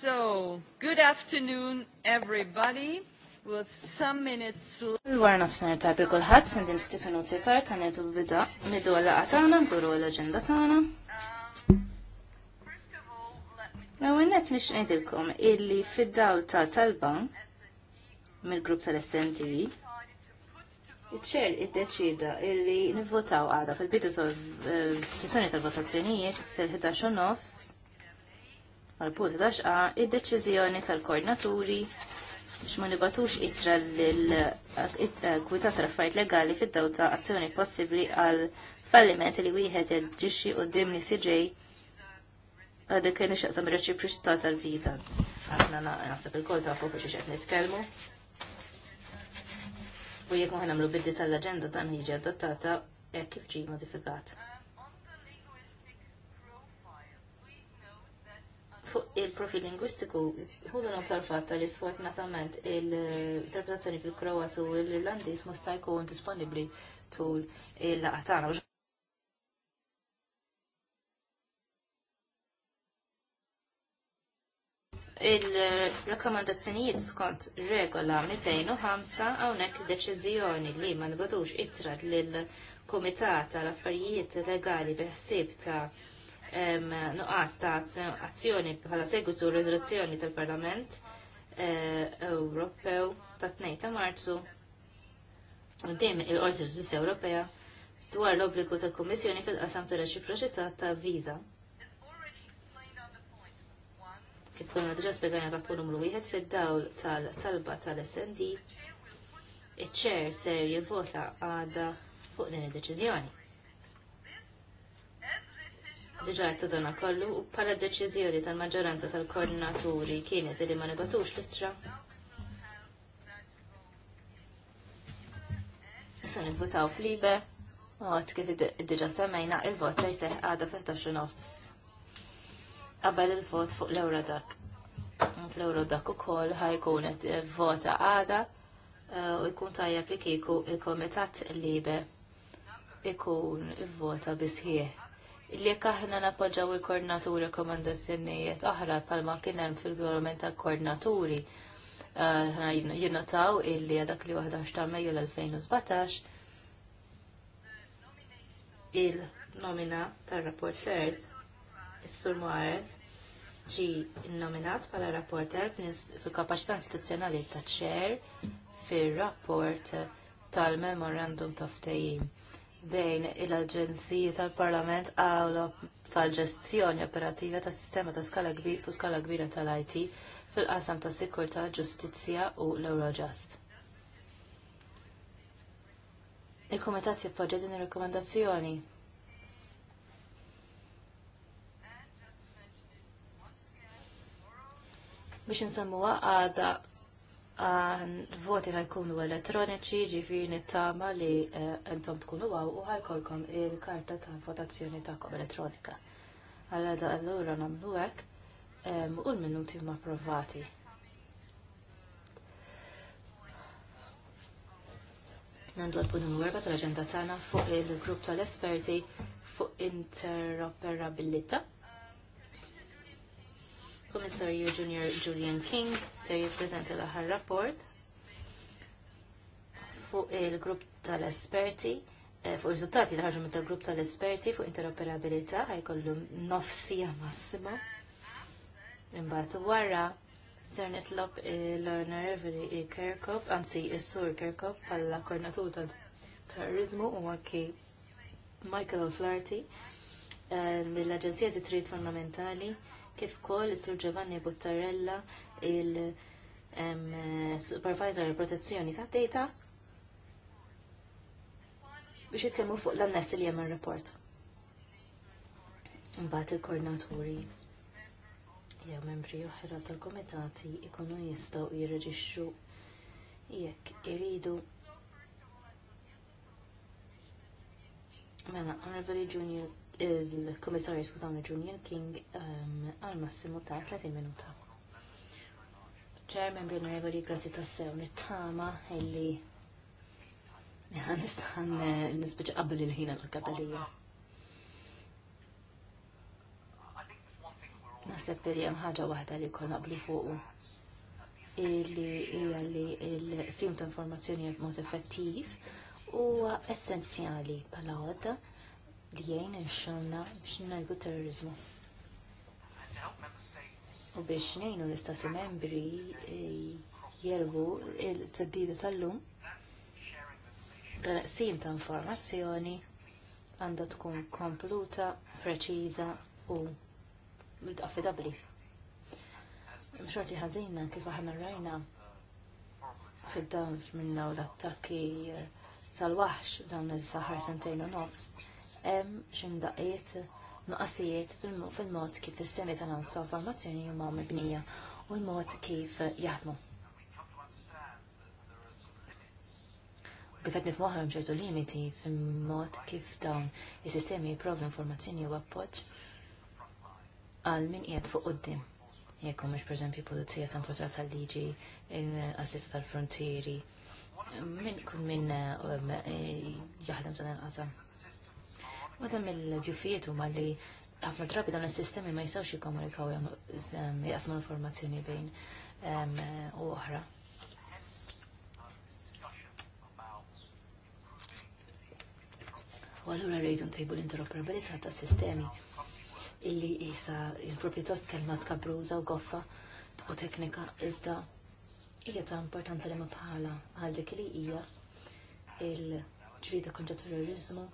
So, good afternoon everybody. With some minutes War nafsnar ta' bil kulħadd sendin ftit minuti tard ta' ngħidu bida nidu għal-laqgħa tagħna nduru l-aġenda tagħna. L-ewwel nett nix ngħidilkom illi fiddaw ta' talba mil grupp tal-SND Iċċer id-deċida illi nivvotaw għada fil-bidu tal-sessjoni tal-votazzjonijiet fil 119 għal-punt daċqa, id-deċiżjoni tal-koordinaturi biex ma nibatux itra l-kwitat raffajt legali fid dawta azzjoni possibli għal falliment li wieħed jadġixxi u dim li siġej għadek kien ixaqsam reċiproċità tal Għafna Aħna naħseb il-kol ta' fuq biex qed nitkellmu. U jekk ma ħanamlu bidli tal-aġenda dan ħiġi adottata hekk kif ġi modifikat. fuq il-profil lingwistiku, ħudu not tal-fatt li sfortunatament il-interpretazzjoni fil-Kroat u l-Irlandis ma sta jkun disponibbli tul il-laqatana. Il-rakkomandazzjonijiet skont regola 205 hawnhekk deċiżjoni li ma nbadux ittra lill-Kumitat tal-Affarijiet Legali biħsieb ta' nuqqas ta' azzjoni bħala segwitu rezoluzzjoni tal-Parlament eh, Ewropew ta' 2 ta' Marzu u dim il-Qorti Ġustizja Ewropea dwar l-obbligu tal kummissjoni fil-qasam ta' reċiproċità ta' viża. Kif konna diġa spiegajna ta' pull numru wieħed fid-dawl tal-talba tal-SND, iċ-ċer ser jivvota għada fuq din id-deċiżjoni. Diġa għettu kollu u pala deċiżjoni tal-maġġoranza tal-koordinaturi kienet li ma nebatux l-istra. Issa nivvotaw flibe u għat kif diġà semmejna il-vot se jseħ għada fetax nofs. Qabel il-vot fuq l-ewra dak. Fl-ewra dak u koll ħajkun vota għada e, u jkun tajjeb li kieku il-komitat libe ikun il-vota bisħieħ li kaħna aħna nappoġġaw il-koordinaturi komandazzjonijiet oħra palma kien hemm fil-regolament tal-koordinaturi eh, jinnotaw illi għadak li 11 ta' Mejju l-2017 il-nomina tar-rapporters is-Sur Moares ġi nominat bħala rapporter fil-kapacità istituzzjonali ta' ċer fir-rapport tal-memorandum ta' ftehim bejn il-Aġenziji tal-Parlament għawla tal-ġestjoni operativa tas sistema ta' skala kbir fu skala kbira tal-IT fil-qasam ta' sikurta, ġustizzja u l-Eurojust. Il-Komitat jippoġġa din ir-rekomendazzjoni. Biex nsemmuha għada voti ħajkunu elettroniċi ġifiri nittama li entom eh, tkunu għaw u ħajkolkom il-karta ta' votazzjoni ta'kom elettronika. Għalla da' allura namlu għek u l-minuti ma' provati. Nandu għal n numru tal-agenda tagħna fuq il-grupp tal-esperti fuq interoperabilità. Commissario Junior Julian King ser jippreżenta l-aħħar rapport fuq il-grupp tal-esperti eh, fuq il-rizultati li ħarġu mit-grupp tal-esperti fuq interoperabilità ħajkollu nofsija massima. Imbagħad wara ser nitlob l Every Kirkop, anzi is-Sur Kirkop bħala koordinatur tal-terrorizmu u anki Michael O'Flaherty eh, mill-Aġenzija Trid Fundamentali kif kol is-Sur Giovanni Buttarella il-Supervisor Protezzjoni ta' Data biex jitkellmu fuq l-annessi li hemm ir-report. Mbagħad il-koordinaturi jew membri oħra tal-komitati ikunu jistgħu jirreġixxu jekk iridu Mela, Honorable Junior il-Komissarju skużawni Junior King um, għal massimu ta' 30 minuta. Ċer membri onorevoli, grazzi ta' sew nittama illi nistan eh, nisbġa qabel il-ħina l-Katalija. Nasib li hemm ħaġa waħda li kol naqblu fuqu illi hija li l-sim ta' informazzjoni b'mod effettiv huwa essenzjali bħala għodda li jgħin xonna biex najgu terrorizmu. U biex nejnu l-istati membri eh, jerbu il-taddidu tal-lum tal-qsim ta' informazzjoni għandha tkun kompluta, preċiża u affidabli. Mxorti ħazina kif aħna rajna fid-dawn minna u l-attakki eh, tal-waħx dawn il-saħar sentejn u nofs hemm xi x'imdaqiet nuqqasijiet fil-mod kif is-semi tagħna ta' formazzjoni huma mibnija u l-mod kif jaħdmu. Kif qed nifhmu ħarhom ċertu limiti fil-mod kif dawn is-sistemi jipprovdu informazzjoni u appoġġ għal min qiegħed fuq quddiem. Jekk mhux pereżempju pulizija ta' infużat tal-liġi, assista tal-frontieri, min kun min eh, jaħdem dan il-qasam. Għadam il-ġufijiet huma li ħafna drabi dan is-sistemi ma jistawx jikomunikaw jgħasmu informazzjoni bejn u oħra. U allura rridu ntejbu l-interoperabilità ta' sistemi illi jisa il-proprietos kelma skabruża u goffa u teknika iżda hija ta' importanza li ma bħala għal dik li hija il-ġrida kontra terrorizmu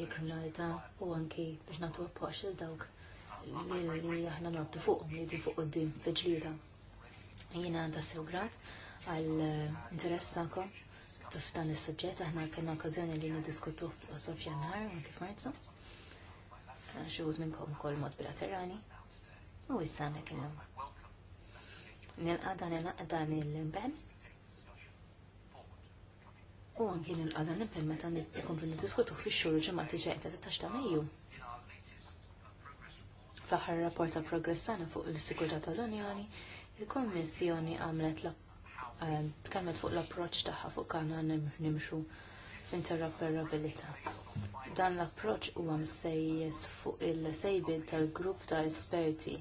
il-kriminalità u anki biex natu appoġġ il dawk li aħna nobtu fuq, li fuq quddiem fiġlida. Jiena sew grad għall eh, interess tagħkom f'dan is-suġġett aħna kena okkażjoni li niddiskutu fil-qosor f'Jannar u kif Marzu. Eh, xi minnkom kol mod bilaterali u issa għandna kellhom. Nilqa' dan il-naqdan il-ben u anki nil-qada nimplementa nizzi kompli diskutu fi xhur ġimgħat li ġejn ta' 16 ta' Mejju. Faħar rapport ta' progress fuq il-sigurtà tal-Unjoni, il-Kommissjoni għamlet ehm, tkemmet fuq l-approċċ tagħha fuq kana nimxu interoperabilità. Dan l-approċ huwa sejjes fuq il-sejbid tal-grupp ta' esperti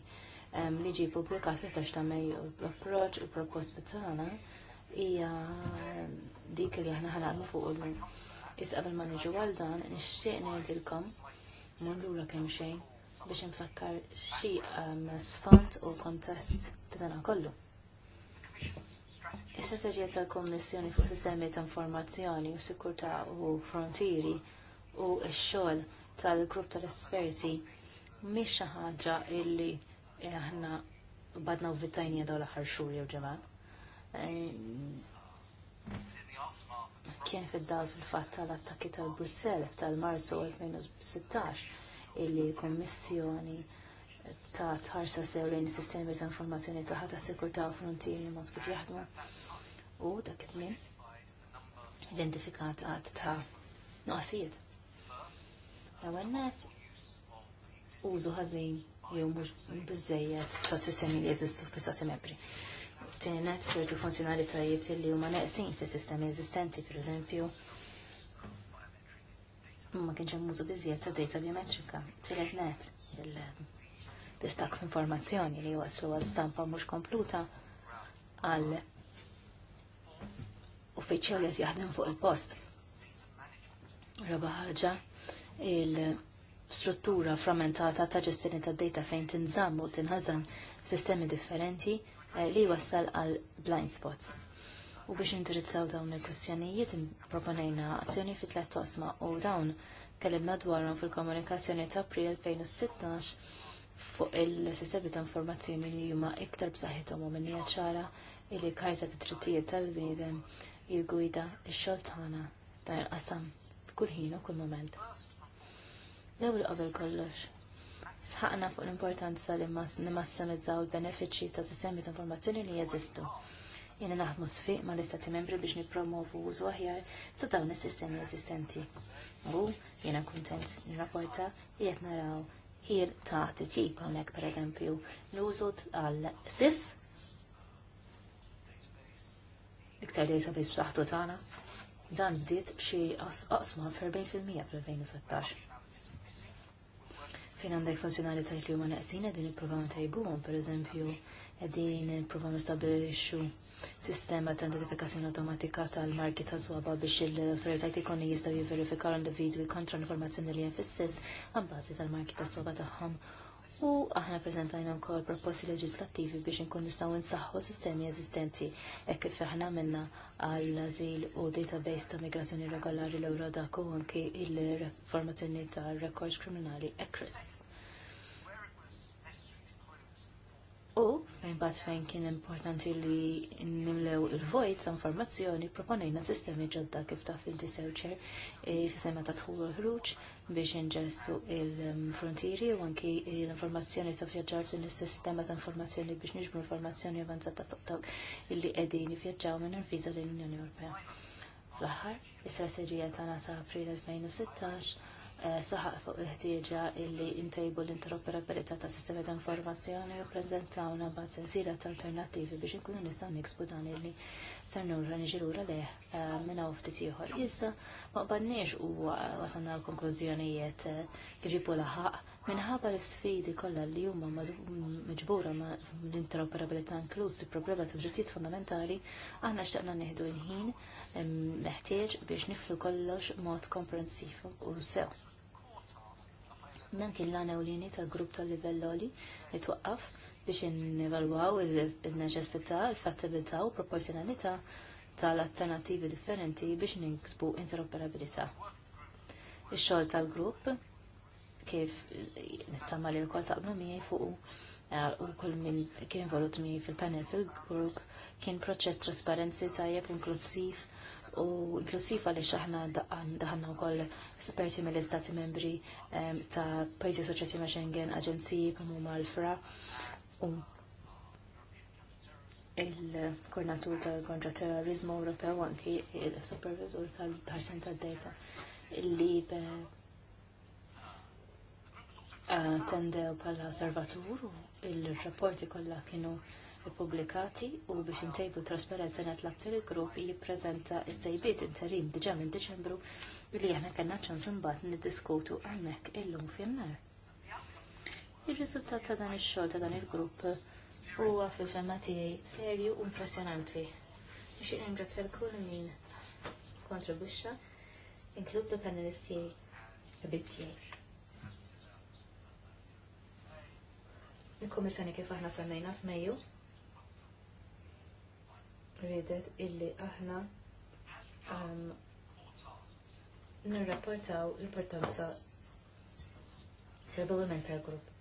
ehm, li ġie publikat fi ta' Mejju. L-approċ u proposta tagħna hija dik li aħna ħalaqna fuq illum. Is qabel ma niġu għal dan nixtieq ngħidilkom mullu lura kemm xejn biex nfakkar xi ehm, sfant u kontest ta' dan kollu. Is-strateġija tal-Kommissjoni fuq sistemi ta' informazzjoni u sikurtà u frontieri u x-xogħol tal-grupp tal-esperti mhix xi ħaġa illi aħna badna u vittajnija dawn l-aħħar xhur jew ġimgħa. Ehm, kien fid-dal fil-fatt tal-attakki tal-Brussell tal-Marzu 2016 illi l-Kommissjoni ta' tħarsa sew lejn sistemi ta' informazzjoni ta' ħata sekurtà u frontieri mod kif jaħdmu u dak iż-żmien identifikat għad ta' noqsijiet. L-ewwel net użu ħażin jew mhux biżejjed ta' sistemi li jeżistu fis-Stati Membri. Tinet ċertu funzjonalitajiet li huma neqsin fis-sistemi eżistenti, pereżempju, ma kienx hemm użu biżjed ta' data biometrika. Tiret net il-distak informazzjoni li waslu għal stampa mhux kompluta għal uffiċjal li jaħdem fuq il-post. Raba ħaġa il-struttura frammentata ta' ġestjoni ta' data fejn tinżamm u tinħażan sistemi differenti Eh, li wassal għal blind spots. U biex indirizzaw dawn il-kwistjonijiet proponejna azzjoni fit tlet tosma u dawn kellimna dwarhom fil-komunikazzjoni ta' April 2016 fuq il-sistemi ta' informazzjoni li huma iktar b'saħħithom u minnija ċara li kajta ta' trittijiet tal-bniedem jigwida x-xogħol tagħna ta' il-qasam f'kull ħin u kull moment. L-ewwel qabel kollox, sħaqna fuq l-importanza li massamizzaw il-benefiċi ta' sistemi ta' informazzjoni li jeżistu. Jena naħdmu sfiq ma' l-istati membri biex nipromovu użu aħjar ta' dawn is-sistemi eżistenti. U jena kontent nirrapporta li qed naraw ħir ta' titjib għamek per eżempju l-użu tal-SIS iktar li jisabis b'saħħtu tagħna dan bdiet xi qasma f'40% fil-2016 fejn għandek funzjonalità li huma naqsin qegħdin nippruvaw ntajbuhom, pereżempju qegħdin nippruvaw nistabbilixxu sistema ta' identifikazzjoni awtomatika tal-marki ta' żwaba biex l-awtoritajiet ikonu jistgħu jiverifikaw l-individwi kontra l-informazzjoni li hemm fis-sis tal-marki ta' żwaba tagħhom U aħna prezentajna wkoll proposti leġislattivi biex nkun nistgħu nsaħħu sistemi eżistenti hekk kif aħna għamilna għall ażil u database ta' migrazzjoni regolari l dak u anki il-reformazzjoni tar rekords kriminali ECRIS. U fejn bas fejn kien importanti li nimlew il-vojt ta' informazzjoni proponejna sistemi ġodda kif taf inti sewċer e, sistema ta' tħul u ħruġ biex inġestu il-frontieri u anki l-informazzjoni ta' vjaġġar din is-sistema ta' informazzjoni biex nġbu informazzjoni avanzata ta' dawk illi qegħdin jivvjaġġaw minn viża lill-Unjoni Ewropea. Fl-aħħar, is-strateġija ta' ta' April 2016 Eh, saħaq fuq il-ħtieġa illi ntejbu l-interoperabilità ta' sistemi ta' informazzjoni u ppreżentawna bazz sensiela ta' alternattivi biex inkunu nistgħu niksbu dan illi ser nurra niġilura leh eh, minn hawn ftit ieħor. Iżda ma qbadniex u wasalna l-konklużjonijiet eh, kif ġibu laħaq Minħabba l-sfidi kollha li huma miġbura ma' l-interoperabilità inkluż il-problema ta' ġittijiet fundamentali, aħna xtaqna nieħdu l-ħin meħtieġ biex niflu kollox mod komprensiv u sew. Dan kien l-għana u tal-grupp tal-livelloli li twaqqaf biex innevalwaw il neġestita il-fattibilità u proporzjonalità tal-alternativi differenti biex ninksbu interoperabilità. Ix-xogħol tal-grupp kif nittama li l-kol taqblu miħi fuq eh, u kull minn kien volut mi fil-panel fil-grupp kien proċess trasparenzi tajjeb inklusiv u inklusiv għalli xaħna daħanna u koll persi mill-istati membri eh, ta' pajzi soċjeti ma' Schengen, aġenziji kumu ma' l-fra u il-koordinatur tal kontra terrorizmu Ewropew anki il-supervisor tal-ħarsin tal-data il-li Eh, tendew bħala osservatur u il-rapporti kollha kienu ippubblikati u biex intejbu trasparenza l netlab il-grupp jippreżenta s-sejbiet interim diġà minn Diċembru li aħna kellna ċans imbagħad niddiskutu hawnhekk illum fin-nar. Il-riżultat ta' dan ix-xogħol ta' dan il-grupp huwa fil-femma tiegħi serju u impressjonanti. Nixtieq ningrazzja l-kull min kontribwixxa, inkluż il-panelisti tiegħi, bib tiegħi. Il-Komissjoni kif aħna semmejna f'Mejju ridet illi aħna um, nirrapportaw l-importanza tal-bewiment tal-grupp.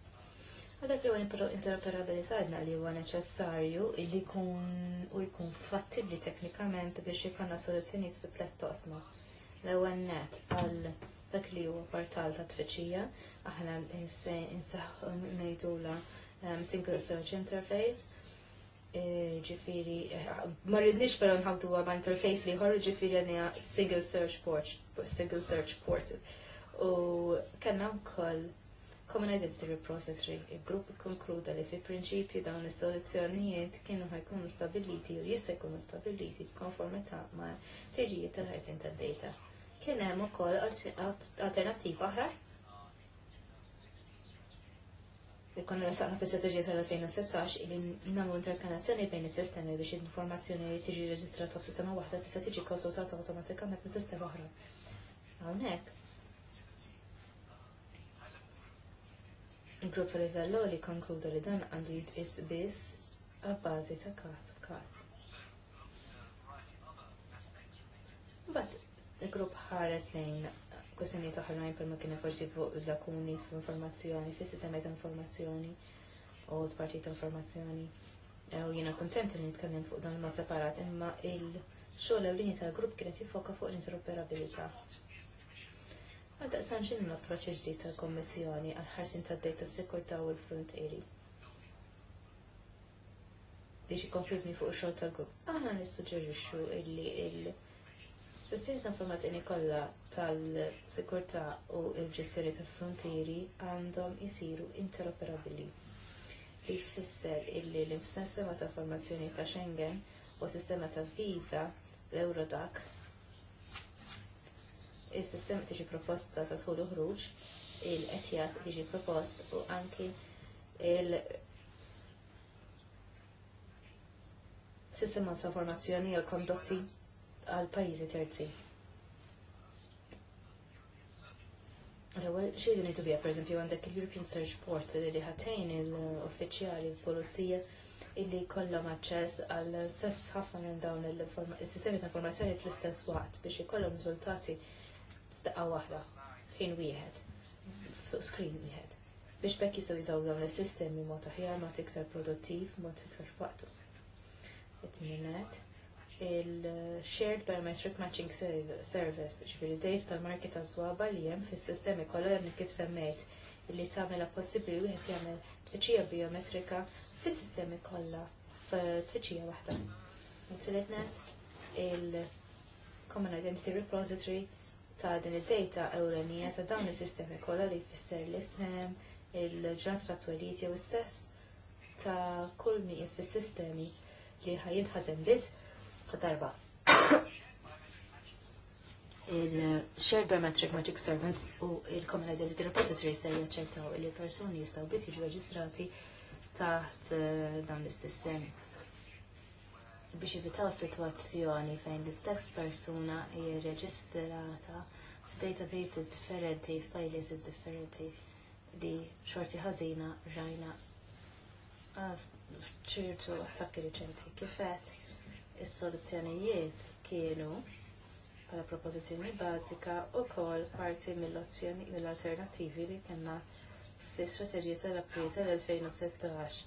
Għadak li għan interoperabilità għadna li għan neċessarju illi kun u jkun fattibli teknikament biex jikanna soluzzjonijiet fi tlet toqsma. l għan net għal dak li huwa portal ta' tfittxija, aħna nseħħu ngħidula Um, single Search Interface. E, ġifiri, eh, ma rridniex però nħabdu għab interface li ħorru ġifiri għanija Single Search Port, Single Search Port. U kanna wkoll Common Identity Repository, il-grupp konkluda li fi prinċipju dawn is-soluzzjonijiet kienu ħajkunu stabiliti u jista' jkunu stabiliti b'konformità ma' tiġijiet tal-ħarsin tad-data. Kien hemm ukoll alternattiva oħra li konna nasaqna fi strategija tal-2016 li namlu interkanazzjoni bejn is-sistemi biex l-informazzjoni li tiġi reġistrata f'sistema waħda tista' tiġi konsultata awtomatikament minn sistema oħra. Hawnhekk il-grupp ta' livell li konkluda li dan għandu jitqis biss għabbażi ta' każ f'każ. Mbagħad il-grupp ħares lejn kussjoni taħrajn għajn ma kiena forsi fuq lakuni f'informazzjoni, fis sistema ta' informazzjoni u t-partit ta' informazzjoni. E, u jiena kontenti li nitkellem fuq dan ma separat, imma il-xogħol ewlieni tal-grupp kienet jifoka fuq l-interoperabilità. Ma sanxin xinu l proċess ġdid tal-Kommissjoni għal-ħarsin tad-data s-sekurta u l eri. biex ikompletni fuq xogħol tal-grupp. Aħna nissuġġerixxu illi il-, il Sistir informazzjoni kollha tal-sikurtà u l-ġestjoni tal-frontieri għandhom isiru interoperabili. Li jfisser illi l-sistema ta' informazzjoni ta' Schengen u sistema ta' viza l-Eurodac il-sistema tiġi proposta ta' tħul uħruġ, il-etjas tiġi propost u anki il- sistema ta' formazzjoni u kondotti għal pajizi terzi. L-ewwel xi din ngħidu per esempio, għandek il-European Search Port li ħatejn il-uffiċjali l polizija illi kollom għacċess għal sefs ħafna minn dawn il sistemi ta' informazzjoni fl-istess waqt biex ikollhom riżultati f'daqqa waħda f'ħin wieħed fuq screen wieħed biex bekk jistgħu jżaw dawn is-sistemi mod aħjar mod iktar produttiv, mod iktar faqtu. Qed il-Shared Biometric Matching Service, ġifiri dejt tal-marki ta' zwaba li hemm fis sistemi kollha li kif semmejt li tagħmilha possibbli wieħed jagħmel tfittxija biometrika fis-sistemi kollha f'tfittxija waħda. Tilet il-Common Identity Repository ta' din id-data ewlenija ta' dawn is-sistemi kollha li jfisser l-isem, il-ġrat ta' twelid jew s sess ta' kull min fis-sistemi li ħajjitħażen biss darba. Il-Shared Biometric Magic Servants u il-Common Identity Repository se jaċċertaw li persuni jistgħu biss jiġu reġistrati taħt eh, dan l-sistemi biex jivitaw situazzjoni fejn l-istess persuna jirreġistrata f'databases differenti, f'files differenti li xorti ħazina rajna ah, f'ċirtu attakki riċenti. Kifet, Is-soluzzjonijiet kienu bħala propożizzjoni bażika wkoll parti mill-alternattivi li kellna fis-strateġija tal-appril l 2016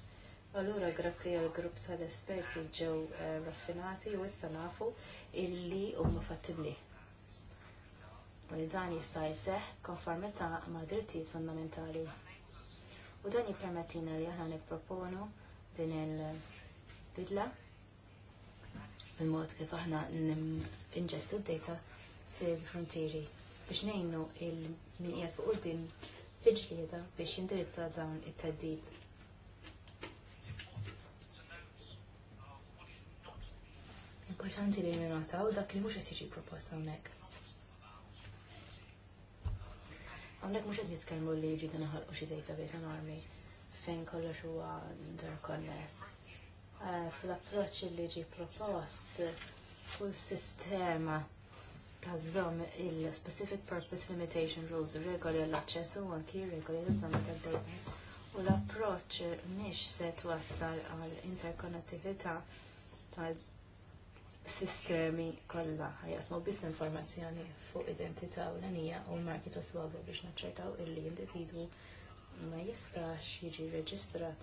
Allura grazzi għal grupp tal-esperti ġew eh, raffinati u issa nafu illi huma fattibbli. U li dan jista' jseħħ konformità ma' drittijiet fundamentali. U dan jippermettina li aħna nipproponu din il-bidla il-mod kif aħna inġestu d-data fil-frontieri biex nejnu il minijat qiegħed fuq quddiem fiġlieda biex jindirizza dawn it-teddid. Importanti li nirnotaw dak li mux qed proposta għonek. Għonek mux t-kelmu li ġidin ħalqu xie għan armi fejn kollox huwa interconness. Eh, fl-approċċ li ġie propost kull sistema għazzom il-Specific Purpose Limitation Rules, regoli l aċċess u anki regoli l-azzam data U l-approċ mhix se twassal għal interkonnettività tal-sistemi kollha ħajasmu biss informazzjoni fuq identità u l-anija u l-marki ta' biex naċċertaw illi individwu ma jistax jiġi reġistrat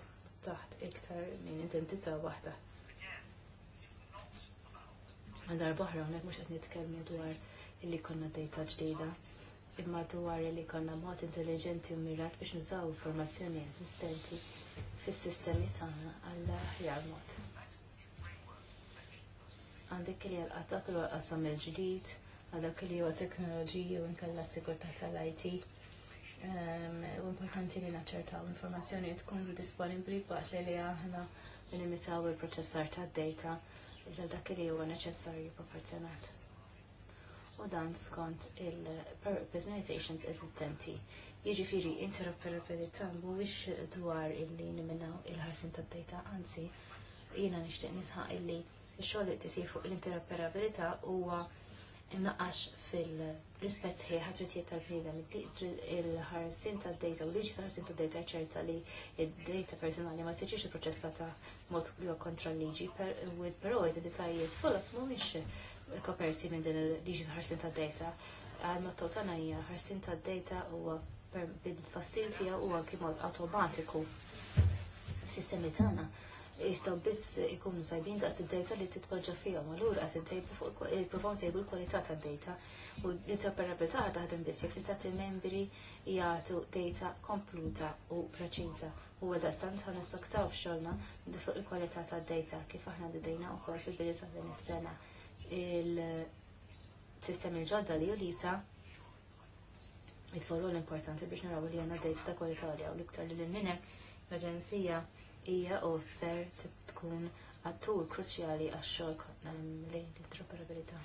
taħt iktar minn identità waħda. Għandar boħra unek mux t-kelmi dwar illi konna dejta ġdida, imma dwar illi konna mod intelligenti u mirat biex nużaw informazzjoni esistenti fis-sistemi taħna għalla ħjar mod. Għandek li għal-qatak l-qassam il-ġdid, għal għadak li huwa teknoloġija u nkella sigurtà tal-IT Ehm, u importanti li naċċertaw informazzjoni tkun disponibbli b'waqt li li aħna nimitaw il-proċessar ta' data il dak li huwa neċessarju proporzjonat. U dan skont il-personalizations eżistenti. Jiġifieri interoperabilità mhuwiex dwar illi niminaw il-ħarsin tad data, anzi jiena nixtieq nisħaq illi x-xogħol li tisir fuq l-interoperabilità huwa Naqax fil-rispett sħiħ ħatrittijiet tal bnida il-ħarsin tad-data u liġi ħarsin tad-data ċerta li il data personali ma tiġix ta' mod kontra l-liġi, però id-detajiet mu mhumiex koperti minn din il-liġi ħarsin tad-data. għalma t-totana hija ħarsin tal data huwa bil-tfassil tiegħu u kif mod automatiku. Sistemi tagħna jistgħu biss ikunu sajbin daqs id-data li titpoġġa fihom, allura qed intejbu fuq jippruvaw l-kwalità tad-data u l-interoperabilità taħdem biss jekk l il membri jagħtu data kompluta u preċiża. U għadha stant ħana soktaw f'xogħolna fuq il-kwalità tad-data kif aħna u wkoll fil-bidu ta' din is-sena il-sistemi l-ġodda li julisa jitfollu l-importanti biex naraw li għanna data ta' kwalità u l-iktar li l minek l-Aġenzija hija u ser tkun attur kruċjali għax-xogħol lejn l-interoperabilità.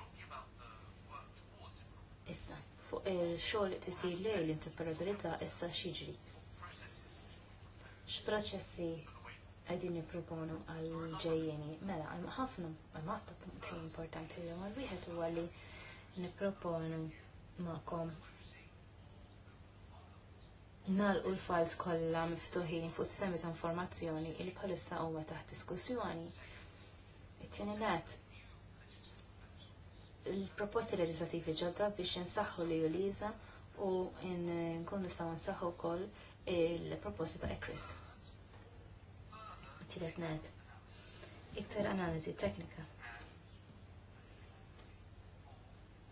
Issa, fuq il-xogħol li tisir lejn l-interoperabilità issa x'jiġri. X'proċessi qegħdin nipproponu għall ġejjeni. Mela, hemm ħafna hemm ħafna punti importanti li huma wieħed huwa li nipproponu magħkom nalqu l fals kollha miftuħin fuq sistemi ta' informazzjoni li bħalissa huma taħt diskussjoni. It-tieni net il-proposti leġislativi ġodda biex jinsaħħu li juliza u nkunu nistgħu nsaħħu wkoll il-proposti ta' Ekris. Tibet net. Iktar analiżi teknika.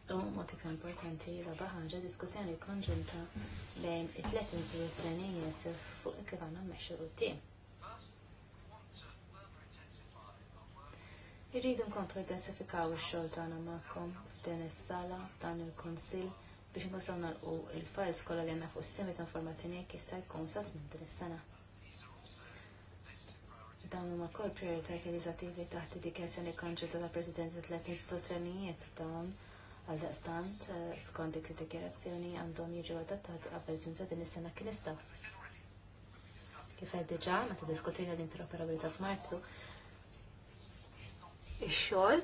U mod iktar importanti raba ħaġa diskussjoni konġunta bejn it-tlet istituzzjonijiet fuq kif għandhom meċċu l-tim. Irridu nkomplu intensifikaw ix-xogħol tagħna magħkom f'din is-sala dan il konsil biex nkun u il-fajl skola li għanna fuq s semi informazzjoni jekk jista' jkun sa tmiem din is-sena. Dawn huma wkoll prioritajiet leġislattivi taħt id-dikjazzjoni konġunta ta' tal-Presidenti tliet istituzzjonijiet dawn Għal daqstant, eh, skont dik dikjerazzjoni għandhom jiġu adattat għabel ġimta din is-sena kinista. Kif Kif qed diġà meta diskutina l-interoperabilità f'Marzu, ix-xogħol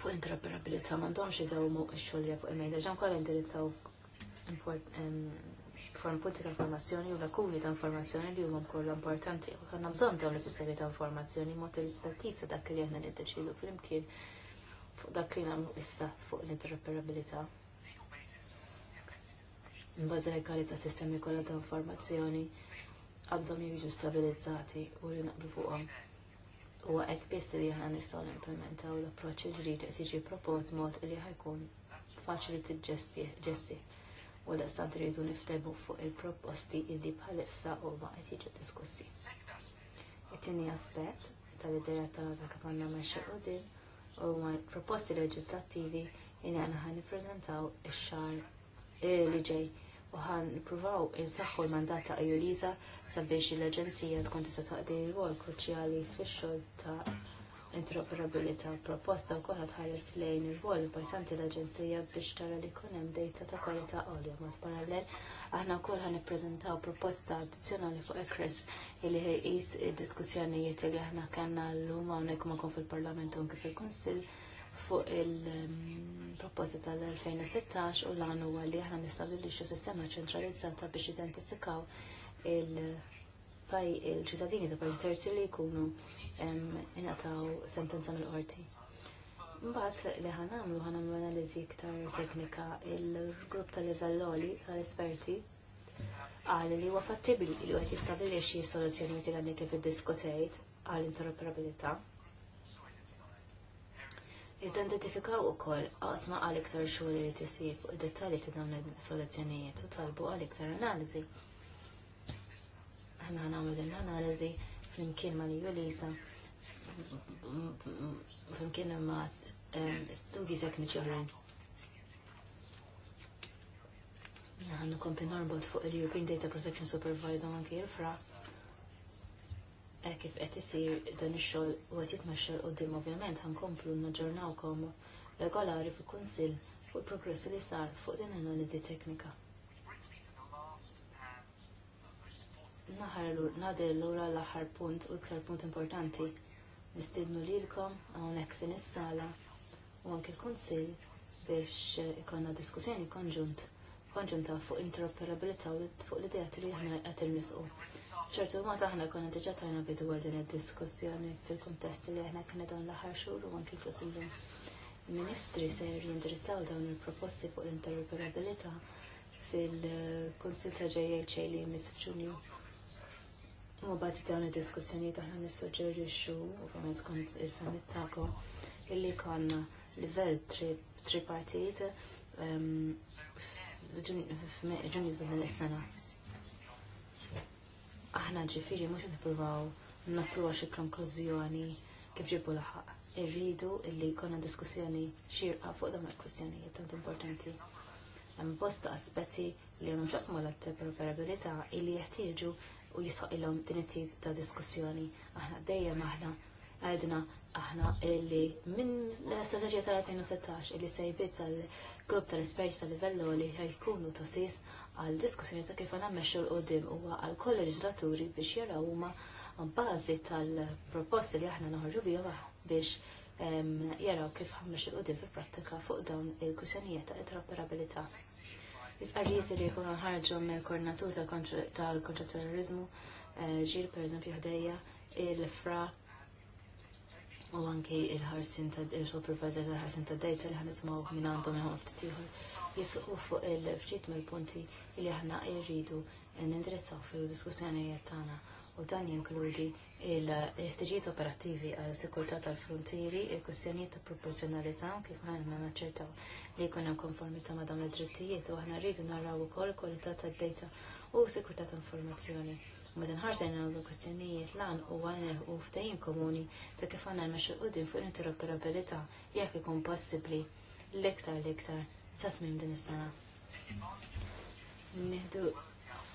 fuq interoperabilità m'għandhomx jidhom x-xogħol li fuq imejda ġan kollha indirizzaw punti ta' informazzjoni u lakuni ta' informazzjoni li huma kollha importanti. U għandna bżonn dawn is-sistemi ta' informazzjoni mod rispettiv ta' dak li aħna niddeċidu flimkien fuq dak li nagħmlu issa fuq l-interoperabilità. Imbagħad legali ta' sistemi kollha ta' informazzjoni għandhom jiġu stabilizzati u li naqblu fuqhom. U hekk biss li aħna nistgħu nimplementaw l approċċi ġdid qed jiġi propost mod li ħajkun faċli tiġġestih u l-istant rridu niftemu fuq il-proposti illi bħalissa u ma qed jiġu diskussi. It-tieni aspett tal-idea tagħna kif għandna mexxi u ma proposti leġislattivi illi aħna ħan nippreżentaw ix xar eh, li ġej u ħan nippruvaw insaħħu l-mandat ta' sabiex l-Aġenzija tkun tista' taqdi l-wol kruċjali fix-xogħol ta' interoperabilità proposta wkoll tħares lejn ir ruol importanti l-Aġenzija biex tara li jkun hemm dejta ta' kwalità għolja mod parallel aħna wkoll ħan nippreżentaw proposta addizzjonali fuq ECRES li ħejqis id-diskussjonijiet li aħna kellna llum hawnhekk ma fil-Parlament u kif il-Kunsill fuq il-proposta tal-2016 u l-għan huwa li aħna nistabilixxu sistema ċentralizzata biex identifikaw il-ċittadini ta' pajjiż terzi li jkunu inataw sentenza mill-qorti. Mbagħad li ħan ħanamlu analiżi iktar teknika il-grupp tal livelloli tal-esperti qal li huwa fattibbli li qed jistabilixxi soluzzjonijiet li kif iddiskutejt għal interoperabilità. Iżda identifikaw ukoll qasma għal iktar xogħol li tisib u id-dettalji ta' dawn is-soluzzjonijiet u talbu għal iktar analiżi. Aħna nagħmlu din l-analiżi flimkien ma' Liju Lisa, flimkien ma' studji tekniċi oħrajn. Għannu kompi norbot fuq il-European Data Protection Supervisor anki il-fra. E kif qed isir dan ix-xogħol u qed jitmexxel quddiem ovvjament ħankomplu naġġornawkom regolari fil-Kunsill fuq il-progress li sar fuq din analiżi teknika. Naħar l-ura l-aħħar punt u iktar punt importanti. Nistidnu lilkom hawnhekk fin is-sala u anke l-Kunsill biex eh, ikonna diskussjoni konġunt konġunta fuq interoperabilità u fuq l-idea li aħna qed nisqu. ċertu ma taħna konna diġà tajna bidu din id-diskussjoni fil-kuntest li aħna kien dawn l-aħħar xhur u anke flus illum. Il-Ministri se jindirizzaw dawn il-proposti fuq l-interoperabilità fil eh, kunsill ta' JHA li jmiss f'Ġunju U bazi dawn id-diskussjoni taħna nissuġġerixxu, ovvjament skont il-femit tagħkom, illi konna livell tri tripartit ġunju din is-sena. Aħna ġifieri mhux nippruvaw naslu għal xi konklużjoni kif ġibu l laħaq. Irridu illi konna diskussjoni xirqa fuq dawn il-kwistjonijiet tant importanti. Hemm bosta aspetti li hemm x'asmu l-interoperabilità illi jeħtieġu u jisħoq ilhom din it-tip ta' diskussjoni. Aħna dejjem aħna għedna aħna illi minn l-strategija tal-2016 illi sejbiet tal-grupp tal-esperti tal-livello li jkunu tosis għal diskussjoni ta' kif għana meċu l-qoddim u għal koll leġislaturi biex jaraw huma bażi tal-proposti li aħna naħorġu bihom biex jaraw kif ħammex l-qoddim fil-prattika fuq dawn il-kusenjiet ta' interoperabilità. Isqarrijiet li jkunu ħarġu mill koordinatur tal-kontra terrorizmu, eh, Ġir per eżempju ħdejja, il-fra u anki il-ħarsin ta' il-supervisor tal-ħarsin ta' dejta li ħanismaw minn għandhom jħom ftitiħor jisqu fuq il-fġit mill-punti li ħna irridu nindirizzaw fil diskussjoni tagħna u dan jinkludi il-ħtiġijiet operattivi għal sikurtà tal-frontieri, il-kwestjonijiet ta' proporzjonalità kif ħanna naċċertaw li jkun hemm konformità ma' dawn id-drittijiet u aħna rridu naraw ukoll kwalità tad-dejta u sikurtà ta' informazzjoni. Meta nħarsen dawn il-kwestjonijiet lan u għanir u ftehim komuni ta' kif aħna nmexxu quddiem fuq interoperabilità jekk ikun possibbli l-iktar l-iktar sa tmiem din is-sena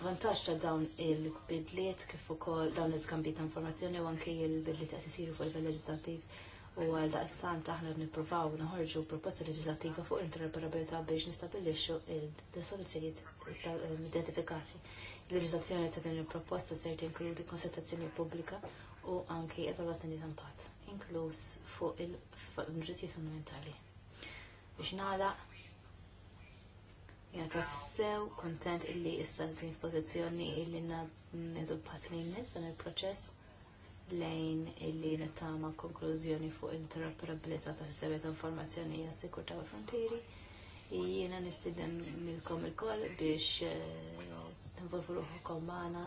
vantaġġ ta' dawn il-bidliet kif ukoll dawn l-iskambji ta' informazzjoni u anke il-bidliet qed isiru fuq il leġislattiv u għal daqsan aħna nippruvaw naħorġu proposta leġislattiva fuq interoperabilità biex nistabilixxu il-soluzzjonijiet eh, identifikati. Il-leġislazzjoni ta' din il-proposta se tinkludi konsultazzjoni pubblika u anke evalwazzjoni ta' impatt, inkluż fuq il-mġritti fundamentali. Biex nagħlaq Jena tassew kontent illi issa l din pozizjoni illi nidu pass lejn nissan il-proċess lejn illi n-tama konklużjoni fuq interoperabilità ta' s ta' informazzjoni hija ta' frontieri. Jiena nistidem milkom il-koll biex tinvolvu eh, ruħu magħna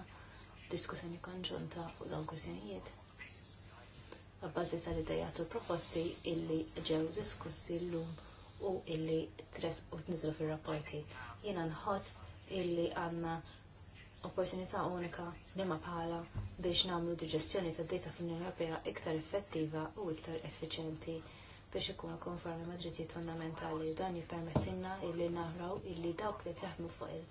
diskussjoni konġunta fuq dawn kwistjonijiet. Abbażi tal-idejat u proposti illi ġew diskussi llum u illi tres u t-nizlu fil-rapporti. Jena nħoss illi għanna opportunità unika li ma bħala biex namlu digestjoni ta' data fl-Unjoni Ewropea iktar effettiva u iktar effiċenti biex ikunu konformi ma' drittijiet fundamentali dan jippermettilna illi naħraw illi dawk li jaħdmu fuq il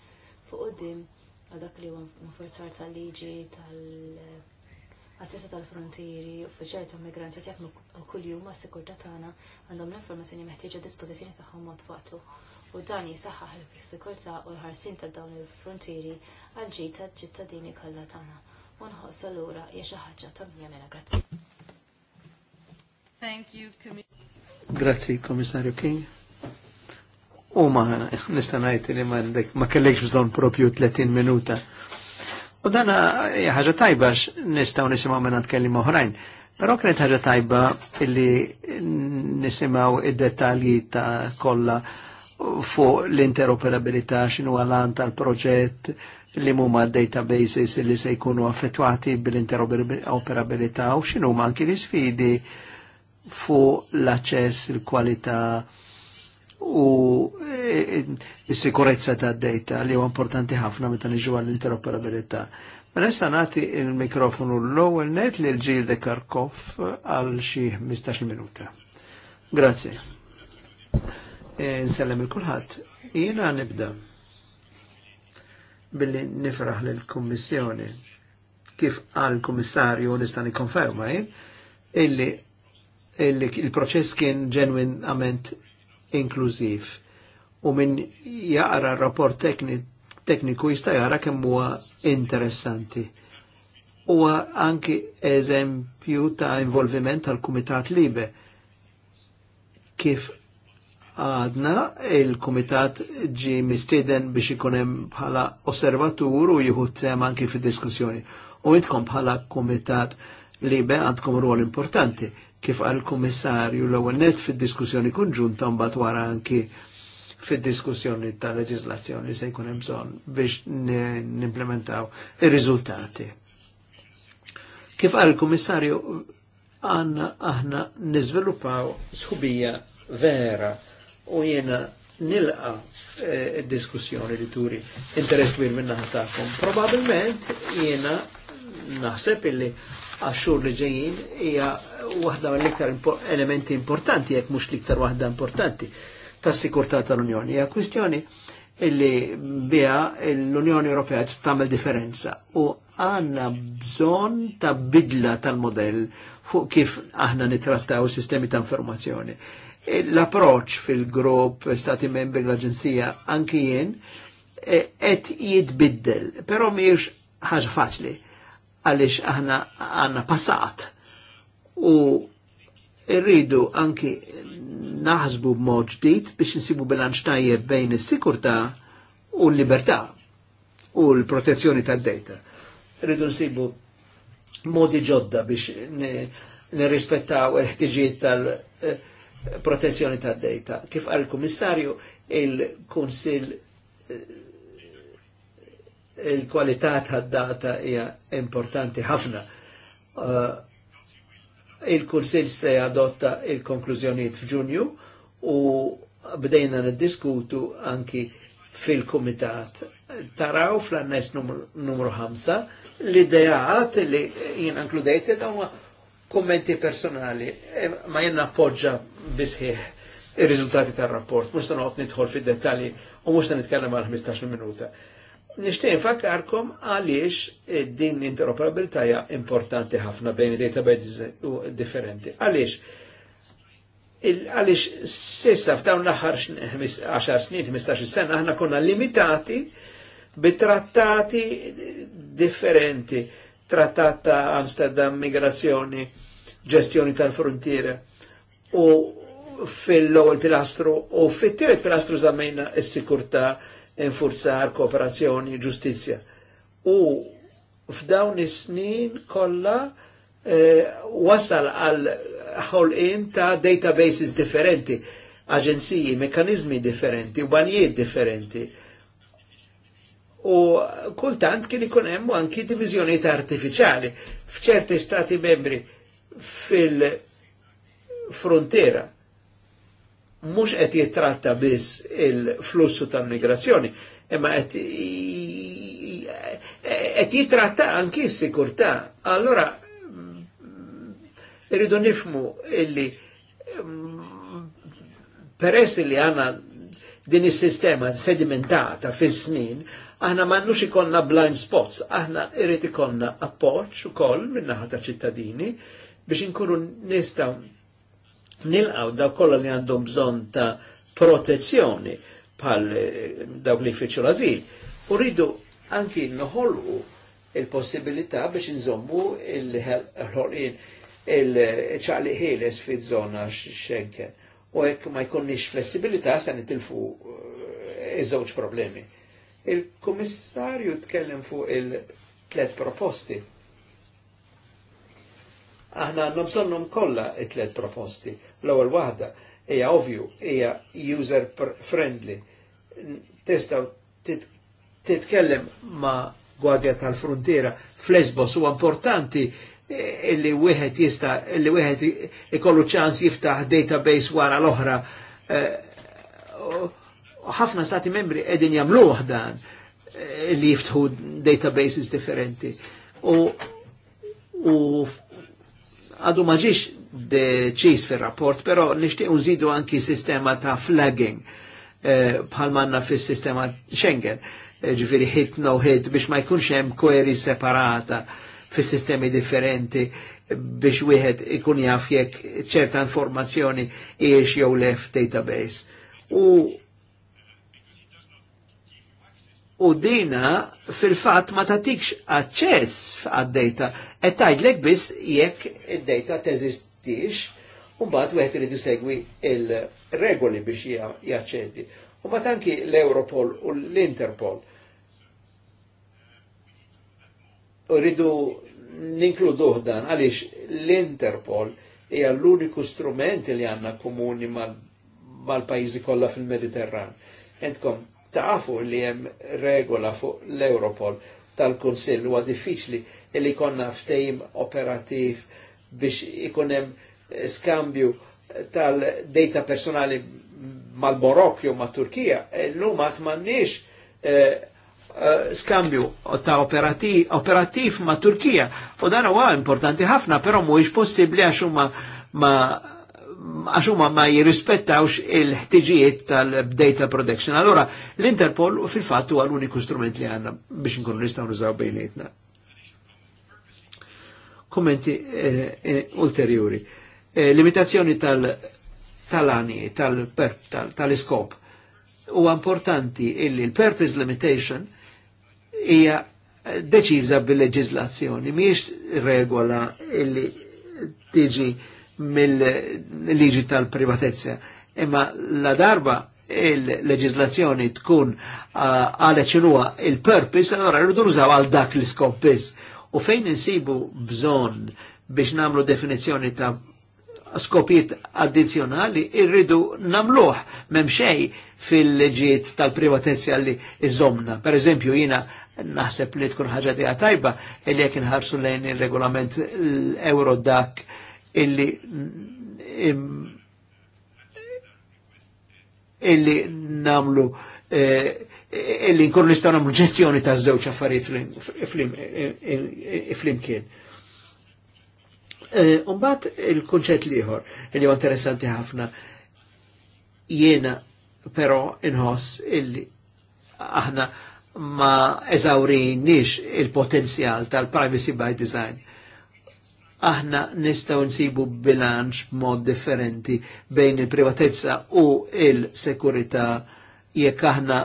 fuq qudiem għal dak li għu forzar tal-liġi tal-, -liġi, tal assessa tal-frontieri, uffiċjali ta' migranti qed kull kuljum għas-sikurtà tagħna għandhom l-informazzjoni meħtieġa dispozizjoni tagħhom mod waqtu. U dan jisaħħaħ il sikurta u l-ħarsin ta' dawn il-frontieri għal ġid ċittadini kollha tagħna. U nħoss allura hija xi ħaġa ta' mjamena grazzi. Thank you, Grazzi, Komissarju King. U maħna, nista' ngħid li ma kellekx bżonn propju 30 minuta U dana eh, ħaġa tajba nistaw nisimaw minn kellim oħrajn. Però kienet ħaġa tajba illi nisimaw id-detalji ta' kollha fuq l-interoperabilità x'inhu għalan tal-proġett li huma databases li se jkunu affettwati bil-interoperabilità u ma' anki l-isfidi fuq l acċess il-kwalità, u s-sikurezza eh, eh, ta' dejta li huwa importanti ħafna meta niġu għall-interoperabilità. Ma mela, nista' nagħti il-mikrofonu l-ewwel net lil ġil de Karkov għal xi 15 minuta. Grazzi. E, nsellem il-kulħadd. Jiena nibda billi nifraħ lill-Kummissjoni kif għal kummissarju nista' nikkonferma jien eh, illi il-proċess kien ġenwinament inklużiv. U minn jaqra rapport tekniku jista' jara kemm huwa interessanti. Huwa anki eżempju ta' involviment tal-Kumitat Libe. Kif għadna il-Kumitat ġi mistieden biex ikun hemm bħala osservatur u jieħu sem anki fid-diskussjoni. U jitkom bħala Kumitat Libe għandkom ruol importanti kif għal kummissarju l ewwel net fid-diskussjoni kunġunta mbagħad wara anki fid-diskussjoni ta' leġislazzjoni se jkun hemm biex nimplementaw ir-riżultati. Kif għal kummissarju għanna aħna niżviluppaw sħubija vera u jena nilqa eh, diskussjoni li turi interess kbir minna ħatakom. Probabilment jena naħseb illi għaxxur li ġejjin hija waħda mill-iktar elementi importanti jekk mhux l-iktar waħda importanti tas-sikurtà tal-Unjoni. Hija kwistjoni illi biha l-Unjoni Ewropea tagħmel differenza u għandna bżonn ta' bidla tal-modell fuq kif aħna nitrattaw sistemi ta' informazzjoni. E, l-approċ fil-grupp, stati membri l-Aġenzija, anki jien, e, qed jitbiddel, però mhijiex ħaġa faċli għaliex aħna għanna passat u irridu anki naħsbu b'mod ġdid biex nsibu bilanċ tajjeb bejn is-sikurtà u l-libertà u l-protezzjoni tad-dejta. Rridu nsibu modi ġodda biex nirrispettaw il-ħtiġijiet tal-protezzjoni eh, tad-dejta. Kif għal kummissarju il-Kunsill eh, il-kwalità tad-data hija importanti ħafna. Uh, il kursil se adotta il-konklużjonijiet f'Ġunju u bdejna niddiskutu anki fil-Kumitat. Taraw fl-annes numru, 5 l-idejat li jien inkludejt huma kommenti personali e, ma jien appoġġa bisħieħ il-riżultati tal-rapport. Mux ta' nidħol fid-dettali u mux ta' nitkellem għal 15 minuta. Nishtiq infakkarkom għaliex din l-interoperabilità hija importanti ħafna bejn u differenti. Għaliex għaliex sissa f'dawn l-aħħar 10 snin, 15 sena aħna konna limitati bit-trattati differenti, trattat ta' Amsterdam, migrazzjoni, ġestjoni tal-frontiera u fil-ewwel pilastru u fit tiret pilastru żammejna s-sikurtà enfurzar, kooperazzjoni, ġustizja. U f'dawn is-snin kollha eh, wasal għal ħolqien ta' databases differenti, aġenziji, mekanizmi differenti, banijiet differenti. U kultant kien ikun hemm anki diviżjonijiet artifiċjali f'ċerti stati membri fil-frontiera mhux qed jitratta biss il-flussu tal-migrazzjoni, imma qed jitratta anki s-sikurtà. Allora mm, irridu nifmu illi mm, peress li għanna din is-sistema sedimentata fis snin aħna m'għandux ikollna blind spots, aħna irrid ikonna appoġġ ukoll koll naħa ta' ċittadini biex inkunu nista' nilqaw da kollha li għandhom bżonn ta' protezzjoni bħal eh, dawk li jfittxu l-azil. U rridu anki noħolqu il-possibilità biex nżommu il-ħolqin il-ċaqli ħieles fi zona Schengen. U hekk ma jkunniex flessibilità se nitilfu eh, iż-żewġ problemi. Il-Kummissarju tkellem fuq il-tlet proposti. Aħna għandna kollha it-tlet proposti L-ewwel waħda hija ovvju, hija user friendly. Tistgħu titkellem ma' gwardja tal-frontiera fl esbos huwa importanti eh, illi wieħed jista' illi wieħed ikollu ċans jiftaħ database wara l-oħra. Eh, ħafna stati membri qegħdin jagħmluh dan eh, li jiftħu databases differenti. U għadu maġiex deċis fil-rapport, pero nishtiq nżidu anki sistema ta' flagging eh, bħal manna fis sistema Schengen, eh, ġifiri hit no hit biex ma jkunx hemm kweri separata fis sistemi differenti biex wieħed ikun jaf jekk ċerta informazzjoni hiex jew left database. U u dina fil-fat ma tatikx aċċess għad-data, et tajdlek biss jekk id-data teżist jeżistix, Umbat wieħed irid isegwi il-regoli biex jaċċedi. Umbat anki l-Europol u l-Interpol. Uridu ninkludu dan għaliex l-Interpol hija l-uniku strument li għandna komuni mal-pajjiżi mal kollha fil-Mediterran. Entkom tafu li hemm regola fuq l-Europol tal-Kunsill huwa diffiċli li konna ftehim operativ biex ikunem skambju tal-data personali mal borokju ma' Turkija, eh, l-lum għat mannix eh, eh, skambju ta' operativ, operativ ma' Turkija. U dan huwa importanti ħafna, però mhuwiex possibbli għax huma ma għax huma ma jirrispettawx il-ħtiġijiet tal-data protection. Allora, l-Interpol fil-fatt huwa l-uniku strument li għandna biex nkunu nistgħu nużaw bejnietna kummenti eh, eh, ulteriori. Eh, limitazzjoni tal-ani, tal-iskop. U importanti illi l-purpose limitation hija deċiża bil-leġizlazzjoni, miex regola illi tiġi mill-liġi tal-privatezza. Imma la darba il-leġizlazzjoni tkun għalet xinuwa il-purpose, allora rridu nużaw għal dak l-iskop u fejn insibu bżon biex namlu definizjoni ta' skopiet addizjonali irridu namluħ memxej fil-leġiet tal-privatezja li iżomna. Per eżempju, jina naħseb li tkun ħaġa tiegħha tajba illi jekk inħarsu lejn ir-regolament l-euro dak illi illi namlu eh, illi nkunu nistgħu nagħmlu ġestjoni ta' żewġ affarijiet flimkien. Eh, Umbat il-kunċett liħor, li huwa interessanti ħafna, jiena però inħoss illi aħna ma eżawrinix il-potenzjal tal-privacy by design. Aħna nistgħu nsibu bilanċ mod differenti bejn il-privatezza u il-sekurita' jekk aħna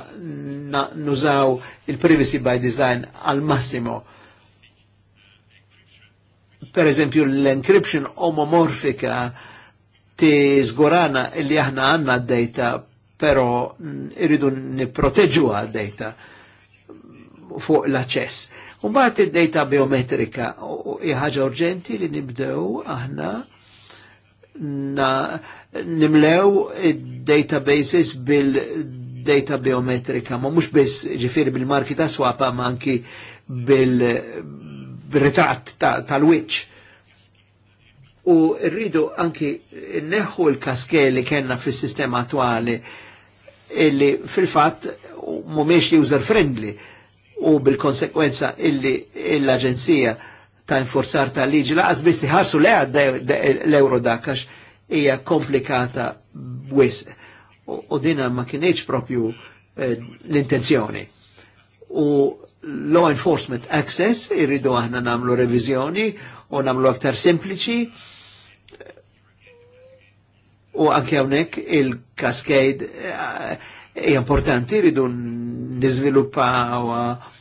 nużaw il-privacy by design għal massimo. Per eżempju, l-encryption omomorfika ti zgurana illi aħna għanna d-data, pero irridu niproteġu għad-data fuq l-aċess. Umbat id-data biometrika ħaġa urġenti li nibdew aħna nimlew id-databases bil data biometrika, ma mux biss ġifiri bil-marki ta' swapa, ma anki bil-ritratt tal-witch. U rridu anki neħu l-kaskeli kena fil-sistema attuali illi fil-fat mumiex user friendly u bil-konsekwenza illi l-Aġenzija ta' inforzar ta' liġi laqas biss ħarsu le l-euro dakax hija komplikata wisq u dina ma kienieċ propju eh, l-intenzjoni. U law enforcement access irridu aħna namlu revizjoni u namlu aktar sempliċi u anke hawnhekk il-kaskade eh, hija importanti rridu niżviluppaw eh,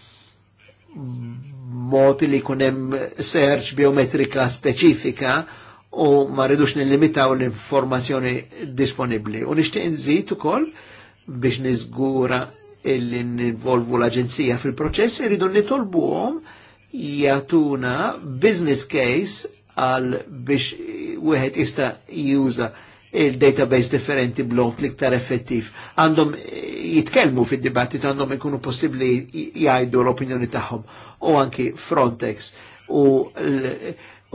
mod li kunem hemm search biometrika speċifika u ma rridux nillimitaw l-informazzjoni disponibli. U nixtieq nżid ukoll biex niżgura illi ninvolvu l-Aġenzija fil-proċess irridu nitolbuhom jagħtuna business case għal biex wieħed jista' juża il-database differenti blont liktar effettiv. Għandhom jitkelmu fil dibattit għandhom ikunu possibli jgħajdu l-opinjoni tagħhom u anki Frontex u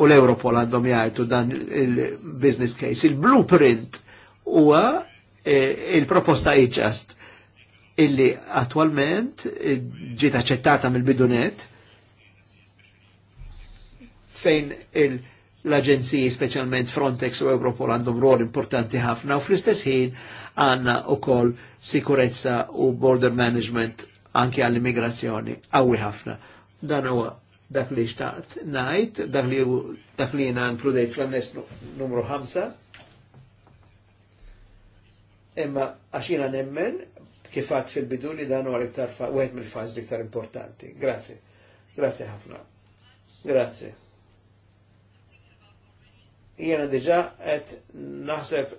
u l-Europol għandhom jgħajtu dan il-business case. Il-blueprint huwa e, il-proposta iġast illi attualment e, ġiet aċċettata mill-bidunet fejn l-aġenziji specialment Frontex u Europol għandhom rol importanti ħafna u fl-istess ħin għanna u koll sikurezza u border management anke għall-immigrazzjoni għawi ħafna. Dan huwa dak li xtaqt najt, dak li dak li jina inkludejt fl-annes numru 5, Emma, għaxina nemmen kifat fil-bidu li dan għal iktar fa' għed mil faz li iktar importanti. Grazie. Grazie ħafna. Grazie. Jena diġa għed naħseb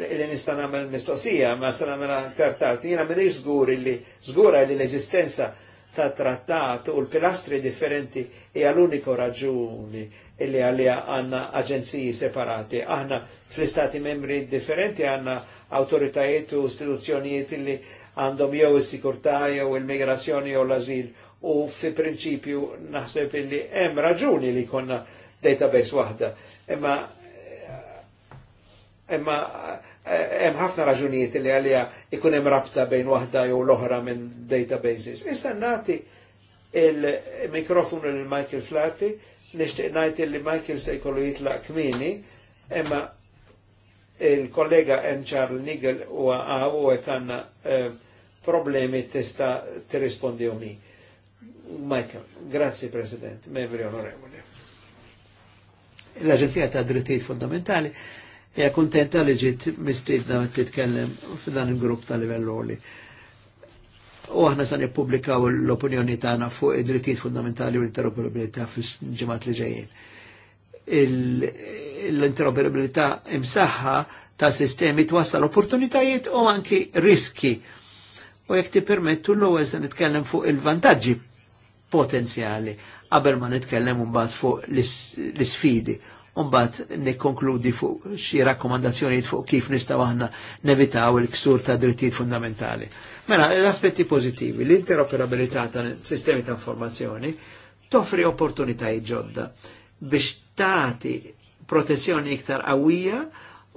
li nista namel mistoqsija, ma sta namel aktar tard. Jena minni zgur illi zgura li l-eżistenza ta' trattat u l-pilastri differenti hija l-uniku raġuni illi għalija għanna aġenziji separati. Aħna fl-istati membri differenti għanna autoritajiet u istituzzjonijiet illi għandhom jew is-sikurtà jew il-migrazzjoni jew l-azil u fi prinċipju naħseb illi hemm raġuni li konna database waħda. Imma imma Eh, hemm ħafna raġunijiet li għalija ikun hemm rabta bejn waħda jew l-oħra minn databases. Issa nagħti il-mikrofonu lil Michael Flaherty, nixtieq ngħid li Michael se jkollu jitlaq kmini, imma il-kollega M. Charles Nigel u għaw u għanna eh, problemi tista t-rispondi mi. Michael, grazzi President, membri onorevoli. L-Aġenzija ta' Drittijiet Fundamentali hija kuntenta li mistidna mistiedna titkellem f'dan il-grupp tal livell U aħna san nippubblikaw l-opinjoni tagħna fuq id-drittijiet fundamentali u l-interoperabilità fil-ġimgħat li ġejjin. L-interoperabilità imsaħħa ta' sistemi twassal opportunitajiet u anki riski. U jekk ti permettu l-ewwel se nitkellem fuq il-vantaġġi potenzjali qabel ma nitkellem mbagħad fuq l-isfidi Umbat nikkonkludi fuq xi rakkomandazzjonijiet fuq kif nistgħu aħna nevitaw il-ksur ta' drittijiet fundamentali. Mela, l-aspetti pożittivi, l-interoperabilità ta' sistemi ta' informazzjoni toffri opportunitajiet ġodda biex tagħti protezzjoni iktar qawwija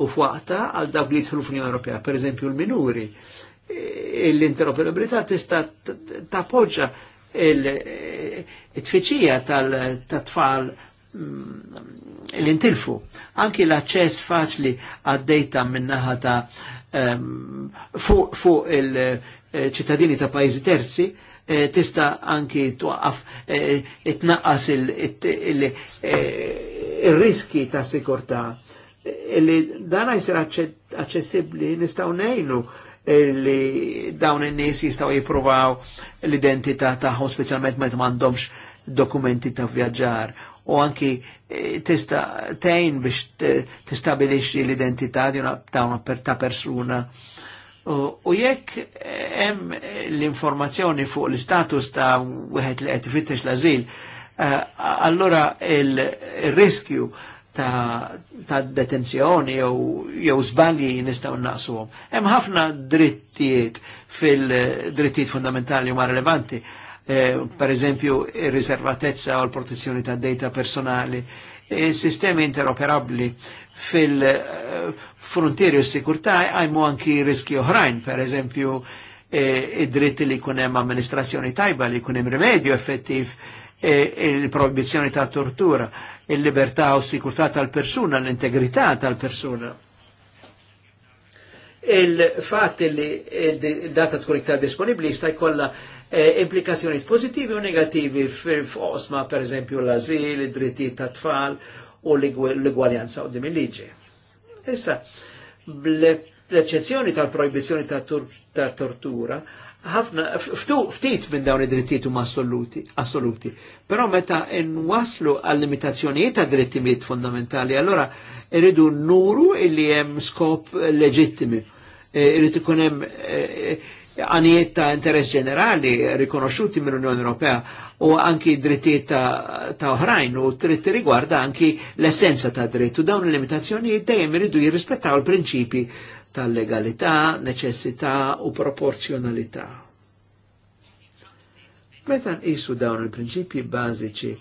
u fwaqta għal dawk li jidħlu fl-Unjoni Ewropea, pereżempju l-minuri. L-interoperabilità tista' tappoġġa il-tfittxija eh, tal-tfal Mm, l-intilfu. Anki l acċess faċli għaddejta minnaħa ta' fuq fu il-ċittadini ta' pajzi terzi, eh, tista anki tuqqaf eh, itnaqqas eh, il-riski ta' sikurta. Illi dana jisir accessibli nistaw nejnu li dawn in-nies jistaw jiprovaw l-identità tagħhom speċjalment ma m'għandhomx dokumenti ta' vjaġġar u anki e, tista tejn biex tistabilixxi l-identità ta' persuna. U jekk e, hemm l-informazzjoni fuq l-istatus ta' wieħed li qed ifittex l-ażil, e, allora il-riskju ta', ta detenzjoni jew żbalji nistgħu naqsuhom. Hemm ħafna drittijiet fil-drittijiet fundamentali huma relevanti Eh, per eżempju riservatezza u l-protezzjoni ta' data personali, e sistemi interoperabli fil-frontieri eh, u sikurtà għajmu anki riski oħrajn, per eżempju eh, id li kunem amministrazzjoni tajba, li kunem rimedju effettiv E, e il-proibizjoni ta' tortura, il-libertà e u sikurtà tal-persuna, l-integrità tal-persuna. Il-fat li il-data tkun iktar disponibli jista' jkollha eh, implikazzjoniet pozittivi u negativi f'osma per eżempju l-azil, id drittijiet ta' tfal u l-igwaljanza u d il-liġi. Issa, l eccezzjoni tal-proibizjoni ta', ta tortura, ħafna, ftit minn dawn id-drittijiet u assoluti, assoluti. Però meta n-waslu għal limitazzjonijiet ta' drittimiet fondamentali, allora irridu nuru illi hemm skop leġittimi. Eh, irrid ikun hemm eh, għanijiet ta' interess ġenerali rikonoxxuti minn unjoni Ewropea u anki drittijiet ta' oħrajn u trid rigwarda anki l-essenza ta' dritt u dawn il-limitazzjonijiet dejjem iridu jirrispettaw il-prinċipi ta' legalità neċessità u proporzjonalità. Meta nqisu dawn il prinċipi bażiċi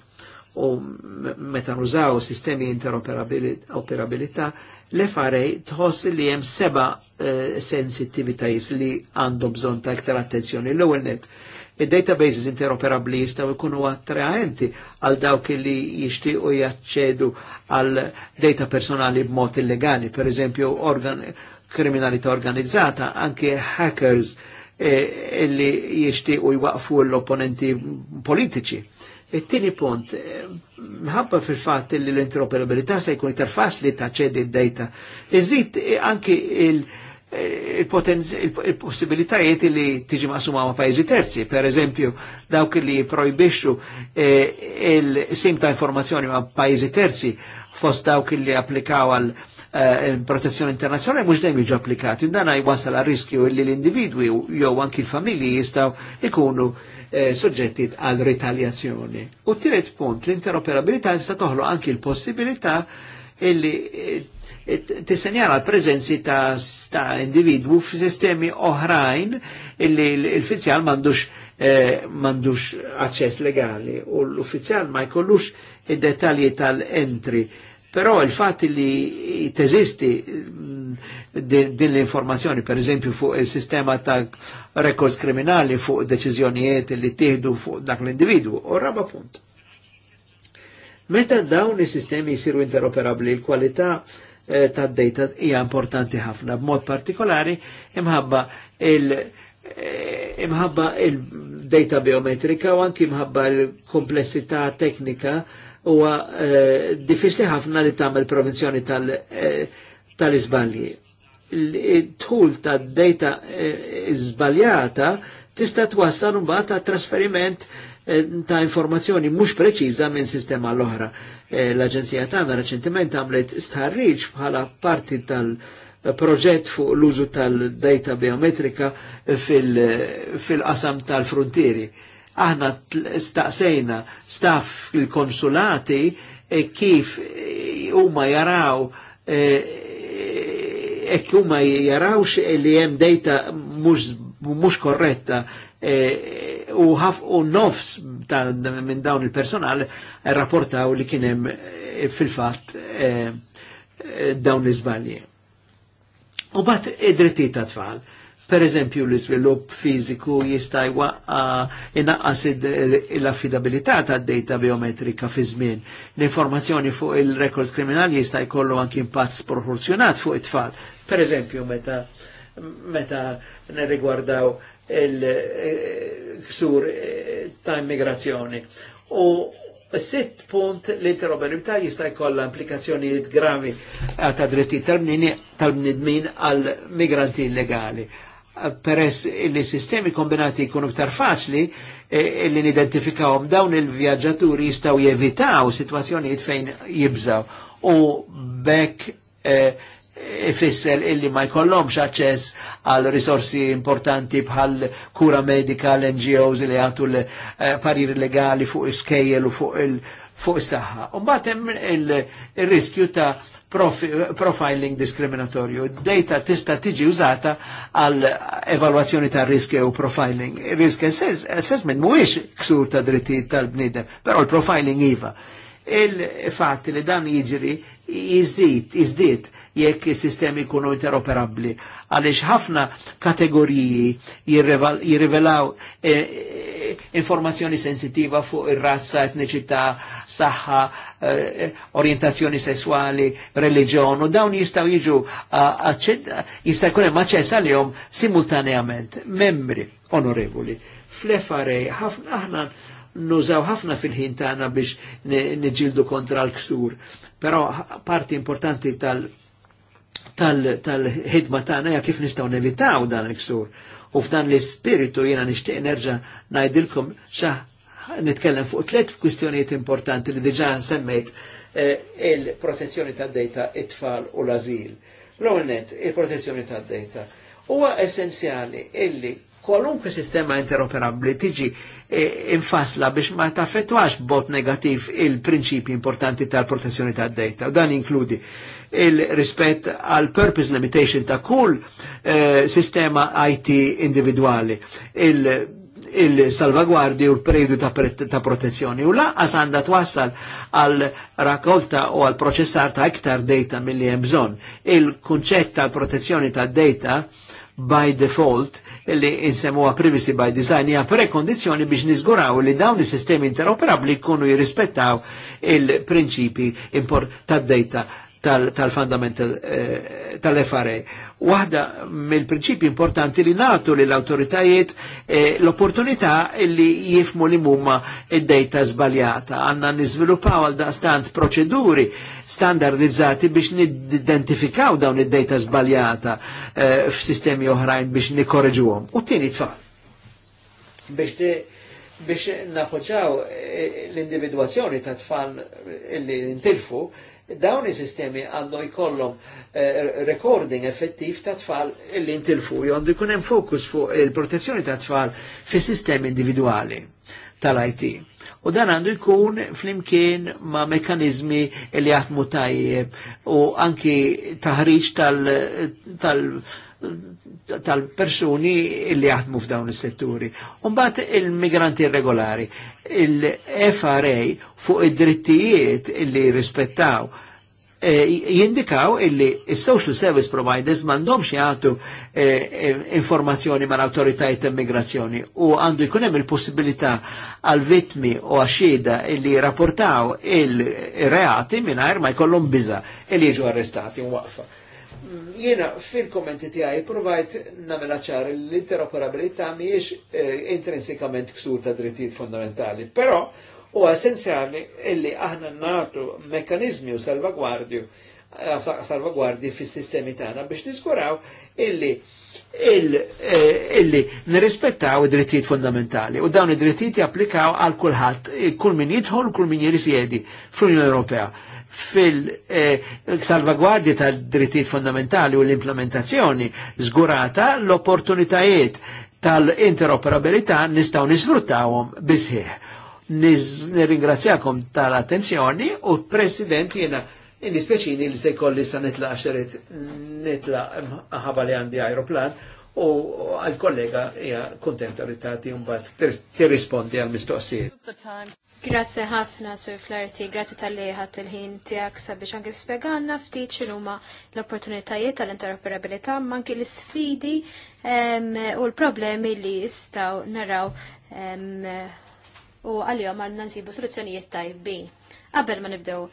u meta nużaw sistemi interoperabilità l farej tħoss li hemm seba uh, li għandhom bżonn ta' iktar attenzjoni. L-ewwel net, il databases interoperabli jistgħu jkunu attraenti għal dawk li jixtiequ jaċċedu għal data personali b'mod illegali, per eżempju organ kriminalità organizzata, anke hackers eh, jishti u jwaqfu l-opponenti politiċi Il-tini punt, mħabba fil-fat li l-interoperabilità se jkun interfaz li ta' ċedi d-data. iżrit eh, anki eh, il-possibilitajiet li tiġi maqsuma ma' pajjiżi terzi, per eżempju, dawk li projbixxu eh, il-sim ta' informazzjoni ma' pajjiżi terzi fost dawk li applikaw għal protezzjoni internazzjonali mhux dejjem jiġu applikati. Dan jwasal għal riskju li l-individwi jew anki l-familji jistgħu ikunu Eh, suġġetti għal ritaljazzjoni. U tiret punt, l-interoperabilità jista toħlo anki l-possibilità illi eh, tisenjala preżenzi ta', ta individwu f'sistemi oħrajn illi l-uffiċjal mandux eh, mandux legali u l-uffiċjal ma jkollux id-detalji tal-entri Però il fatto li teżisti eh, din l-informazzjoni, per eżempju fuq il-sistema ta' rekords kriminali, fuq deċiżjonijiet li tieħdu fuq dak l-individu, u raba punt. Meta dawn is-sistemi jisiru interoperabli, il-kwalità eh, ta' data hija importanti ħafna, b'mod partikolari imħabba il- eh, imħabba il-data biometrika u anki imħabba l-komplessità teknika huwa eh, diffiċli ħafna li tagħmel provinzjoni eh, tal-iżbalji. Il-tħul ta' data eh, iżbaljata tista' twassal mbagħad ta' trasferiment ta' informazzjoni mhux preċiża minn sistema l-oħra. L-Aġenzija tagħna reċentement għamlet stħarriġ bħala parti tal- proġett fuq l-użu tal-data biometrika fil-qasam tal-frontieri. Fil Aħna staqsejna staff il-konsulati e e, e, kif huma jaraw e huma jarawx li hemm dejta mhux korretta u ħaf u nofs minn dawn il-personal rapportaw li kien hemm fil-fatt dawn l-iżbalji. U bat id-dritti ta' tfal. Per eżempju, l iżvilupp fiziku jista' jwaqqa inaqqas l-affidabilità tad-data biometrika fi żmien. L-informazzjoni fuq il-records kriminali jista' jkollu anki impatt sproporzjonat fuq it-tfal. Per eżempju, meta meta nirrigwardaw il-ksur eh, ta' immigrazzjoni. U sitt punt l-interoperabilità jista' jkollha implikazzjonijiet gravi ta' dritti tal-bnidmin għal migranti illegali peress li sistemi kombinati jkunu iktar faċli e, li nidentifikawhom dawn il-vjaġġaturi jistgħu jevitaw sitwazzjonijiet fejn jibżaw u bekk e, ifisser illi ma jkollhomx aċċess għal risorsi importanti bħal kura medika l-NGOs li għatu l-parir e, legali fuq iskejjel u fuq il- fuq saħħa U mbagħad hemm il-riskju ta' profiling diskriminatorju. Data tista' tiġi użata għal evalwazzjoni ta' riskju u profiling. Risk assessment mhuwiex ksur ta' drittijiet tal-bniedem, però l-profiling iva. Il-fatt li dan jiġri jiżid, jiżdied jekk il sistemi jkunu interoperabli. Għaliex ħafna kategoriji jirrivelaw eh, eh, informazzjoni sensitiva fuq ir-razza, etniċità, saħħa, eh, orientazzjoni sessuali, religjon, u dawn jistgħu jiġu jistaw jkun hemm aċċess għalihom simultaneament. Membri onorevoli, fl-FRA ħafna aħna nużaw ħafna fil-ħin tagħna biex niġildu kontra l-ksur. Però parti importanti tal- tal-ħidma tal tagħna ja kif nistgħu nevitaw dan il-ksur. U f'dan l-ispiritu jiena nixtieq nerġa' ngħidilkom xa nitkellem fuq tliet kwistjonijiet importanti li diġà semmejt eh, il-protezzjoni tad-dejta it-tfal u l-azil. L-ewwel il-protezzjoni tad-dejta. Huwa essenzjali illi kwalunkwe sistema interoperabli tiġi eh, infasla biex ma taffettwax bot negativ il-prinċipi importanti tal-protezzjoni tad dejta u dan inkludi il-rispett għal purpose limitation ta' kull eh, sistema IT individuali. Il- il-salvaguardi u l-periodu ta', protezzjoni. U laqqas għanda twassal għal rakolta u għal proċessar ta' iktar data mill-li hemm bżonn. Il-kunċett ta' protezzjoni ta' data by default li insemmuha privacy by design hija kondizjoni biex niżguraw li dawn is-sistemi interoperabli jkunu jirrispettaw il-prinċipi tad-data tal-fundamental eh, tal-FRA. Waħda mill-prinċipi importanti li natu li l-autoritajiet eh, l-opportunità li jifmu li mumma id-dejta zbaljata. Għanna nizvilupaw għal stant proċeduri standardizzati biex nidentifikaw dawn id-dejta zbaljata eh, f-sistemi oħrajn biex għom. U t-tini tfal. Biex biex napoġaw l-individuazzjoni ta' tfal illi intilfu, dawn is-sistemi għandu jkollhom eh, recording effettiv ta' tfal li intilfu, għandu jkun hemm fokus fuq il-protezzjoni ta' tfal fi sistemi individuali tal-IT. U dan għandu jkun flimkien ma' mekanizmi li jaħdmu tajjeb u anki taħriġ tal-, tal tal-persuni illi jaħdmu f'dawn is-setturi. Umbat il-migranti irregolari, il-FRA fuq id-drittijiet illi rispettaw e, jindikaw illi il-social service providers mandomx jgħatu e, eh, informazzjoni mal autoritajiet immigrazzjoni u għandu jkun hemm il-possibilità għal vitmi u għaxida illi rapportaw il-reati minn ma jkollhom biza illi jiġu arrestati u waqfa Jiena fil-kommenti tiegħi provajt namela ċar l-interoperabilità mhijiex eh, intrinsikament ksur ta' drittijiet fondamentali, però u essenzjali illi aħna natu mekanizmi u salvagwardju eh, salvagwardji fis sistemi tagħna biex niskuraw illi illi, eh, illi nirrispettaw id-drittijiet fundamentali u dawn id-drittijiet japplikaw għal kulħadd, eh, kull min jidħol u kull min jirisjedi fl-Unjoni Ewropea fil-salvagwardji eh, tal-drittijiet fondamentali u l-implementazzjoni zgurata l-opportunitajiet tal-interoperabilità nistaw nisfruttawhom bisħieħ. Nirringrazzjakom tal-attenzjoni u President jena Indispeċini li se kolli sa nitla għaxeret nitla ħabali għandi aeroplan u għal-kollega hija kontenta li tagħti mbagħad tirrispondi għall-mistoqsijiet. Grazzi ħafna Sir Flaherty, grazie tal-li ħadd il-ħin tiegħek sabiex anke spjegalna ftit x'inhuma l-opportunitajiet tal-interoperabilità manki l-isfidi u l-problemi li jistgħu naraw u għal-jom għandna nsibu soluzzjonijiet tajbin. Qabel ma nibdew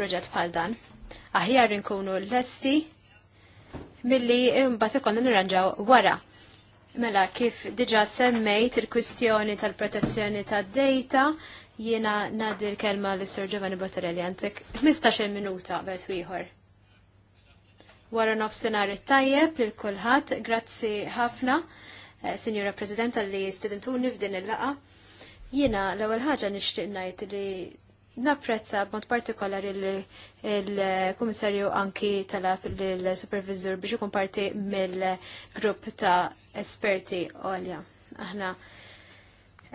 proġett bħal dan, aħjar nkunu l-lesti milli mbagħad ikonna nirranġaw wara. Mela, kif diġa semmejt il-kwistjoni tal-protezzjoni tad-data, jiena nadir l-kelma l sir Giovanni Bottarelli għandek 15 minuta bet wieħor. Wara nofsinhar it-tajjeb lil kulħadd, grazzi ħafna, eh, Sinjura Presidenta li stidentuni f'din il-laqa. Jiena l-ewwel ħaġa nixtieq ngħid li Napprezza b'mod partikolari l kummissarju anki talab l-Supervisor biex ikun parti mill-grupp ta' esperti għolja. Aħna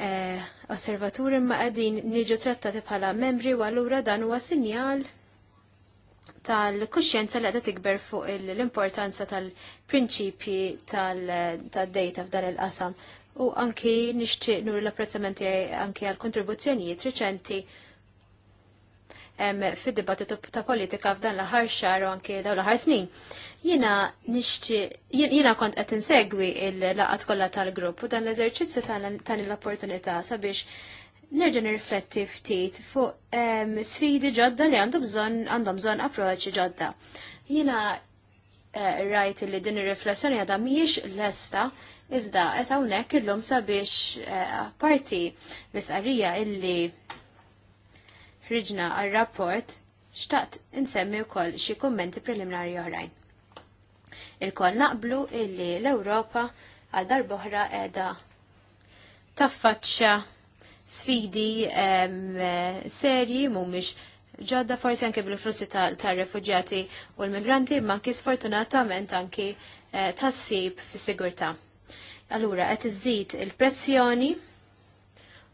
eh, osservaturi ma' qegħdin niġu trattati bħala membri u allura dan huwa sinjal tal-kuxjenza li għadha tikber fuq l-importanza tal-prinċipji tal-data f'dan il-qasam u anki nixtieq nur l-apprezzamenti anki għal kontribuzzjonijiet riċenti fid-dibattitu ta' politika f'dan l-aħħar xahar u anke dawn l-aħħar snin. Jiena nixti jina kont qed insegwi l laqat kollha tal-grupp u dan l-eżerċizzju ta' l-opportunità sabiex nerġa' nirrifletti ftit fuq sfidi ġodda li għandu bżonn għandhom bżonn approċċi ġodda. Jiena eh, rajt li din ir-riflessjoni għadha mhijiex lesta iżda qed hawnhekk illum sabiex eh, parti l-isqarrija illi ħriġna għal-rapport xtaqt insemmi wkoll xi kummenti preliminari oħrajn. Il-koll naqblu illi l-Ewropa għal darboħra edha taffaċċa sfidi serji mhumiex ġodda forsi anke bil-flussi tar-refuġjati u l-migranti ma anki sfortunatament anki eh, tassib fis-sigurtà. Allura qed iżid il-pressjoni il pressjoni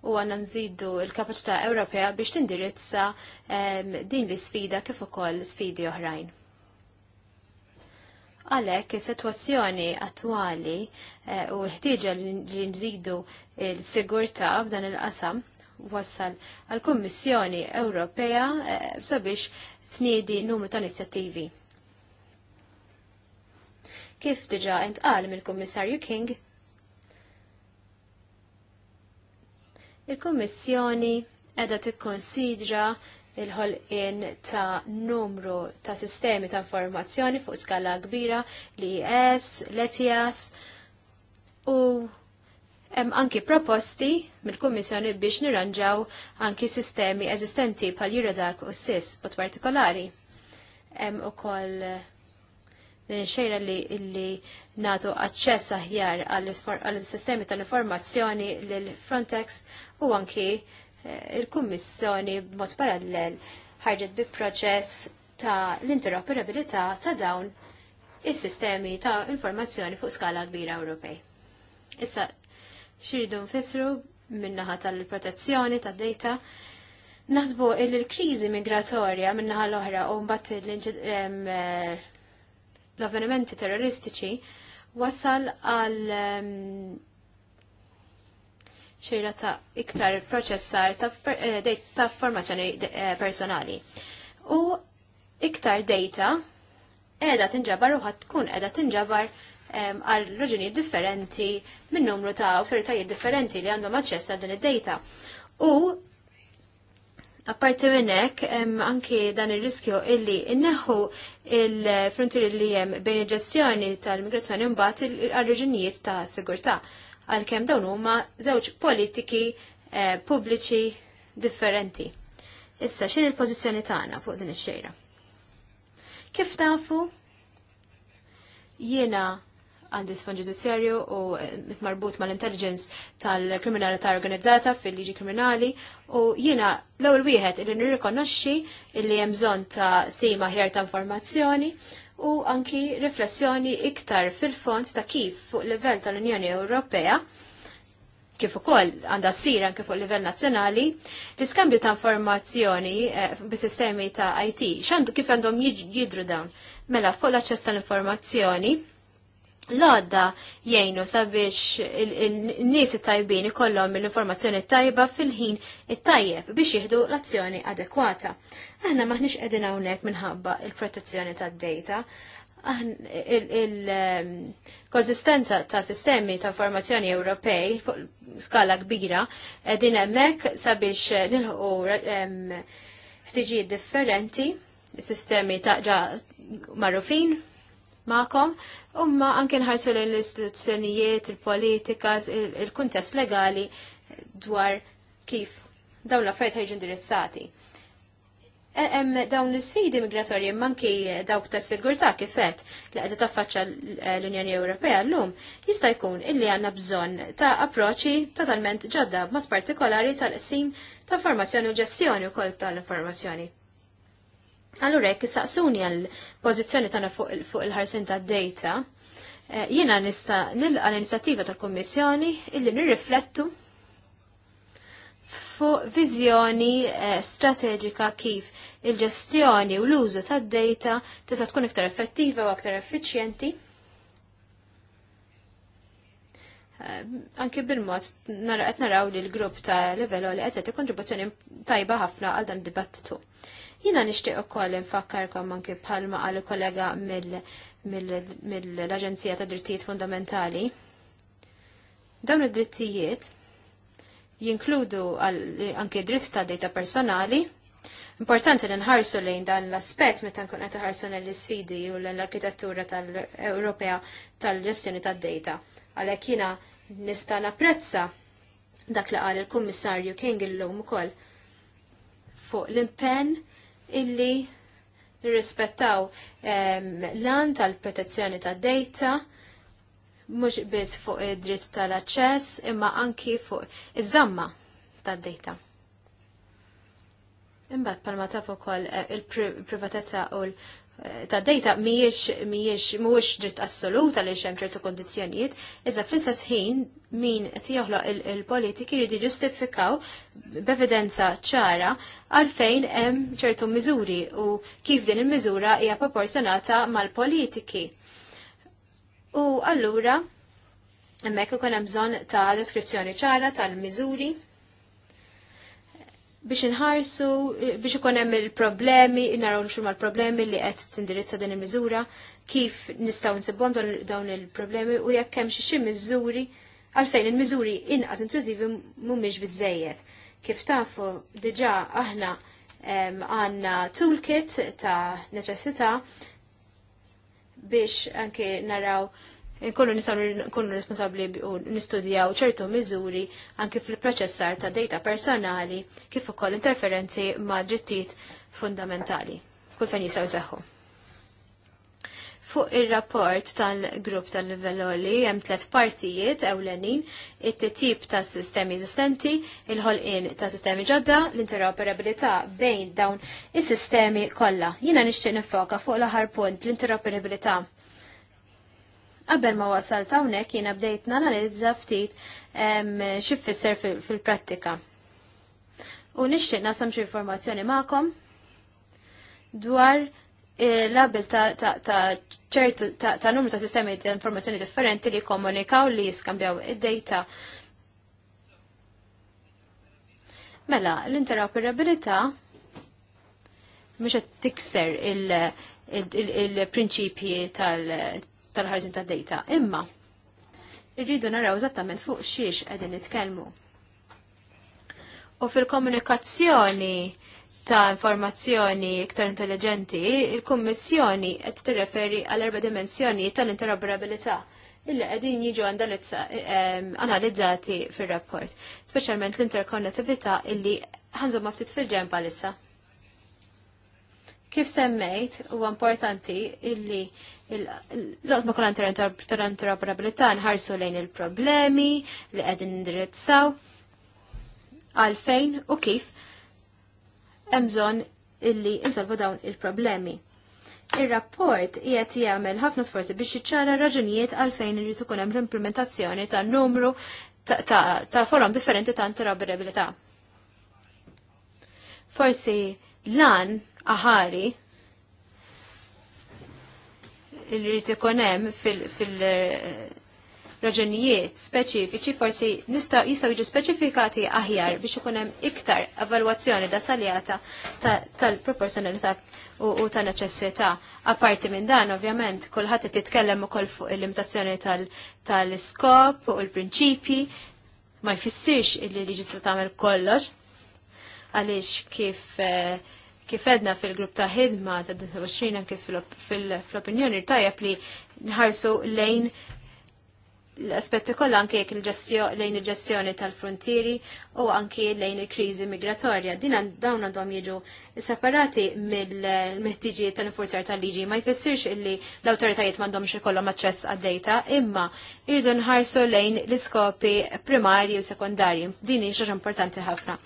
u għanna nżidu l-kapacità Ewropea biex tindirizza ehm, din l-sfida kif ukoll sfidi oħrajn. Għalhekk is-sitwazzjoni attwali eh, u l-ħtieġa li nżidu l-sigurtà b'dan il-qasam wassal għal-Kummissjoni Ewropea eh, sabiex tniedi numru ta' inizjattivi. Kif diġa intqal mill-Kummissarju King, Il-Kommissjoni edha tikkonsidra il-ħolqin ta' numru ta' sistemi ta' informazzjoni fuq skala kbira li ES, l-ETIAS u hemm anki proposti mill-Kummissjoni biex nirranġaw anki sistemi eżistenti pal Eurodac u SIS pot partikolari. Hemm ukoll xejra li, illi natu aċċess aħjar għall-sistemi tal-informazzjoni lil Frontex u anki eh, il-Kummissjoni b'mod parallel ħarġet bi proċess ta' l-interoperabilità ta' dawn is-sistemi ta' informazzjoni fuq skala kbira Ewropej. Issa, xiridu nfissru minnaħa tal-protezzjoni tad data naħsbu l kriżi migratorja minnaħa l-oħra u mbagħad eh, l-avvenimenti terroristiċi wasal għal xejra ta' iktar proċessar ta' eh, formazzjoni eh, personali. U iktar data edha tinġabar u tkun edha tinġabar għal raġuni differenti minn numru ta' awtoritajiet differenti li għandhom aċċess għal din id-data. U apparti minn hekk anke dan ir-riskju illi inneħħu il-frontier li jem bejn il-ġestjoni tal-migrazzjoni mbagħad għal raġunijiet ta' sigurtà għalkemm dawn huma żewġ politiki eh, pubbliċi differenti. Issa x'in il-pożizzjoni tagħna fuq din ix-xejra? Kif tafu jiena għandi sfond ġudizzjarju u eh, marbut mal-intelligence tal-kriminalità organizzata fil-liġi kriminali u jiena l-ewwel wieħed li nirrikonoxxi li hemm bżonn ta' sima ħjar ta' informazzjoni u anki riflessjoni iktar fil-fond ta' kif fuq livell tal-Unjoni Ewropea kif ukoll għandha ssir anke fuq livell nazzjonali, l-iskambju ta' informazzjoni eh, bis-sistemi ta' IT, x'għandu kif għandhom jidru dawn? Mela fuq l-aċċess tal-informazzjoni, l-għadda jgħinu sabiex n nis tajbin ikollhom l-informazzjoni tajba fil-ħin it-tajjeb biex jieħdu l-azzjoni adekwata. Aħna maħniex qegħdin hawnhekk minħabba il-protezzjoni tad-data, il-konsistenza ehm, ta' sistemi ta' informazzjoni Ewropej fuq skala kbira qegħdin hemmhekk sabiex nilħu ehm, ftiġijiet differenti, sistemi ta' ġa marrufin, ma'kom, umma anke nħarsu l-istituzzjonijiet, il-politika, il-kuntest legali dwar kif dawn l-affarijiet ħajġu indirizzati. Hemm e, dawn l-isfidi migratorji manki dawk ta' sigurtà kif qed li qed taffaċċa l-Unjoni Ewropea llum jista' jkun illi għandna bżonn ta' approċċi totalment ġodda b'mod partikolari tal-qsim ta' formazzjoni u ġestjoni wkoll tal-informazzjoni Allura jekk saqsuni għal pożizzjoni tagħna fuq il-ħarsin tad-data, eh, jiena nista' nilqa l-inizjattiva tal-Kummissjoni illi nirriflettu fuq viżjoni eh, strateġika kif il-ġestjoni u l-użu tad-data tista' tkun iktar effettiva u aktar effiċjenti Eh, anke bil-mod nara qed naraw li l-grupp ta' Level li qed kontribuzzjoni tajba ħafna għal dan dibattitu. Jina nixtieq ukoll infakkarkom anke bħalma għal kollega mill-Aġenzija ta' Drittijiet Fundamentali. Dawn id-drittijiet jinkludu anke dritt ta' data personali, Importanti li nħarsu lejn dan l-aspett meta nkun qed iħarsu l-isfidi u l-arkitettura tal-Ewropea tal-ġestjoni tad-data għalhekk jiena nista' napprezza dak li qal il-Kummissarju King illum ukoll fuq l-impenn illi nirrispettaw ehm, l-an tal-protezzjoni tad-data mhux biss fuq id-dritt tal-aċċess imma anki fuq iż-żamma tad-data. Imbagħad palma taf ukoll eh, il-privatezza u l ta' data miex miex mhuwiex dritt assoluta li hemm ċertu kundizzjonijiet, iżda fl-istess ħin min qed joħloq il-politiki jridu ġustifikaw b'evidenza ċara għalfejn hemm ċertu miżuri u kif din il-miżura hija proporzjonata mal-politiki. U allura hemmhekk ikun hemm bżonn ta' deskrizzjoni ċara tal-miżuri biex inħarsu, eh, biex ikun hemm il-problemi, naraw nxur mal-problemi li qed tindirizza din il-miżura, kif nistgħu nsibhom dawn il-problemi u jekk hemm xi xi miżuri għalfejn il-miżuri inqas intrużivi mhumiex biżejjed. Kif tafu diġà aħna għandna toolkit ta' neċessità biex anke naraw Kollu nisaw nkunu responsabli u nistudjaw ċertu miżuri anki fil-proċessar ta' data personali kif ukoll interferenzi ma' drittijiet fundamentali. Kull fejn jisaw seħħu. Fuq il-rapport tal-grupp tal-livelloli hemm tliet partijiet ewlenin, it-tip ta' sistemi esistenti, il-ħolqien ta' sistemi ġodda, l-interoperabilità bejn dawn is-sistemi kollha. Jiena nixtieq nifoka fuq l-aħħar punt l-interoperabilità Qabel ma wasalt hawnhekk jiena bdejt nanalizza ftit xifisser fil-prattika. U nixtieq nasam xi informazzjoni magħkom dwar l-abil ta' numru ta' sistemi ta' informazzjoni differenti li komunikaw li jiskambjaw id-data. Mela, l-interoperabilità mhux qed tikser il-prinċipji tal- tal-ħarżin ta' data. Imma, irridu naraw eżattament fuq xiex qegħdin nitkellmu. U fil-komunikazzjoni ta' informazzjoni iktar intelligenti, il-Kummissjoni qed tirreferi għal erba' dimensjoni tal-interoperabilità illi qegħdin jiġu ehm, analizzati fir-rapport, speċjalment l-interkonnettività illi ħanżu ma ftit fil-ġempa għalissa. Kif semmejt, huwa importanti illi l-otma tal interoperabilità nħarsu lejn il-problemi li għedin indirizzaw għalfejn u kif emżon illi insolvu dawn il-problemi. Il-rapport qiegħed jagħmel ħafna sforzi biex jiċċara raġunijiet għalfejn irid ikun hemm l-implementazzjoni ta' numru ta' forom differenti ta' interoperabilità. Forsi lan aħari il ikun hemm fil-raġunijiet speċifiċi forsi nista' jistgħu jiġu speċifikati aħjar biex ikun hemm iktar evalwazzjoni dettaljata tal-proporzjonalità u ta' neċessità. Apparti minn dan, ovvjament, kulħadd titkellem u ukoll fuq il-limitazzjoni tal-iskop u l-prinċipji, ma jfissirx illi liġi se tagħmel kollox għaliex kif eh, kif edna fil-grupp ta' ħidma ta' 23 kif fil-opinjoni tajjeb li nħarsu lejn l-aspetti kollha anke jekk lejn il-ġestjoni tal-frontieri u anke lejn il-kriżi migratorja. Din dawn għandhom jiġu separati mill-meħtiġijiet tal-infurzar tal-liġi. Ma jfissirx illi l-awtoritajiet m'għandhomx ikollhom aċċess għad-dejta, imma irridu nħarsu lejn l-iskopi primarji u sekundarji. Din hi xaġa importanti ħafna.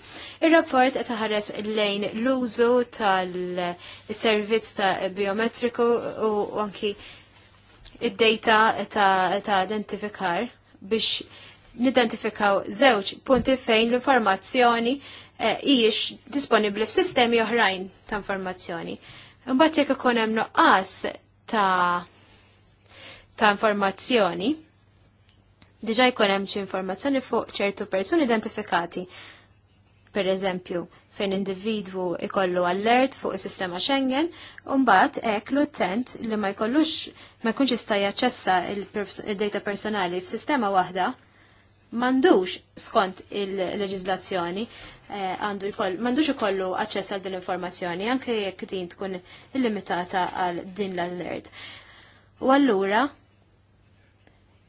Ir-rapport qed ħares lejn l-użu tal-servizz ta' biometriku u anki id-data ta' identifikar biex nidentifikaw żewġ punti fejn l-informazzjoni hijiex eh, disponibbli f'sistemi oħrajn ta' informazzjoni. Imbagħad jekk ikun hemm noqqas ta' ta' informazzjoni, diġa' jkun hemm xi informazzjoni fuq ċertu persuni identifikati. Per eżempju, fejn individwu ikollu allert fuq is-sistema Schengen, u mbagħad hekk l-uttent li ma jkollux ma jkunx jista' jaċċessa il-data personali f'sistema waħda m'għandux skont il-leġiżlazzjoni eh, għandu jkoll m'għandux ikollu aċċess għal din l-informazzjoni anke jekk din tkun illimitata għal din l-allert. U allura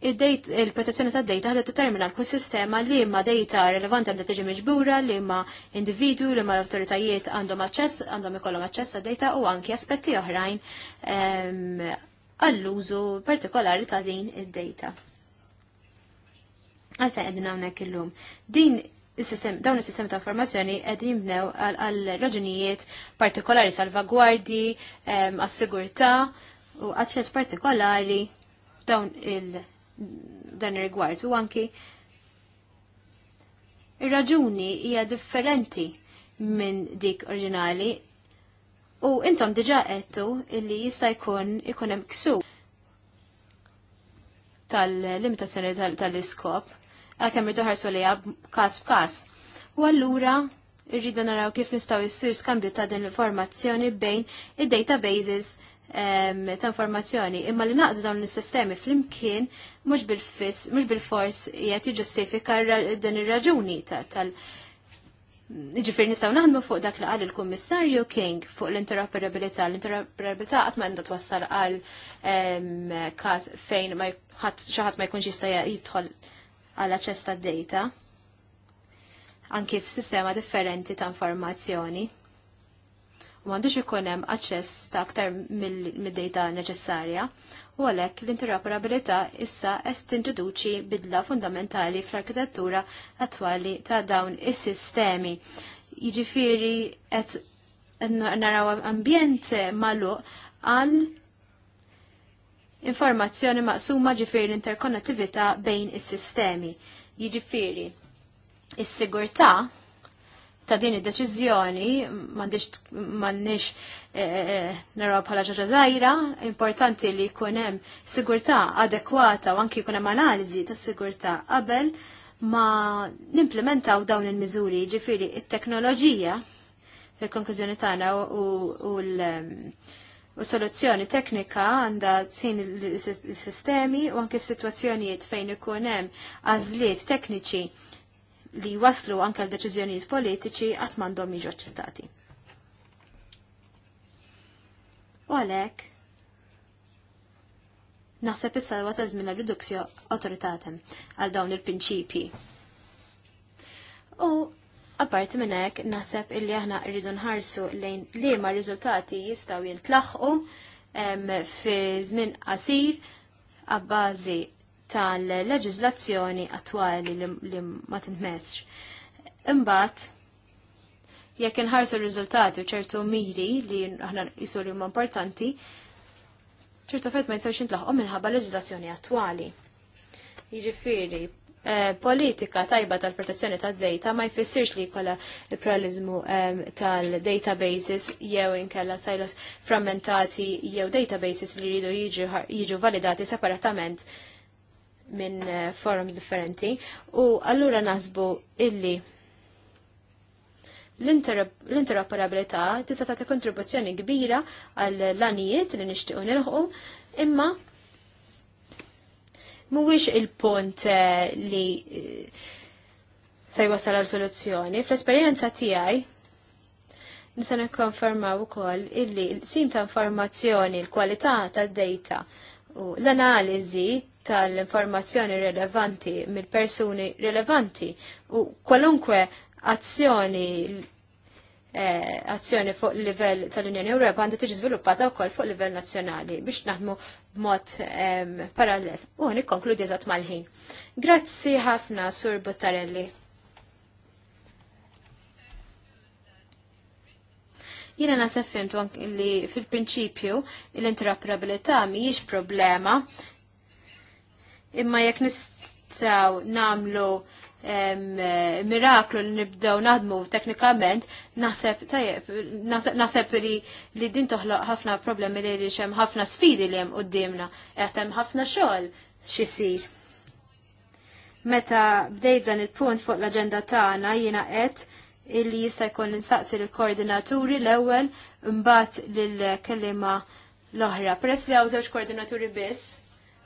il-protezzjoni ta' data għadha determina l-kull sistema li imma data relevanti għandha tiġi miġbura, li imma individu li imma l-autoritajiet għandhom aċċess, għandhom ikollhom aċċess għad data u anki aspetti oħrajn ehm, għall-użu partikolari ta' din id-data. Għalfejn qegħdin hawnhekk illum. Din Is-sistem, dawn is-sistemi ta' informazzjoni qegħdin jimbnew għal raġunijiet partikolari salvagwardi, ehm, għas-sigurtà u aċċess partikolari dawn il- dan ir-rigward u anki ir-raġuni hija differenti minn dik oriġinali u intom diġa għettu illi jista' jkun ikun hemm ksu tal-limitazzjoni tal-iskop għalkemm irdu ħarsu lejha każ f'każ. U allura irridu naraw kif nistgħu jsir skambju ta' din l-informazzjoni bejn id-databases ta' informazzjoni, imma li naqdu dawn is-sistemi fl-imkien mhux bil-fis, mhux bil-fors qed jiġġustifika din ir-raġuni tal- Ġifir nistaw naħdmu fuq dak li qal il-Kummissarju King fuq l-interoperabilità. L-interoperabilità qatt ma għandha twassal għal każ fejn ma xaħat ma jkunx jista' jidħol għal aċċess tad-data anki f'sistema differenti ta' informazzjoni m'għandux ikun hemm aċċess ta' aktar mid-data neċessarja u għalhekk l-interoperabilità issa qed tintroduċi bidla fundamentali fl-arkitettura attwali ta' dawn is-sistemi. Jiġifieri qed naraw ambjent magħluq għal informazzjoni maqsuma ġifiri l-interkonnettività bejn is-sistemi. Jiġifieri, is-sigurtà ta' din id-deċiżjoni m'għandix eh, eh, eh, naraw bħala ġoġa żgħira, importanti li jkun hemm sigurtà adekwata u anki jkun hemm analiżi ta' sigurtà qabel ma nimplementaw dawn il-miżuri, ġifiri it-teknoloġija fil-konklużjoni tagħna u l soluzzjoni teknika għandha tsin il-sistemi u anke f'sitwazzjonijiet fejn ikun hemm għażliet tekniċi li waslu anke l-deċiżjonijiet politiċi qatt m'għandhom jiġu aċċettati. U għalhekk naħseb issa wasal żmien riduzzju awtoritatem għal dawn il-prinċipji. U apparti minn hekk naħseb illi aħna rridu nħarsu lejn liema riżultati jistgħu jintlaħqu fi żmien qasir għabbażi tal-leġizlazzjoni attwali li ma tintmesx. Imbagħad jekk inħarsu r-riżultati u ċertu miri li aħna jisu li huma importanti, ċertu fett ma jistgħux intlaħqhom minħabba leġizlazzjoni attwali. Jiġifieri, eh, politika tajba tal-protezzjoni tad-data ma jfissirx li jkollha pluralizmu eh, tal-databases jew inkella silos frammentati jew databases li jridu jiġu validati separatament minn eh, forums differenti u allura naħsbu illi l-interoperabilità tista' tagħti kontribuzzjoni kbira għal lanijiet li nixtiequ nilħu imma mhuwiex il-punt eh, li eh, se jwassal għal soluzzjoni. Fl-esperjenza tiegħi nisa nikkonfermaw ukoll illi l-sim ta' informazzjoni, l-kwalità tad-data u l-analiżi tal-informazzjoni rilevanti mill-persuni rilevanti u kwalunkwe azzjoni eh, azzjoni fuq livell tal-Unjoni Ewropa għandha tiġi żviluppata wkoll fuq livell nazzjonali biex naħdmu b'mod eh, parallel. U uh, nikkonkludi eżatt mal-ħin. Grazzi ħafna Sur Buttarelli. jina nasab fimtu li fil-prinċipju l-interoperabilità mhijiex problema Imma jekk nistaw namlu miraklu li nibdew naħdmu teknikament, naħseb tajjeb, naħseb li li din toħloq ħafna problemi li li xem ħafna sfidi li hemm qudiemna, qed hemm ħafna xogħol xisir. Meta bdejt dan il-punt fuq l-aġenda tagħna jiena qed illi jista' jkun insaqsi l-koordinaturi l-ewwel mbagħad lill kellima l-oħra. Peress li hawn żewġ koordinaturi biss,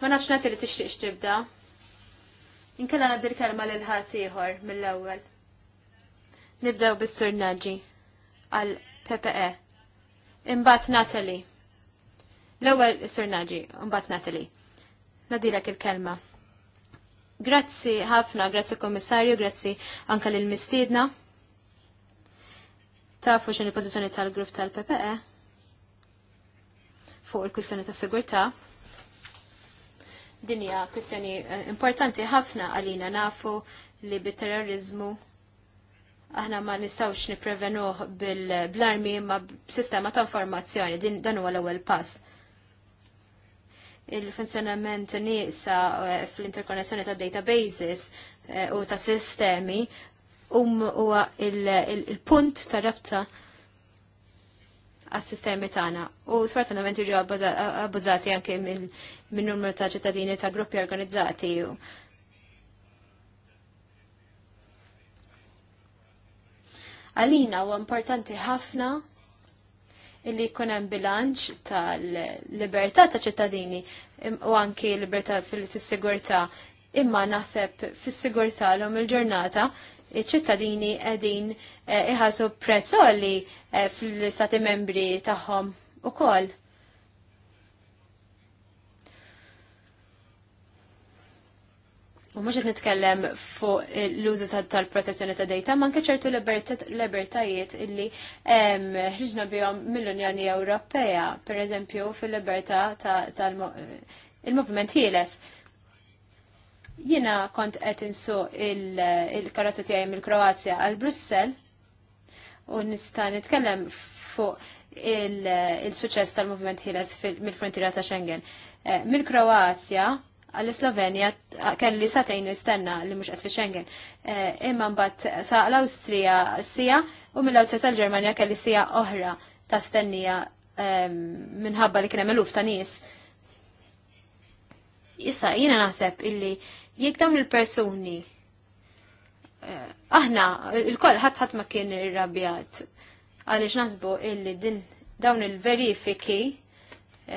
Ma nafx nati li tixtieq tibda. Inkella nadir kelma lil ħadd ieħor mill-ewwel. Nibdew bis-Sur Naġi għal PPE. Imbagħad Natalie. L-ewwel is-Sur Naġi, imbagħad Natalie. Nadilek il-kelma. Grazzi ħafna, grazzi Kommissarju, grazzi anka lil mistiedna Tafu x'in il-pożizzjoni tal-grupp tal-PPE fuq il-kwistjoni tas-sigurtà. Ta dinja kwistjoni eh, importanti ħafna għalina nafu li bit-terrorizmu aħna ma nistawx niprevenuħ bil-armi ma sistema ta' informazzjoni, din dan huwa l-ewwel pass. Il-funzjonament nisa eh, fl-interkonnessjoni ta' databases eh, u ta' sistemi um huwa il-punt ta' rabta għas-sistemi tagħna. U sfortunatament jiġu abbużati anke minn numru ta' ċittadini ta' gruppi organizzati. Għalina huwa importanti ħafna illi jkun hemm bilanċ tal-libertà ta' ċittadini u anki libertà fis-sigurtà imma naħseb fis-sigurtà l-om il-ġurnata iċ-ċittadini qegħdin Eh, iħasu prezzoli eh, fl-istati membri tagħhom ukoll. U mux nitkellem fuq l-użu tal-protezzjoni ta' data, ma anke ċertu libertajiet illi ħriġna bihom mill-Unjoni Ewropea, per eżempju fil-libertà tal-movement ħieles. Jina kont qed insu il-karozza tiegħi mill-Kroazja għal Brussel u nista' nitkellem fuq il-suċess tal-movement ħiles mill-frontiera ta' Schengen. Eh, Mill-Kroazja għall-Slovenja kelli satejn nistenna li mhux qed fi Schengen. Eh, imma mbagħad sa l-Awstrija sija u mill-Awstrija tal ġermanja kelli sija oħra ta' stennija ehm, minħabba li kien hemm eluf ta' nies. Issa jiena naħseb illi jekk dawn il-persuni aħna il-koll ħadd ħadd ma kien irrabjat għaliex nasbu illi din dawn il-verifiki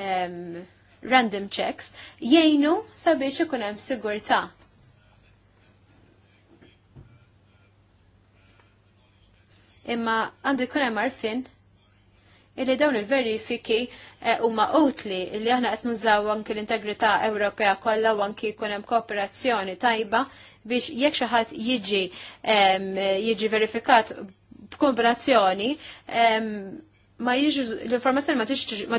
um, random checks jgħinu sabiex ikun hemm sigurtà. Imma għandu jkun hemm arfin illi dawn il-verifiki eh, huma utli illi aħna qed nużaw anki l-integrità Ewropea kollha u anki jkun hemm kooperazzjoni tajba biex jekk xi ħadd jiġi jiġi verifikat b'kombinazzjoni ma l-informazzjoni ma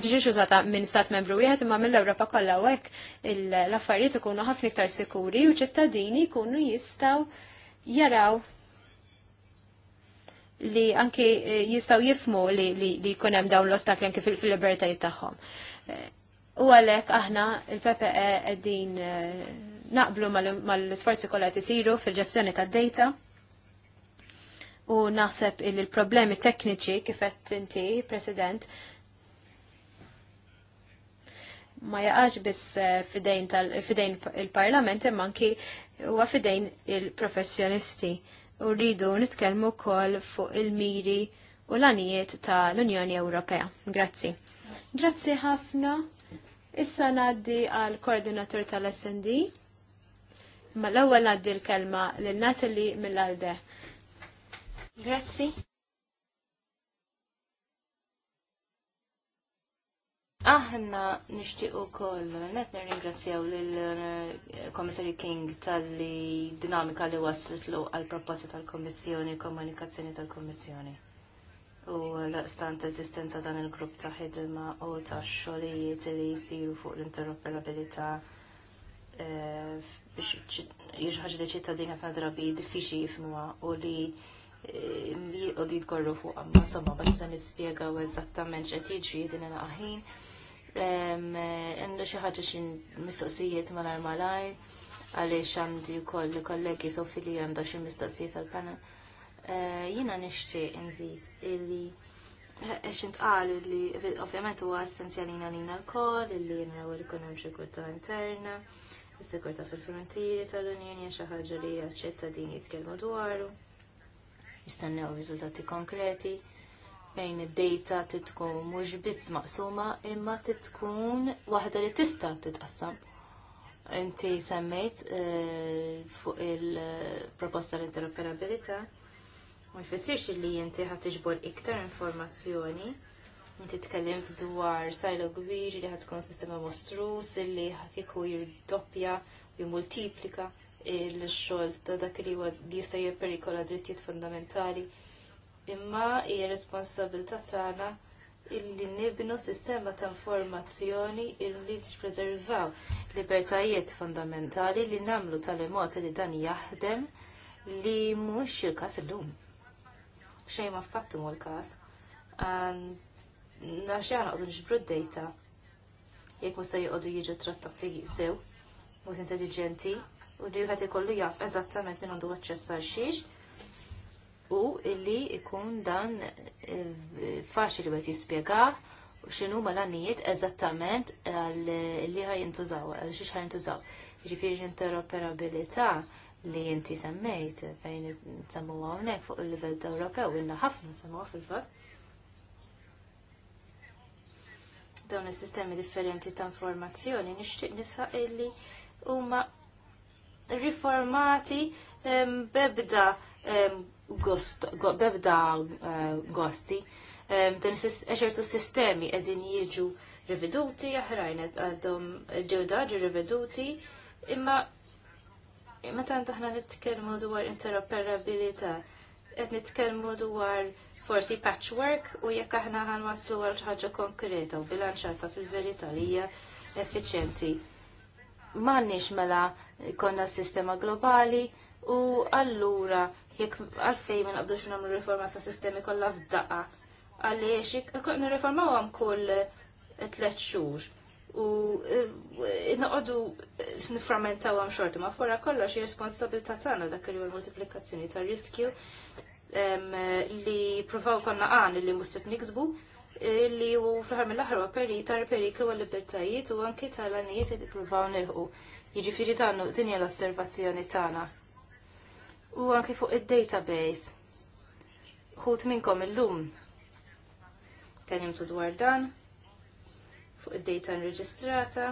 tiġix użata minn stat membru wieħed imma mill-Ewropa kollha u hekk l-affarijiet ikunu ħafna iktar sikuri u ċittadini jkunu jistgħu jaraw li anki eh, jistaw jifmu li, li, li kunem dawn l-ostakli anki fil-libertajiet tagħhom. Eh, u għalek aħna il-PPE din eh, naqblu mal-sforzi kollha qed isiru fil-ġestjoni tad-data u naħseb il-problemi tekniċi kifet inti, President, ma jaqax biss fidejn, il-parlament imma anki huwa fidejn il-professjonisti. il professjonisti u rridu nitkellmu wkoll fuq il-miri u l-anijiet ta' l-Unjoni Ewropea. Grazzi. Grazzi ħafna. Issa ngħaddi għal koordinatur tal-SND. Ma mela l-ewwel ngħaddi l-kelma lil Natalie mill-Alde. Grazzi. Aħna nishtiq u koll, net nirringrazzjaw l-Komissarju eh, King tal-li dinamika li waslet l għal-proposta tal-Komissjoni, komunikazzjoni tal-Komissjoni. U l-stant esistenza dan il-grupp ta' ħidma u ta' xolijiet li jisiru fuq l-interoperabilità eh, biex jirħaġ li ċittadin għafna drabi diffiċi jifnuwa u li eh, u di tkorru fuq għamma, somma, bħal nispiega u eżattament ċetiġi din il-aħin għandu xi ħaġa xi mistoqsijiet malar armalaj għaliex għandi wkoll kollegi sofi li għandha xi mistoqsijiet għall-panel. Eh, Jiena nixtieq inżid illi għax qal li ovvjament huwa essenzjali għalina l-kol, li nraw li kun hemm sikurtà interna, is fil-frontieri tal-Unjoni xi ħaġa li ċ-ċittadini jitkellmu dwaru. Jistennew riżultati konkreti fejn id-data titkun mhux biss maqsuma imma titkun waħda li tista' titqassam. Inti semmejt eh, fuq il-proposta l-interoperabilità ma jfissirx li inti ħad tiġbor iktar informazzjoni. Inti tkellimt dwar sajlo kbir li ħad tkun sistema mostrus li kieku jirdoppja u jmultiplika il-xogħol ta' dak li jista' jipperikola drittijiet fundamentali imma hija responsabilità tagħna illi nibnu sistema ta' informazzjoni illi tippreservaw libertajiet fundamentali li namlu tal-imot li dan jaħdem li mhux il-każ illum. Xejn ma fattu mhu l-każ. Naxi qogħdu nġbru d-dejta jekk se jgħodu jiġu trattati sew, mod intelligenti, u li wieħed ikollu jaf eżattament minn għandu aċċess għal xiex, u illi ikun dan eh, faċli bħet jispiegaħ xinu ma l-għannijiet eżattament li ħaj jintużaw, għal xiex ħaj jintużaw. Ġifiri interoperabilità li jinti semmejt fejn semmu għawnek fuq il-level Ewropew, inna ħafna għaf fil-fat. Dawn is-sistemi differenti ta' informazzjoni nixtieq nisa illi huma riformati bebda gost, bebda eh, gosti, eh, dan eċertu eh, sistemi edin jieġu riveduti, aħrajn għaddhom ġewdaġi riveduti, imma tant aħna nitkellmu dwar interoperabilità, qed nitkellmu dwar forsi patchwork u jekk aħna ħanwasslu għal ħaġa konkreta u bilanċata fil-verità li hija effiċjenti. M'għandniex mela konna sistema globali u allura jekk għalfej ma naqbdux nagħmlu riforma ta' sistemi kollha f'daqqa. Għaliex reforma għam kull eh, tliet xhur u eh, n eh, niframmentaw għam xorta ma' fora responsabilta responsabilità tagħna dak li l-multiplikazzjoni ta' riskju li provaw konna għan li mustet niksbu li u fl-ħar mill-aħħar peri tar periklu għal libertajiet u anki tal-għanijiet li provaw nilħu. Jiġifieri tagħna din hija l-osservazzjoni tagħna u anki fuq il-database. Xut minnkom il-lum jimtu dwar dan fuq id-data nreġistrata.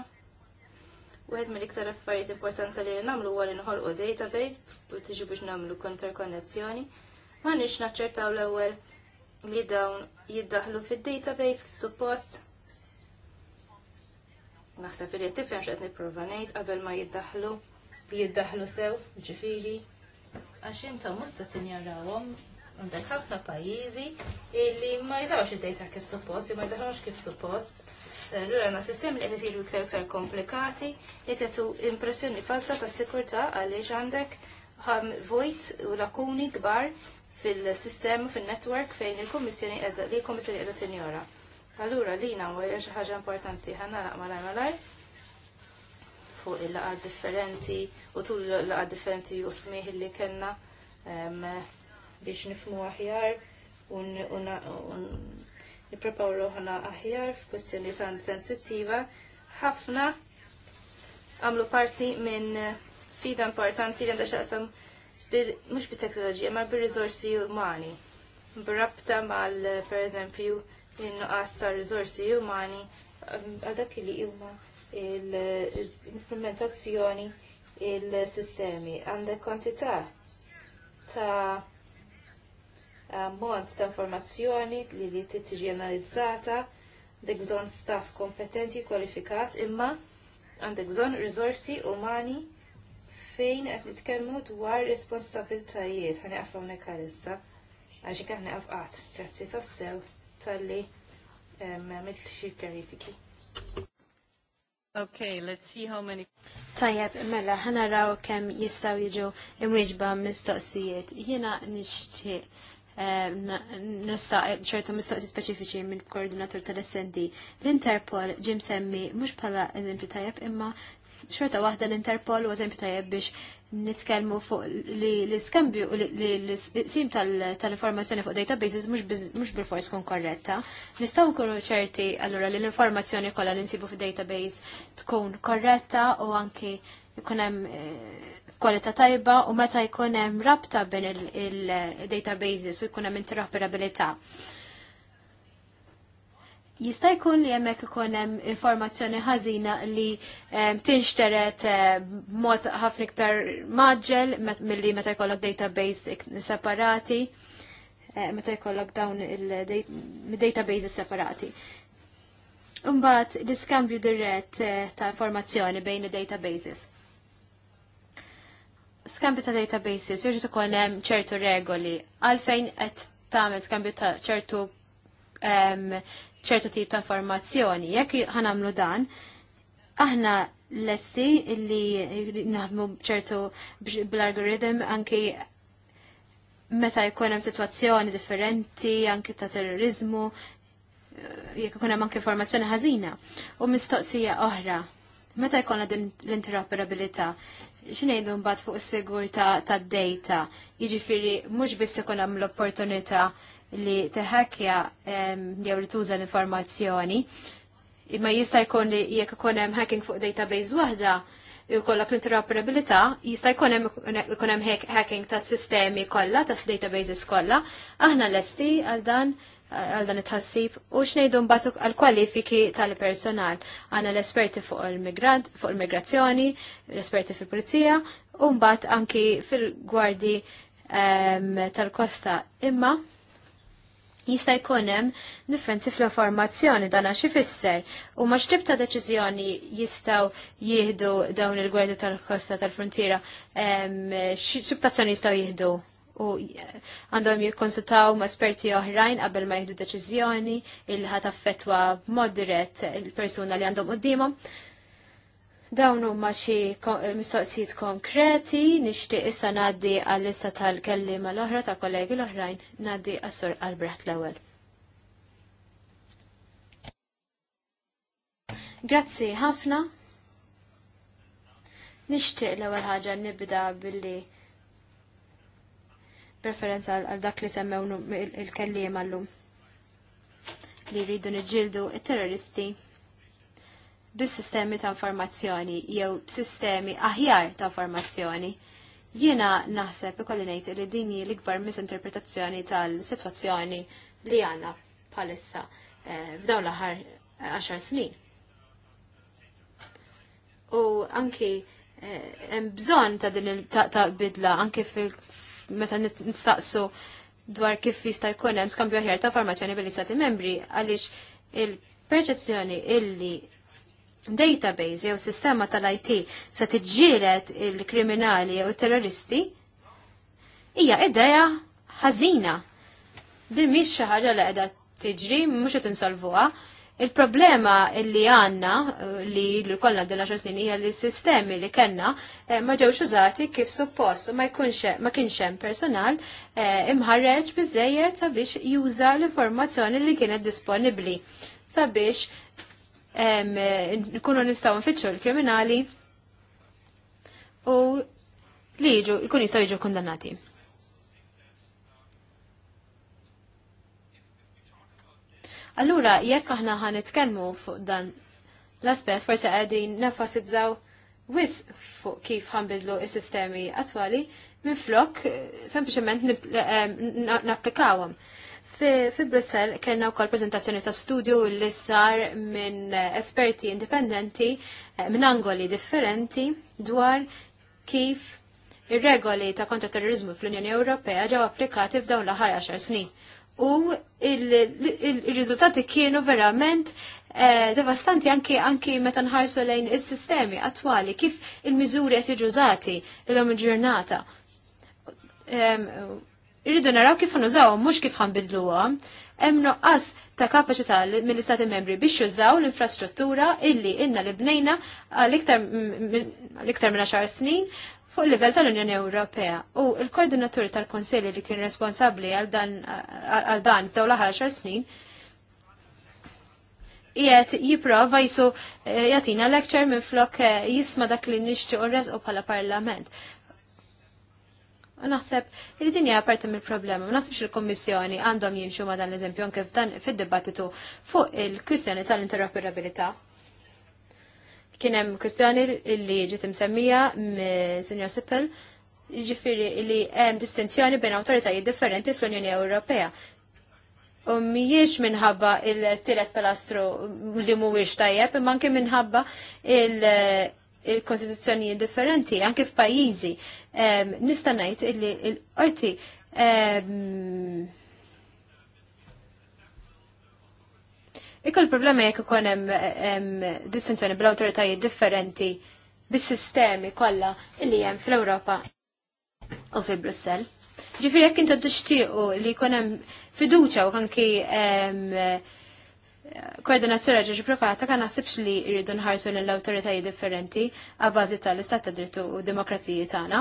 U għed mill-iktar affarijiet importanti li namlu għal inħolqu database u tiġi biex namlu konterkonnezzjoni. Ma nix naċċertaw l-ewwel li dawn jiddaħlu fid-database kif suppost. Naħseb li tifhem x'qed nipprova ngħid qabel ma jiddaħlu jiddaħlu sew, ġifieri, għax intom musta tinjarawhom għandek ħafna pajjiżi illi ma jżawx id-dejta kif suppost, jew ma jdaħħux kif suppost. Allura na sistemi li qed isiru iktar iktar komplikati, li qed impressjoni falsa tas-sikurtà għaliex għandek vojt u lakuni kbar fil-sistema, fil-network fejn il-Kommissjoni li l-Kommissjoni qiegħda tinjora. Allura li nagħmlu xi ħaġa importanti ħanna naqma' malaj fuq il-laqad differenti u tul il-laqad differenti u smieħ li kena biex nifmu aħjar un niprepaw roħna aħjar f'kwestjoni tan sensittiva ħafna għamlu parti minn sfida importanti li għandha xaqsam mhux bit-teknoloġija ma bil rizorsi umani. Brabta mal per eżempju in-nuqqas ta' riżorsi umani għal dak li huma l-implementazzjoni il-sistemi għandek kwantità ta' ammont ta' informazzjoni li li tiġi analizzata, għandek bżonn staff kompetenti kwalifikat, imma għandek bżonn risorsi umani fejn qed nitkellmu dwar responsabiltajiet ħani qaflu hawnhekk għaxi għax ikka għazzi qafqat. Grazzi tassew talli għamilt xi kjarifiki. Okay, let's see how many. Tajab, mela, raw kem jistaw jiġu imwieġba mistoqsijiet. Jiena nixtieq eh, nistaq ċertu mistoqsi speċifiċi minn koordinatur tal-SND. L-Interpol ġim semmi mhux bħala eżempju tajjeb imma xorta waħda l-Interpol u eżempju tajjeb biex nitkellmu fuq li l-iskambju li l-sim tal-informazzjoni fuq databases mhux bil-fors kun korretta. Nistgħu nkunu ċerti allura li l-informazzjoni kollha li nsibu fuq database tkun korretta u anki jkun hemm eh, kwalità tajba u meta jkun hemm rabta bejn il-databases u jkun hemm interoperabilità jista' jkun li hemmhekk ikun hemm informazzjoni ħażina li tinxteret b'mod ħafna iktar maġġel milli meta jkollok database separati, eh, meta jkollok dawn il-databases separati. Imbagħad l-iskambju dirett eh, ta' informazzjoni bejn il-databases. Skambju ta' databases jirġi ikun hemm ċertu regoli għalfejn qed tagħmel skambju ta' ċertu ċertu tip ta' informazzjoni. Jekk ħanamlu dan, aħna l-essi li naħdmu ċertu bl-algoritm anki meta jkun hemm sitwazzjoni differenti anki ta' terrorizmu, eh, jekk ikun hemm anke informazzjoni ħażina. U mistoqsija oħra, meta jkollna din l-interoperabilità, x'ngħidu mbagħad fuq is-sigur ta' data, jiġifieri mhux biss ikun hemm l-opportunità li teħakja jew li tuża l-informazzjoni. Imma jista' jkun li jekk ikun hemm hacking fuq database waħda, jkollok interoperabilità, jista' jkun hemm hacking tas sistemi kollha, ta' databases kollha, aħna lesti għal dan għal dan it-ħassib u xnejdu mbagħad għal kwalifiki tal-personal. Għandna l-esperti fuq il-migrant, fuq il-migrazzjoni, l-esperti fil-pulizija u mbagħad anki fil-gwardi tal-kosta. Imma jista' jkun hemm differenzi fl-informazzjoni dan għax ifisser u ma x'tib ta' deċiżjoni jistgħu jieħdu dawn il-gwerdi tal-kosta tal-frontiera x'ibtazzjoni jistgħu jieħdu u għandhom jikkonsultaw ma' esperti oħrajn qabel ma jieħdu deċiżjoni il ħat affettwa b'mod dirett il-persuna li għandhom qudiemhom. Dawn huma xi eh, mistoqsijiet konkreti nixtieq issa ngħaddi għall-lista tal-kelliema l-oħra ta' kollegi l-oħrajn ngħaddi għas-Sur Albrecht l-ewwel. Grazzi ħafna. Nixtieq l-ewwel ħaġa nibda billi preferenza għal dak li semmew il-kelliem lum li rridu niġġieldu it-terroristi bis-sistemi ta' informazzjoni jew sistemi aħjar ta' informazzjoni. Jiena naħseb ikolli ngħid li din hi l-ikbar misinterpretazzjoni tal-sitwazzjoni li għandna bħalissa eh, f'dawn l-aħħar 10 eh, snin. U anki eh, hemm bżonn ta' din ta' bidla anke fil meta nistaqsu dwar kif jista' jkun hemm skambju aħjar ta' formazzjoni bil-istati membri għaliex il-perċezzjoni illi database jew sistema tal-IT se tiġġielet il-kriminali jew terroristi hija idea ħażina. Din mhix xi ħaġa li qiegħda tiġri mhux qed insolvuha. Il-problema li għanna li l-kollna d snin hija li s-sistemi li kellna eh, ma ġewx użati kif suppost u ma kienx hemm personal eh, imħarreġ biżejjed sabiex juża l-informazzjoni li kienet disponibbli sabiex nkunu nistaw nfittxu l-kriminali u li jiġu, jkun jistaw jiġu kondannati. Allura, jekk aħna ħan nitkellmu fuq dan l-aspet, forse għedin nefasizzaw wis fuq kif ħanbidlu is-sistemi attwali, minn flok, eh, sempliciment eh, naplikawam. Na Fi Brussel kellna wkoll preżentazzjoni ta' studju li sar minn esperti indipendenti eh, minn angoli differenti dwar kif ir-regoli ta' kontraterrorizmu fl-Unjoni Ewropea ġew applikati f'dawn l-aħħar 10 snin. U il-riżultati kienu verament eh, devastanti anki anki meta nħarsu lejn is-sistemi attwali kif il-miżuri qed jiġużati l om il-ġurnata irridu naraw kif nużaw, mhux kif ħanbidluha. Hemm noqqas ta' kapaċità mill-Istati membri biex jużaw l-infrastruttura illi inna li bnejna għal-iktar minn 10 snin fuq il-livell tal-Unjoni Ewropea. U l-koordinatur tal-Konsilli li kien responsabbli għal dan taw l-aħħar 10 snin jiet jipprova jisu eh, jatina lecture minn flok eh, jisma dak li nixtiequ u bħala parlament. Naħseb li dinja parti mill-problema, ma naħsebx il-Kommissjoni għandhom jimxu ma dan l-eżempju anke f'dan fid-dibattitu fuq il-kwistjoni tal-interoperabilità. Kien hemm kwistjoni li ġiet imsemmija minn Sippel, ġifiri li hemm distinzjoni bejn awtoritajiet differenti fl-Unjoni Ewropea. U mhijiex minħabba il-tielet pilastru li mhuwiex tajjeb, imma anke minħabba il- il konstituzzjoni differenti, anke f'pajjiżi. Nista' ngħid illi l-qorti um, Ikkol problema jekk ikun hemm distinzjoni bl-awtoritajiet differenti bis-sistemi kollha li hemm fl-Ewropa u fi Brussell. Ġifieri jekk intu tixtiequ li jkun hemm fiduċja u anki koordinazzjoni ġeġiprokata kan nasibx li jridu nħarsu l awtoritajiet differenti għabbażi tal-istat ta' drittu u demokrazijiet tagħna.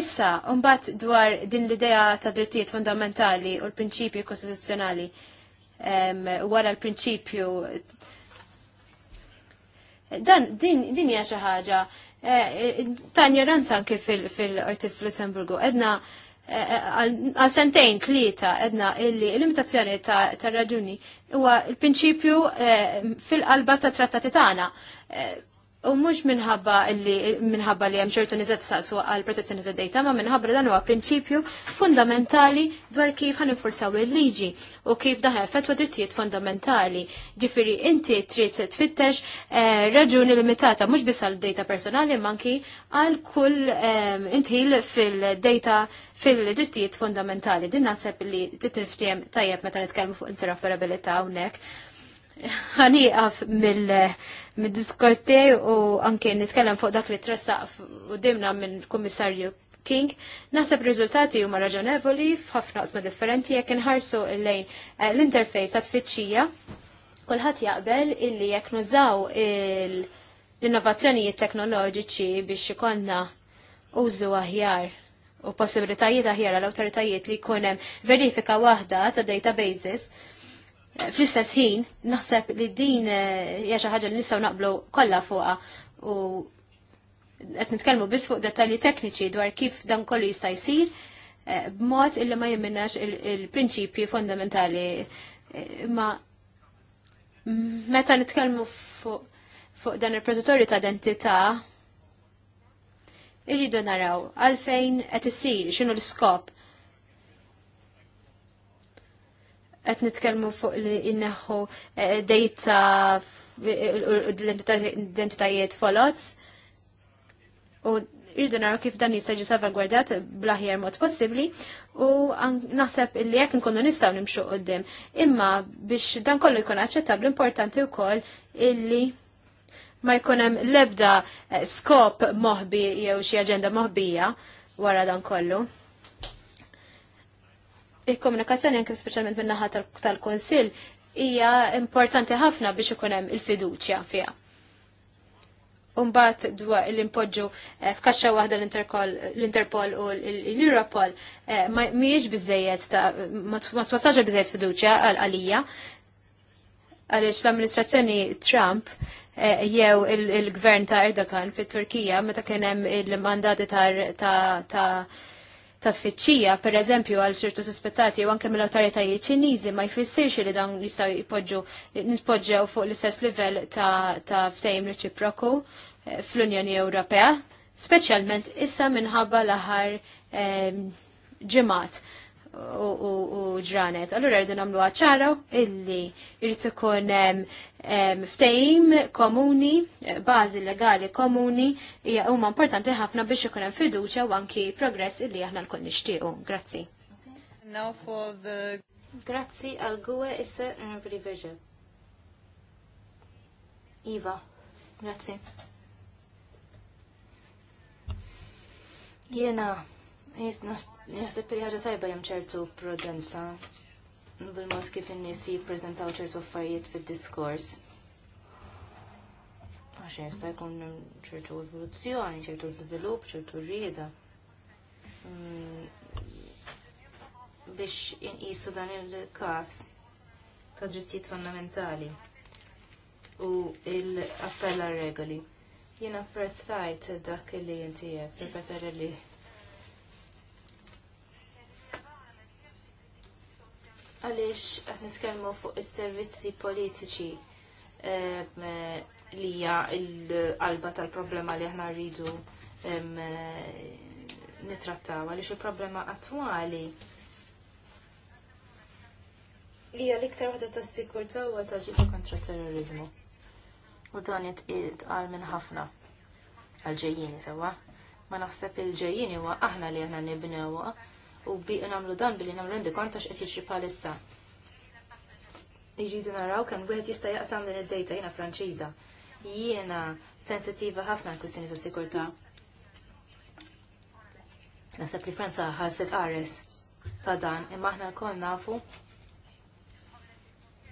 Issa, mbagħad dwar din l-idea ta' drittijiet fundamentali u l prinċipju kostituzzjonali wara l-prinċipju dan din hija xi ħaġa eh, eh, ta' ignoranza anke fil-Orti fil-Lussemburgu. Edna għal sentejn tlieta edna illi l-limitazzjoni ta' raġuni huwa l-prinċipju eh, fil-qalba ta' trattati tagħna. Eh, U mhux minħabba li minħabba li hemm nizet niżet saqsu għal protezzjoni ta' dejta ma minħabba li dan huwa prinċipju fundamentali dwar kif ħanifurzaw il-liġi u kif dan fetwa drittijiet fundamentali. Ġifiri, inti trid se tfittex eh, raġuni limitata mhux biss għal dejta personali manki għal kull eh, intħil fil-dejta fil-drittijiet fundamentali. Din naħseb li titinftiem tajjeb meta nitkellmu fuq interoperabilità hawnhekk għaf mill- mid diskorti u anke nitkellem fuq dak li tressaq u dimna minn kummissarju King, nasab riżultati huma raġonevoli f'ħafna qosma differenti jekk inħarsu lejn eh, l-interfejs ta' tfittxija. Kulħadd jaqbel illi jekk nużaw l-innovazzjonijiet teknoloġiċi biex ikollna użu aħjar u possibilitajiet aħjar għal awtoritajiet li jkun hemm verifika waħda ta' databases fl-istess ħin naħseb li din eh, hija xi ħaġa li nistgħu naqblu kollha fuqha u qed nitkellmu biss fuq dettalji tekniċi dwar kif dan kollu jista' jsir eh, b'mod illi ma jimminnax il-prinċipji fondamentali eh, ma meta nitkellmu fuq dan il-produttori ta' identità irridu naraw għalfejn qed isir x'inhu l-iskop qed nitkellmu fuq li inneħħu eh, dejta eh, l-identitajiet folots u rridu naraw kif dan jista' ġi salvagwardjat bl-aħjar mod possibbli u naħseb li jekk nkunu nistgħu nimxu qudiem. Imma biex dan kollu jkun aċċettabbli importanti wkoll illi ma jkun hemm l-ebda eh, skop moħbi jew xi aġenda moħbija wara dan kollu il-komunikazzjoni anke speċjalment minnaħa naħa tal-Konsil hija importanti ħafna biex ikun hemm il-fiduċja fiha. Umbat dwar l-impoġġu eh, f'kaxxa waħda l-Interpol u l-Europol eh, mhijiex biżejjed ta' ma twassax biżejjed fiduċja għalija għaliex l-amministrazzjoni Trump eh, jew il-gvern ta' Erdogan fit-Turkija meta kien hemm il-mandati ta' ta' tfittxija, per eżempju, għal ċertu suspettati u anke mill-autoritajiet ċiniżi ma jfissirx li dawn jistgħu jipoġġu, nitpoġġew fuq l-istess livell ta', ta reċiproku eh, fl-Unjoni Ewropea, speċjalment issa minħabba l-aħħar ehm, ġimgħat. Eh, u ġranet. Allura rridu namlu ċara illi jrid ikun ftehim komuni, bażi legali komuni hija huma importanti ħafna biex ikun hemm fiduċja u anki progress illi aħna lkoll nixtiequ. Grazzi. Now for the Grazzi għal gwe issa Rivri Virgil. Iva, grazzi. Jena, Jisnaħseb li ħaġa tajba li ċertu prudenza bil-mod kif in-nies jippreżentaw ċertu affarijiet fid-diskors. Għax jista' jkun hemm ċertu evoluzzjoni, ċertu żvilupp, ċertu rieda. Mm, biex inqisu dan il-każ ta' drittijiet fundamentali u l-appell għal regoli. Jien apprezzajt dak li inti qed, li għaliex qed nitkellmu fuq is-servizzi politiċi li hija l-qalba tal-problema li aħna rridu nitrattaw għaliex il-problema attwali li hija l-iktar waħda tas-sikurtà huwa ġifu kontra terrorizmu. U dan jitqal minn ħafna għal-ġejjini sewa. Ma naħseb il-ġejjini huwa aħna li aħna nibnewha u bi namlu dan billi namlu rendi konta x'qed jiġri bħalissa. Irridu naraw kemm wieħed jista' jaqsam din id-dejta jiena Franċiża. Jiena sensittiva ħafna l-kwistjoni ta' sikurtà. Naħseb li Franza ħalset qares ta' dan, imma aħna lkoll nafu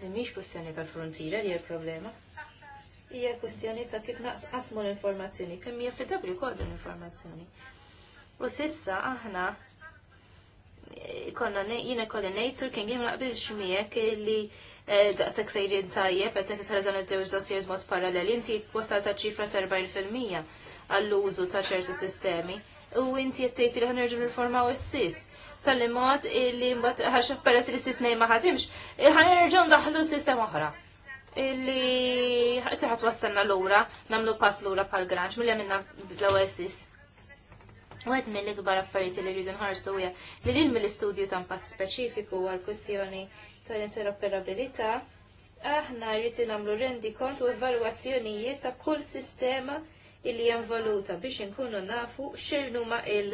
li mhix kwistjoni tal frontira li hija problema Hija kwistjoni ta' kif naqsmu l-informazzjoni, kemm hija fidabbli din l-informazzjoni. U sissa aħna konna jina kolli nejt sur kien jina naqbil xmijek li eh, daqsek sejrin tajjeb għet għet għet id għet dossiers mod paralleli inti wasal ta' ċifra ta' 40% għall-użu ta' ċertu sistemi u inti jettejti li ħanerġu riformaw s-sis tal mod li mbat ħaxaf peres li s-sis nej maħatimx ħanerġu ndaħlu sistema oħra illi ħat wassalna l-ura namlu pass l-ura pal granġ mill-għamilna l-OSIS Għed mill-ikbar affarijiet li rridu nħarsu hija li lil mill-istudju ta' impatt speċifiku għal kwestjoni tal-interoperabilità, aħna rridu nagħmlu rendi kont u evalwazzjonijiet ta' kull sistema illi voluta biex inkunu nafu ma' il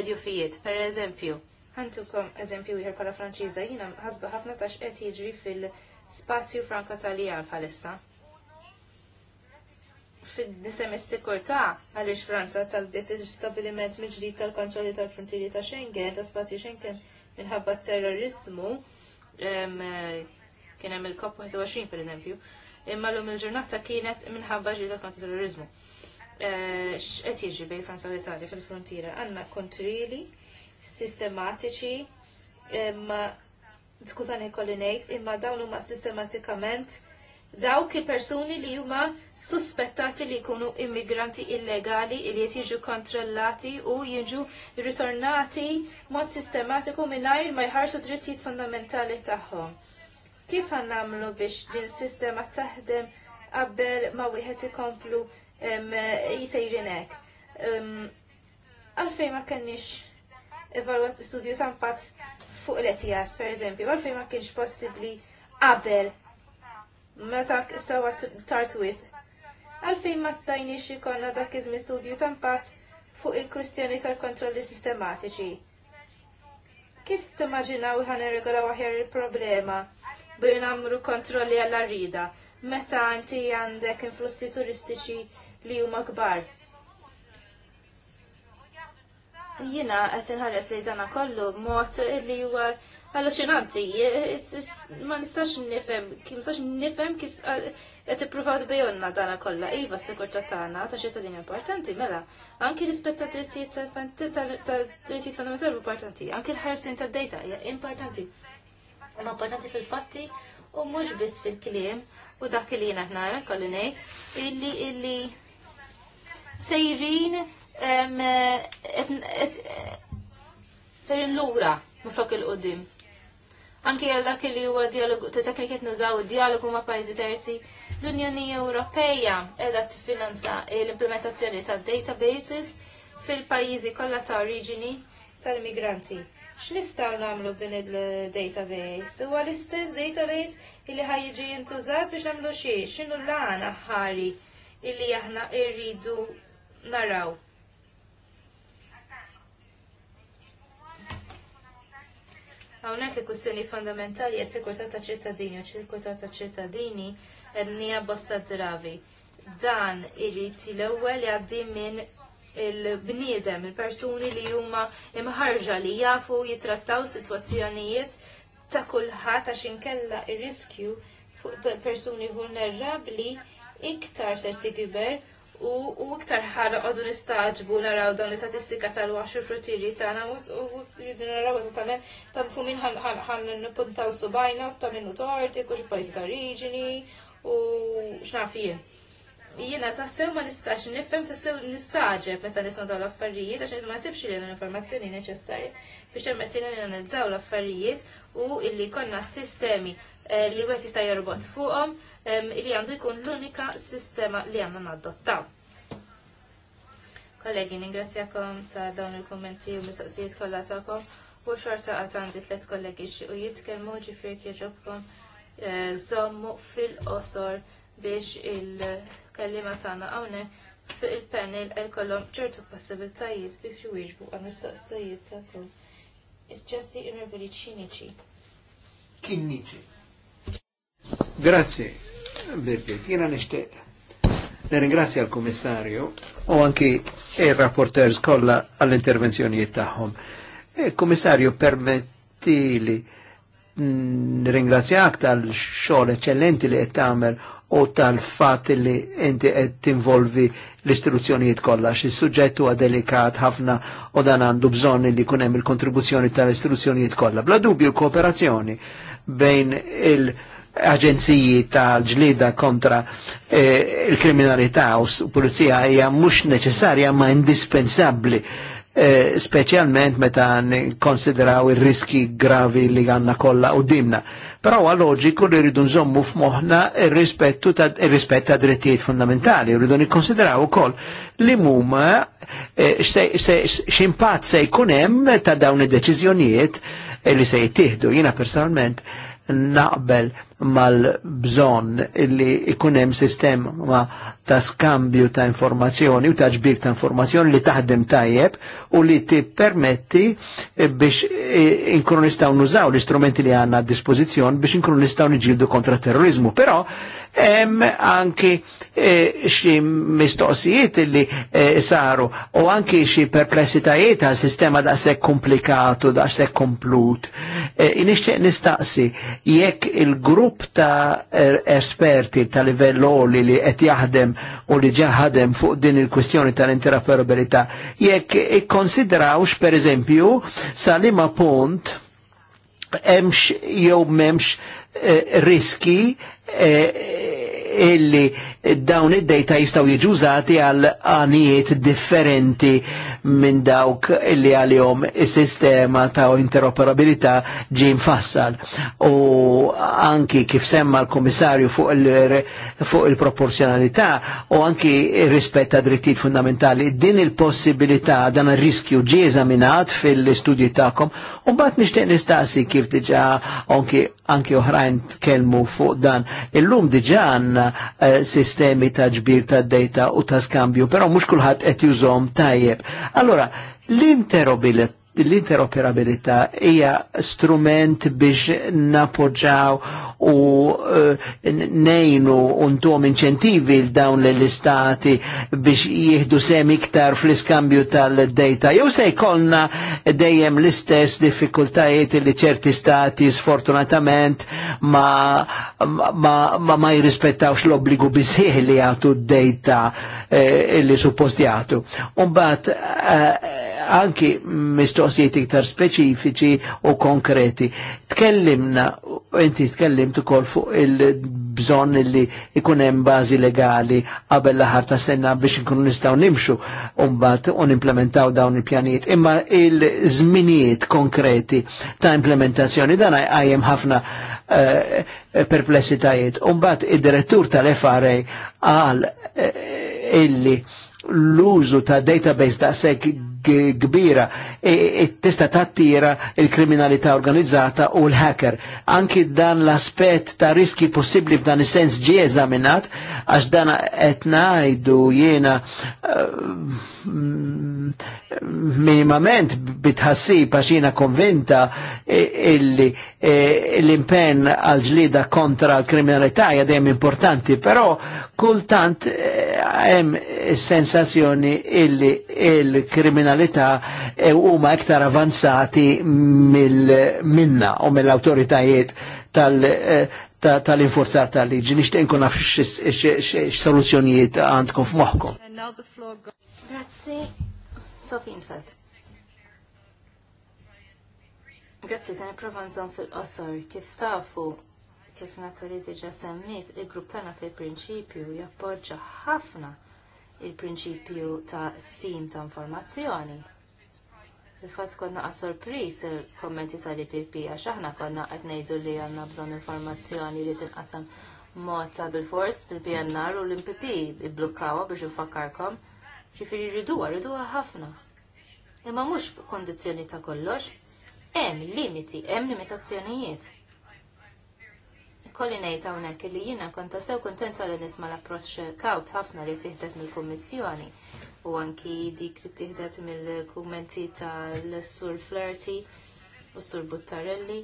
edjufijiet Per eżempju, ħantukom eżempju ieħor bħala Franċiża jiena ħasba ħafna tax qed jiġri fil-spazju franko Taljan bħalissa. Fid-disem is-sikurtà għaliex Franza talbiet il mill-ġdid tal-kontrolli tal-frontieri ta' Schengen, ta' spazju Schengen minħabba t-terrorismu kien hemm il-COP 21 pereżempju, imma lum il-ġurnata kienet minħabba ġdida kontra terrorizmu. Eh, x'qed jiġri bejn Franza u italja fil-frontiera għandna kontrili sistematiċi imma skużani kolli ngħid imma dawn huma sistematikament dawk persuni li huma suspettati li jkunu immigranti illegali li jiġu kontrollati u jiġu ritornati mod sistematiku mingħajr ma jħarsu drittijiet fundamentali tagħhom. Kif għannamlu biex din sistema taħdem qabel ma wieħed ikomplu jisejrinek? Għalfej ma kenniex evalwat studju tampat fuq l-etijas, per eżempju, għalfej ma kienx possibli qabel meta sewa tartwis. Għalfejn ma stajniex xikonna dak iżmi studju tampat fuq il kustjoni tal-kontrolli sistematiċi. Kif timmaġinaw ħan irregolaw waħjar il-problema bil namru kontrolli għall rida meta għanti għandek influssi turistiċi li huma kbar? Jina qed inħares li dana kollu mod li huwa allucinanti. Eh, eh, eh, ma nistax nifhem, kif nistax nifhem kif qed ippruvaw tbejonna dana kollha. Iva s-sikurtà tagħna ta' xi din importanti mela. Anki rispett ta' drittijiet tad-drittijiet fundamentali importanti, anki l-ħarsin tad-dejta hija importanti. Ma importanti fil-fatti u mhux biss fil-kliem u dak li jiena ħnara kolli ngħid illi illi sejrin sejrin lura miflok il-qoddim. Anke dak li huwa dialogu, ta' ta' li nużaw dialogu ma' pajjiżi terzi, l-Unjoni Ewropea qiegħda tiffinanza l-implementazzjoni ta' databases fil-pajjiżi kollha ta' oriġini tal immigranti X'nistgħu nagħmlu b'din il-database? Huwa l-istess database li ħajjiġi jintużat biex nagħmlu xi, x'inhu l-għan aħħari illi aħna rridu naraw. Hawnhekk il kussjoni fondamentali hija sikurtà ta' ċittadini u sikurtà ta' ċittadini hija bosta dravi. Dan irid l-ewwel jaddi minn il-bniedem, il-persuni li huma imħarġa li jafu jitrattaw situazzjonijiet ta' kulħadd għax inkella ir-riskju fuq persuni vulnerabbli iktar ser tigiber u u iktar ħara għadu nistaġbu naraw dawn l-istatistika tal waxu frutiri tagħna u jridu naraw eżattament ta' fu min ħan nippuntaw subajna ta' minnu torti, kux pajjiż ta' oriġini u xnafija. jien. Jiena tassew ma nistax nifhem sew nistaġeb meta nisma' dawn l-affarijiet għax ma sibx li l-informazzjoni neċessarja biex permettina li nanizzaw l-affarijiet u illi konna sistemi Eh, li għet jista' jorbot fuqhom li għandu jkun l-unika sistema li għandna nadottaw. Kollegi, ningrazzjakom ta' dawn il-kommenti u mistoqsijiet kollha tagħkom u xorta għad għandi tliet kollegi xie u jitkellmu ġifier kieġobkom zommu eh, fil osor biex il-kellima tagħna hawnhekk fuq il-panel għal ċertu possibiltajiet biex jwieġbu għal It's just Is-ġessi irreveli ċiniċi. Kinniċi. Grazie, Birgit. Jena nishtiq. Neringrazzja l-Kummissarju u anki il-rapporters kolla għall-intervenzjonijiet tagħhom. Kummissarju, e, permettili nringrazzjak mm, tal-xogħol eċċellenti li qed tagħmel u tal-fatt li inti qed tinvolvi l-istruzzjonijiet kollha xi suġġett huwa delikat ħafna u dan għandu bżonn li jkun hemm il-kontribuzzjoni tal-istruzzjonijiet kollha. Bla dubju kooperazzjoni bejn il- aġenziji tal-ġlida kontra eh, il-kriminalità u pulizija hija mhux neċessarja ma indispensabbli eh, speċjalment meta konsideraw ir-riski gravi li għandna kollha dimna. Però huwa loġiku li rridu nżommu f'moħħna ir-rispettu ir-rispett ta' drittijiet fundamentali, rridu nikkonsidraw ukoll li huma eh, x'impatt se jkun hemm ta' dawn id-deċiżjonijiet eh, li se jittieħdu. Jiena personalment naqbel mal-bżon illi ikunem sistema ta' skambju ta' informazzjoni u ta' ġbir ta' informazzjoni li taħdem tajjeb u li ti permetti eh, biex eh, inkunu nistaw nużaw l-istrumenti li għanna a dispozizjon biex inkunu nistaw niġildu kontra terrorizmu. Però hemm anki eh, xi mistoqsijiet li saru u anki xi perplessitajiet għal sistema daqshekk komplikatu, daqshekk komplut. Inixtieq nistaqsi jekk il-grupp grupp ta' er esperti ta' livello li li qed jaħdem u li ħadem fuq din il-kwistjoni tal-interoperabilità jekk ikkonsidrawx per eżempju sa' lima punt hemmx jew m'hemmx eh, riski eh, illi dawn id-dejta jistgħu jiġu użati għal anijiet differenti eh, minn dawk li għalihom is-sistema ta' interoperabilità ġin mfassal. U anki kif semma l-Komissarju fuq il-proporzjonalità u anki rispetta drittijiet fundamentali, din il-possibilità dan ir-riskju ġi eżaminat fil-studji tagħkom u mbagħad nixtieq nistaqsi kif diġà anki anki oħrajn tkellmu fuq dan. Illum diġà għandna eh, sistemi ta' ġbir ta' data u ta' skambju, però mhux kulħadd qed jużhom tajjeb. Allora, l l'interoperabilità hija strument biex napoġġaw u eh, nejnu untom inċentivi l-dawn l-istati biex jihdu sem iktar fl-iskambju tal-data. Jew se jkollna dejjem l-istess diffikultajiet li ċerti stati sfortunatament ma ma, ma, ma jirrispettawx l-obbligu bisih li għatu d-data eh, li suppost jgħatu. Umbat, eh, anki mistoqsijiet iktar speċifiċi u konkreti. Tkellimna, inti tkellim tkellimt ukoll fuq il-bżonn li ikun hemm bażi legali qabel l-aħar ta' senna biex inkunu nistgħu nimxu u mbagħad u nimplementaw dawn il-pjanijiet. Imma il-żminijiet konkreti ta' implementazzjoni dan għajjem ħafna eh, perplessitajiet. U mbagħad id-direttur tal-FRA qal eh, illi l-użu ta' database da' sekk kbira e, e tista' tattira il-kriminalità organizzata u l-hacker. Anki dan l-aspett ta' riski possibbli f'dan is-sens ġie eżaminat għax dan qed ngħidu jiena eh, minimament bitħassi għax jiena konvinta illi e, l-impenn għal-ġlida kontra l-kriminalità hija dejjem importanti, però kultant eh, hemm sensazzjoni illi il-kriminalità kriminalità e huma iktar avanzati mill-minna u mill-autoritajiet eh, tal-infurzar tal-liġi. Nishtiq nkun naf x-soluzjonijiet għandkom f'moħħkom. Grazzi, Sofin Infeld. Grazie, zani provan zon fil-qosor. Kif tafu kif Natali diġa semmit, il-grupp tagħna fil-prinċipju jappoġġa ħafna il-prinċipju ta' sim ta' informazzjoni. Fil-fatt konna għas il-kommenti tal-IPP għax aħna konna qed ngħidu li għandna bżonn informazzjoni li tinqasam mod ta' bil-fors bil-PNR u l-MPP ibblukkawa biex infakkarkom. Ġifieri rriduha, rriduha ħafna. Imma mhux kondizjoni ta' kollox, hemm limiti, hemm limitazzjonijiet Kolli ngħid hawnhekk li jiena konta sew kuntenta li nisma' l-approċċ kawt ħafna li tieħdet mill-Kummissjoni u anki dik li tieħdet mill-kummenti tal-Sur Flirty u Sur Buttarelli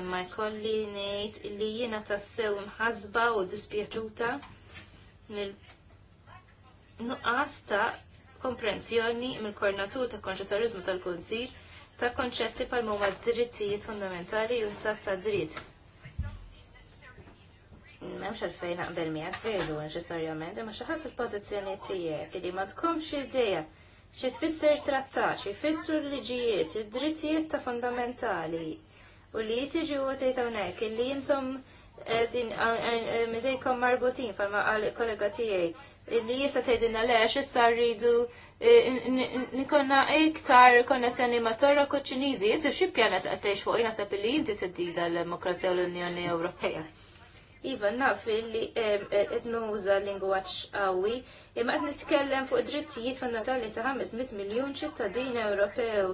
imma jkolli ngħid li jiena tassew mħazba u dispjaċuta mill-nuqqas ta' komprensjoni mill kornatur ta' Konċetarizmu tal-Kunsil ta' konċetti pal huma drittijiet fundamentali u stat ta' dritt memx għalfejn naqbel mi veru neċessarjament, imma xi ħadd fil pozizjoni tiegħek li ma tkunx idea xi tfisser trattax, xi jfissru l-liġijiet, id-drittijiet ta' fundamentali u li tiġi u tgħid hawnhekk li intom eh, din midejkom marbutin falma għal kollega tiegħi li jisa tgħidilna le issa rridu eh, nikonna iktar konnessjoni ma' torra kuċ Ċiniżi, pjanet għattejx fuq jina sepp li t tiddida l-demokrazija u l-Unjoni Ewropea. Iva, naf li l e, lingwaċ għawi, imma qed nitkellem fuq drittijiet fondamentali ta' 500 miljun ċittadin Ewropew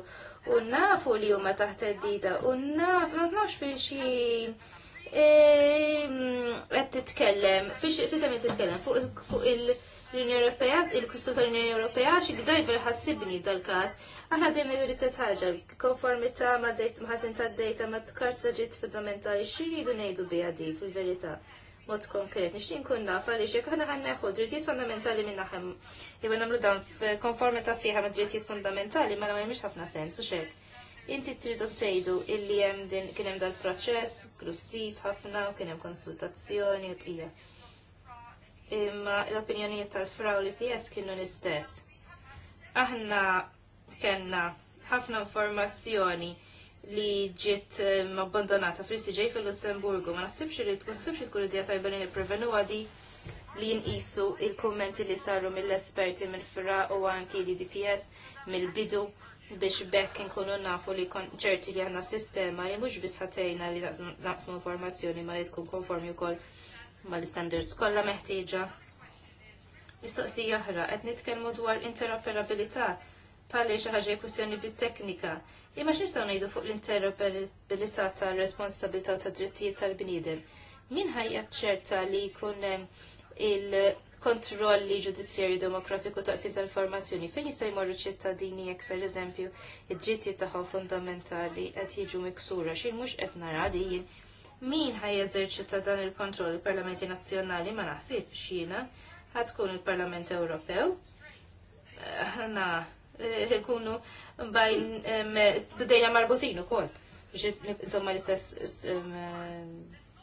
u nafu li huma taħt id-dita u naf, ma nafx fi xi qed titkellem, fi semmi titkellem fuq il-Unjoni Ewropea, il-Kustu tal-Unjoni Ewropea xi gdajver ħassibni dal każ Aħna dejjem idu l-istess ħaġa, konformità ma' dejt tad ta' dejta ma' tkarza ġiet fundamentali jridu ngħidu biha di fil-verità mod konkret. Nixtieq nkun naf għaliex jekk aħna ħanneħu drittijiet fundamentali minn aħem jew nagħmlu dan f'konformità sieħa ma' drittijiet fundamentali mela ma jemx ħafna sens u xejn. Inti tridu tgħidu illi hemm din kien hemm dal-proċess, klussiv ħafna u kien hemm konsultazzjoni u bqija imma l-opinjonijiet tal-fraw li PS kienu l-istess. Aħna kellna ħafna informazzjoni li ġiet eh, abbandonata fl ġej fil-Lussemburgu. Ma nasibx li tkun nasibx tkun idea tajba li nipprevenu għadi li jinqisu il-kummenti li saru mill-esperti mill fra u anki li DPS mill-bidu biex bekk nkunu nafu li ċerti li għanna sistema li mhux biss ħatejna li naqsmu informazzjoni ma li tkun konformi wkoll mal-standards kollha meħtieġa. Mistoqsija għetni qed nitkellmu dwar interoperabilità pali xi ħaġa kwistjoni biss teknika. Imma x'nistgħu ngħidu fuq l-interoperabilità tal-responsabilità ta' drittijiet tal-bniedem. Min ħajja ċerta li jkun ehm, il-kontrolli ġudizzjarju demokratiku taqsim tal-formazzjoni fejn jista' jmorru ċittadini jekk pereżempju id-drittijiet tagħhom fundamentali qed jiġu miksura xi mhux qed nara din. Min ħaj eżerċita dan il-kontroll il-Parlamenti Nazzjonali ma naħsibx jiena ħadd tkun il-Parlament Ewropew. Ħana ħikunu eh, bajn bdejna marbutin ukoll biex insomma l-istess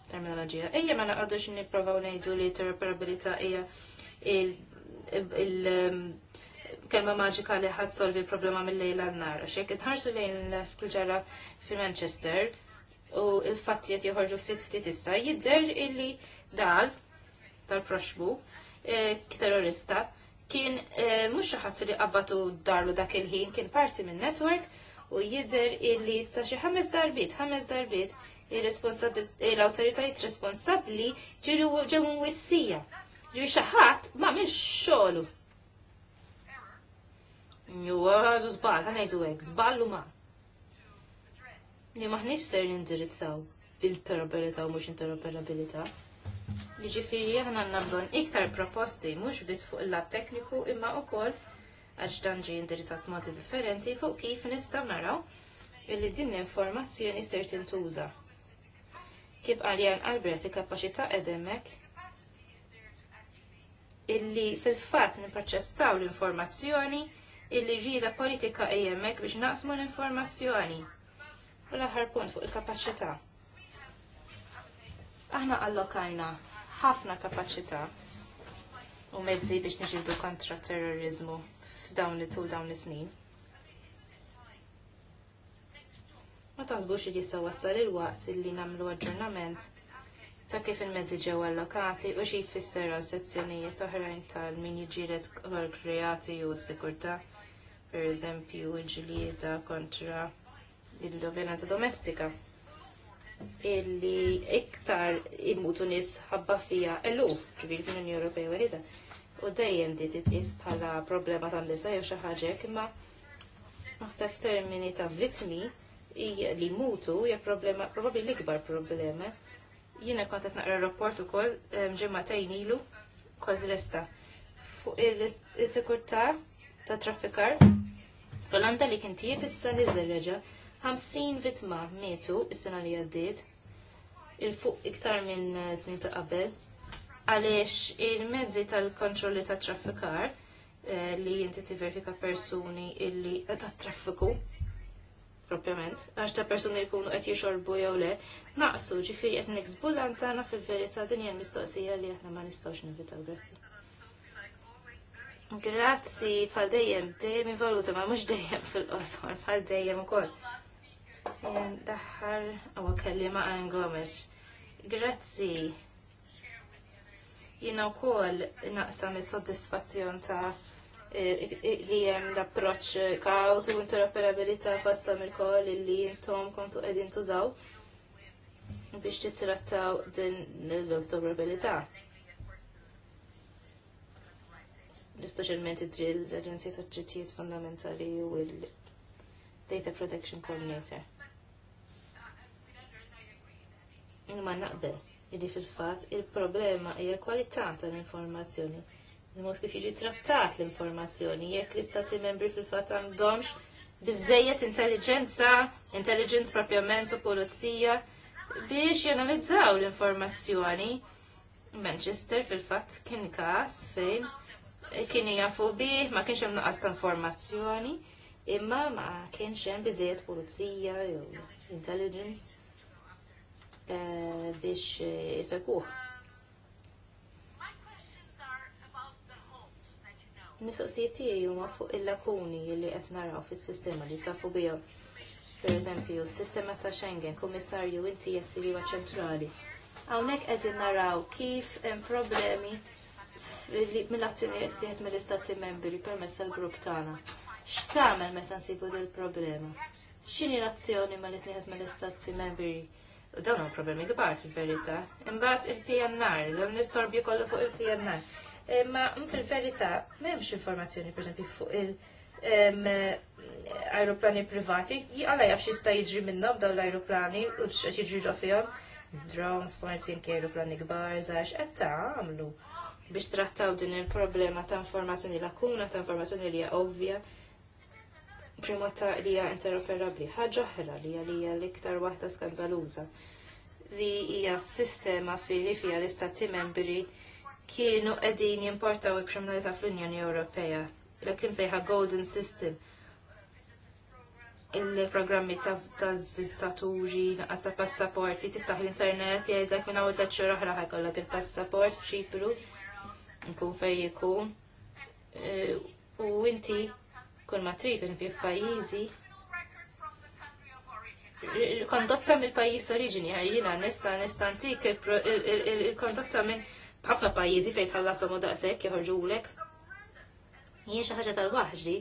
terminoloġija. Ejja ma xin nipprovaw ngħidu li interoperabilità hija il- kelma maġika li ħassolvi il-problema mill-lejla n-nar. Xek, nħarsu lejn l-ġara fi Manchester u il-fattijiet joħorġu ftit ftit issa, jidder illi dal tal-proxbu eh, terrorista kien eh, mhux xi li qabbatu darlu dak il-ħin kien parti minn network u jidher illi sa xi ħames darbiet, ħames darbiet l-awtoritajiet responsabbli ġew ġew wissija. Ġifi xi ħadd m'għamilx xogħlu. Juwa għadu zbal, għanajdu għek, żball u ma. Li maħniex ser nindirizzaw bil perabilita u mhux interoperabilità. Jiġifieri aħna għandna bżonn iktar proposti mhux biss fuq il-lab tekniku imma wkoll għax dan ġie indirizzat modi differenti fuq kif nistgħu naraw illi din l-informazzjoni ser tintuża. Kif għaljan Albert il-kapaċità edemek illi fil-fatt nipproċessaw l-informazzjoni illi ġida politika ejemek biex naqsmu l-informazzjoni. U l-aħħar punt fuq il-kapaċità. Aħna allokajna ħafna kapaċità u mezzi biex niġibdu kontra terrorizmu f'dawn it-tul dawn is-snin. Ma tasbux li jista' wassal il-waqt illi nagħmlu aġġornament ta' kif il-mezzi ġew allokati u xi jfisser sezzjonijiet oħrajn tal-min jiġiret kreati u s sikurta pereżempju eżempju, ġlieda kontra il-violenza domestika illi iktar immutu nis ħabba fija eluf ġbir fl-Unjoni Ewropea waħda. U dejjem di titqis bħala problema tan nisa jew xi ħaġa imma naħseb termini ta' vitmi li mutu hija problema probabbli l-ikbar problema. Jiena kont qed naqra rapport ukoll ġimgħatejn ilu kważi lesta fuq is-sikurtà ta' traffikar. Tolanda li kien tieb issa li żerreġa' 50 vittma mietu is-sena li għaddiet, il-fuq iktar minn eh, snin ta' qabel, għaliex il-mezzi tal-kontrolli ta' traffikar eh, li jinti tiverifika persuni illi eh, ta' traffiku propjament, għax ta' persuni jkunu qed jixorbu jew le, naqsu għet qed niksbu lantana fil-verità din hija mistoqsija li għetna ma nistgħux nivitaw grazzi. Grazzi bħal dejjem, dejjem valuta ma mux dejjem fil-qosor, bħal dejjem ukoll. Daħħal, u kellima għan Gomes. Grazzi. Jina u kol naqsam il-soddisfazzjon ta' eh, li jem l-approċ kaut u interoperabilita fasta mill-kol li jintom kontu edin tużaw biex titrattaw din l-interoperabilita. Specialmente id-drill l-Aġenzija ta' Fundamentali u l- Data Protection Coordinator. Imma naqbel li fil-fatt il-problema hija l-kwalità tal-informazzjoni. Il-mod kif jiġi trattat l-informazzjoni jekk l-istati membri fil-fatt għandhomx biżejjed intelligenza, intelligence propjament u polizija biex jenalizzaw l-informazzjoni. Manchester fil-fatt kien każ fejn kien jafu bih, ma kienx hemm nuqqas ta' informazzjoni imma ma kienx hemm biżejjed pulizija jew intelligence eh, biex jisekuh. Eh, Mistoqsijiet tiegħi huma fuq il-lakuni li qed naraw fis-sistema li tafu bihom. Pereżempju, s-sistema ta' Schengen, kummissarju inti qed li ċentrali. Hawnhekk qegħdin naraw kif hemm problemi mill-azzjonijiet li qed mill-istati membri permezz tal-grupp tagħna x'tagħmel meta nsibu dil problema X'inhi l-azzjoni ma li tnieħed mill-istati membri? U dawn huma problemi kbar fil-verità. Imbagħad il-PNR, dawn l-istorbju kollu fuq il-PNR. Imma mm, fil-verità m'hemmx informazzjoni pereżempju fuq il- aeroplani privati, għala jaf xista jiġri minnom daw l-aeroplani u xax jiġri ġofijom, drones, forsi anke aeroplani gbar, qed etta għamlu biex trattaw din il-problema ta' informazzjoni lakuna, ta' informazzjoni li ovvja, ta' li hija interoperabbli. Ħaġa oħra li hija l-iktar waħda skandaluża li hija sistema fili fija l-istati membri kienu qegħdin jimportaw il-kriminalità fl-Unjoni Ewropea. L-kim sejħa Golden System il-programmi ta' viżitaturi, naqas ta' passaporti, tiftaħ l-internet, jgħidak minn għawet l-ċur oħra ħajkollok il-passaport f'Ċipru, nkun fej jkun. Eh, u inti kull ma trid pereżempju f'pajjiżi kondotta mill-pajjiż oriġini ħajjina nissa nista antik il-kondotta minn ħafna pajjiżi fejn tħallasom u daqshekk joħorġulek. Jien xi ħaġa tal-waħġi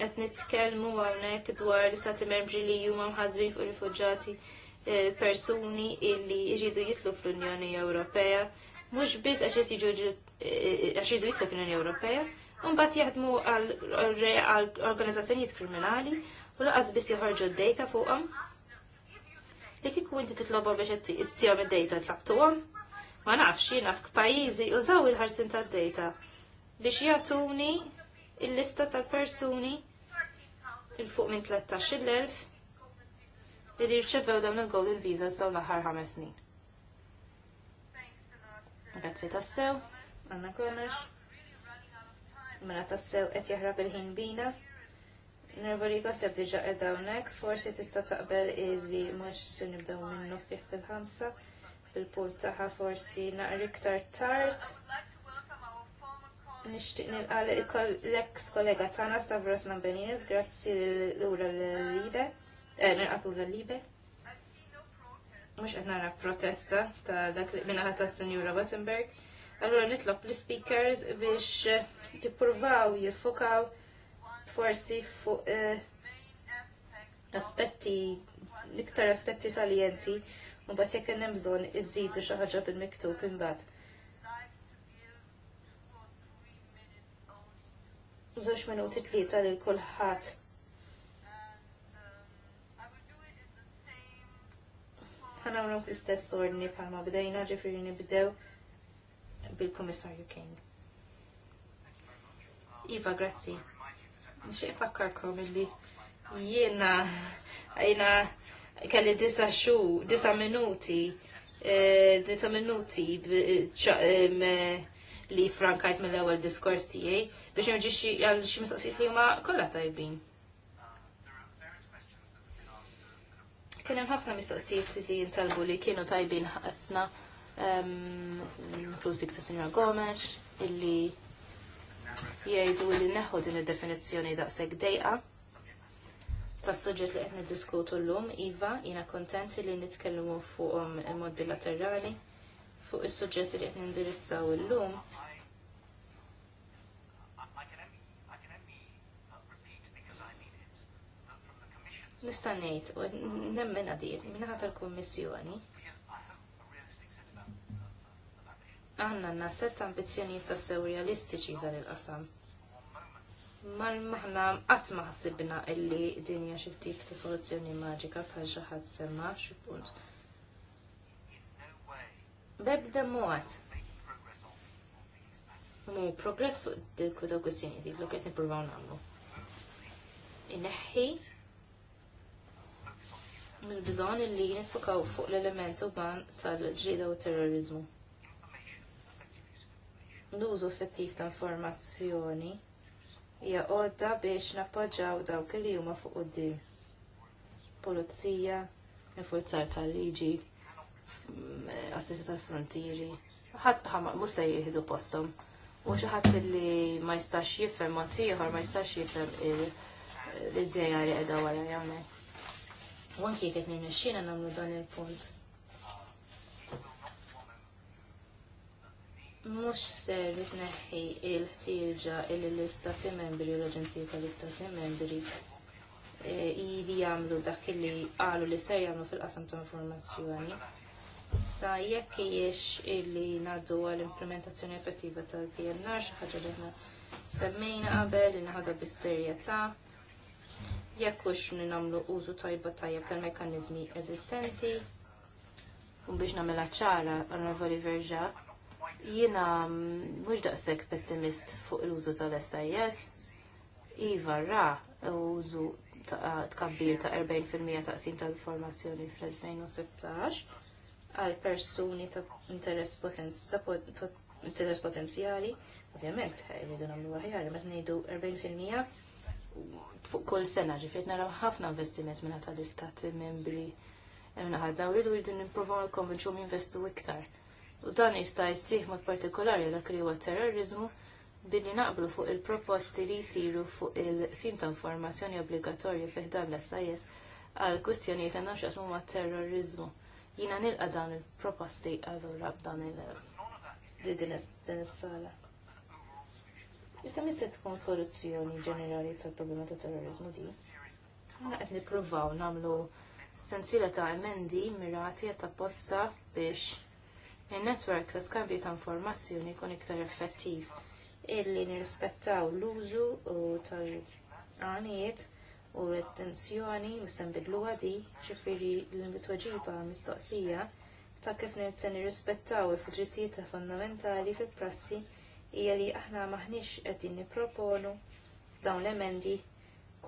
qed nitkellmu hawnhekk dwar l-istati membri li huma mħażbin fuq rifuġġati e, persuni illi jridu jitlu fl-Unjoni Ewropea mhux biss għax qed jiġu e, e, għax jridu jitlu fl-Unjoni Ewropea, mbagħad jaħdmu għal organizzazzjonijiet kriminali u laqas biss joħorġu d-data fuqhom. Li kieku inti titlobhom biex ittihom id-data tlabtuhom, ma nafx jiena f'pajjiżi użaw il-ħarsin tad-data biex jagħtuni il-lista tal-persuni il-fuq minn 13,000 li rirċevew dawn il-Golden Visas dawn l-aħħar ħames snin. Grazzi tassew, Anna Gomes mela tassew qed jaħrab il-ħin bina. Nervoli goseb diġa edha forsi tista' taqbel illi mhux se nibdew minnu fih fil-ħamsa bil-punt taħħa forsi naqri iktar tard. Nixtieq nilqali l-ex kollega tagħna Stavros Nambeniz, grazzi lura l-libe, eh, nilqab lura l-libe. Mhux qed nara protesta ta' dak li minnaħa ta' Sinjura Wassenberg. Allora nitlob l-speakers biex jippurvaw eh, jiffokaw forsi fuq eh, aspetti, l-iktar aspetti salienti, u bat jekk hemm bżonn iżidu xi ħaġa bil-miktub imbagħad. Żewġ minuti tlieta lil kulħadd. ħanamlu l-istess ordni palma bdejna ġifiri nibdew bil-Komissarju King. Iva, grazzi. Nxieq fakkarkom illi jiena jiena kelli disa xu, disa minuti, eh, disa minuti eh, li frankajt mill-ewwel diskors tiegħi biex nġi għal xie mistoqsijiet li huma kollha tajbin. Kien hemm ħafna mistoqsijiet li jintalbu li kienu tajbin ħafna inkluż dik ta' Sinjora Gomes, illi jgħidu li neħu din id-definizzjoni seg dejqa ta' soġġet li diskutu l-lum, Iva, jina kontenti li nitkellmu fuqhom mod bilaterali fuq is soġġet li qed ndirizzaw l-lum. Nistanejt, nemmen għadir, minnaħa tal kommissjoni għanna naset ambizjonijiet ta' sew realistiċi dan il-qasam. Mal maħna għat maħsibna illi dinja xi ftit ta' soluzzjoni maġika bħal xi semma xi Bebda muħat. mu progress fuq dik u dawk kwestjoni dik li qed nippruvaw nagħmlu. Ineħħi mill-bżonn li nifukaw fuq l elementu ban tal-ġrida u terrorizmu l-użu effettiv ta' informazzjoni hija għodda biex nappoġġaw dawk li huma fuq quddiem. Pulizija, infurzar tal-liġi, mm, assessi tal-frontieri, ħadd mhux se jieħdu posthom. U xi ħadd li ma jistax jifhem ma tieħor ma jistax jifhem l-idea li qiegħda wara jagħmel. U anke jekk qed nirnexxiena nagħmlu dan il-punt mhux ser tneħħi il-ħtieġa il l-istati membri u l-Aġenzija tal-Istati membri e, jidi jagħmlu dak li qalu li ser jagħmlu fil-qasam ta' informazzjoni. Sa jekk jiex illi ngħaddu għall-implementazzjoni effettiva tal-PNR xi ħaġa li aħna semmejna qabel li naħadha bis-serjetà jekk hux nagħmlu użu tajba tajjeb tal-mekkaniżmi eżistenti u biex nagħmilha ċara għal-Revoli Verġa Jiena mhux daqshekk pessimist fuq l-użu tal-SIS. Iva ra użu tkabbir ta' 40% taqsim tal-informazzjoni fl-2016 għal persuni ta' interess potenzjali, ovvjament, jridu eh, namlu għahjar, met nejdu 40% fuq kull sena, ġifiet naraw ħafna investiment minna tal-istati membri minna ħadda, u rridu rridu nimprovaw l konvenċu investu iktar. U dan jista' jsih mod partikolari dak li huwa terrorizmu billi naqblu fuq il-proposti li jsiru fuq il-sim ta' informazzjoni obbligatorju fih dan l-SIS għal ta' għandhom x'qasmu ma' terrorizmu. Jiena nilqa' dan il-proposti allura b'dan il-din is-sala. Issa mista tkun soluzzjoni ġenerali tal-problema ta' terrorizmu di. Għana qed nippruvaw nagħmlu sensiela ta' emendi mirati għat apposta biex il-network ta' skambju ta' informazzjoni jkun iktar effettiv illi nirrispettaw l-użu u tal-għanijiet u u mistembidlu għadi ċifiri l-mitwaġiba mistoqsija ta' kif nirten nirrispettaw il-fuġitiet ta' fondamentali fil-prassi hija li aħna maħniex qegħdin nipproponu dawn l-emendi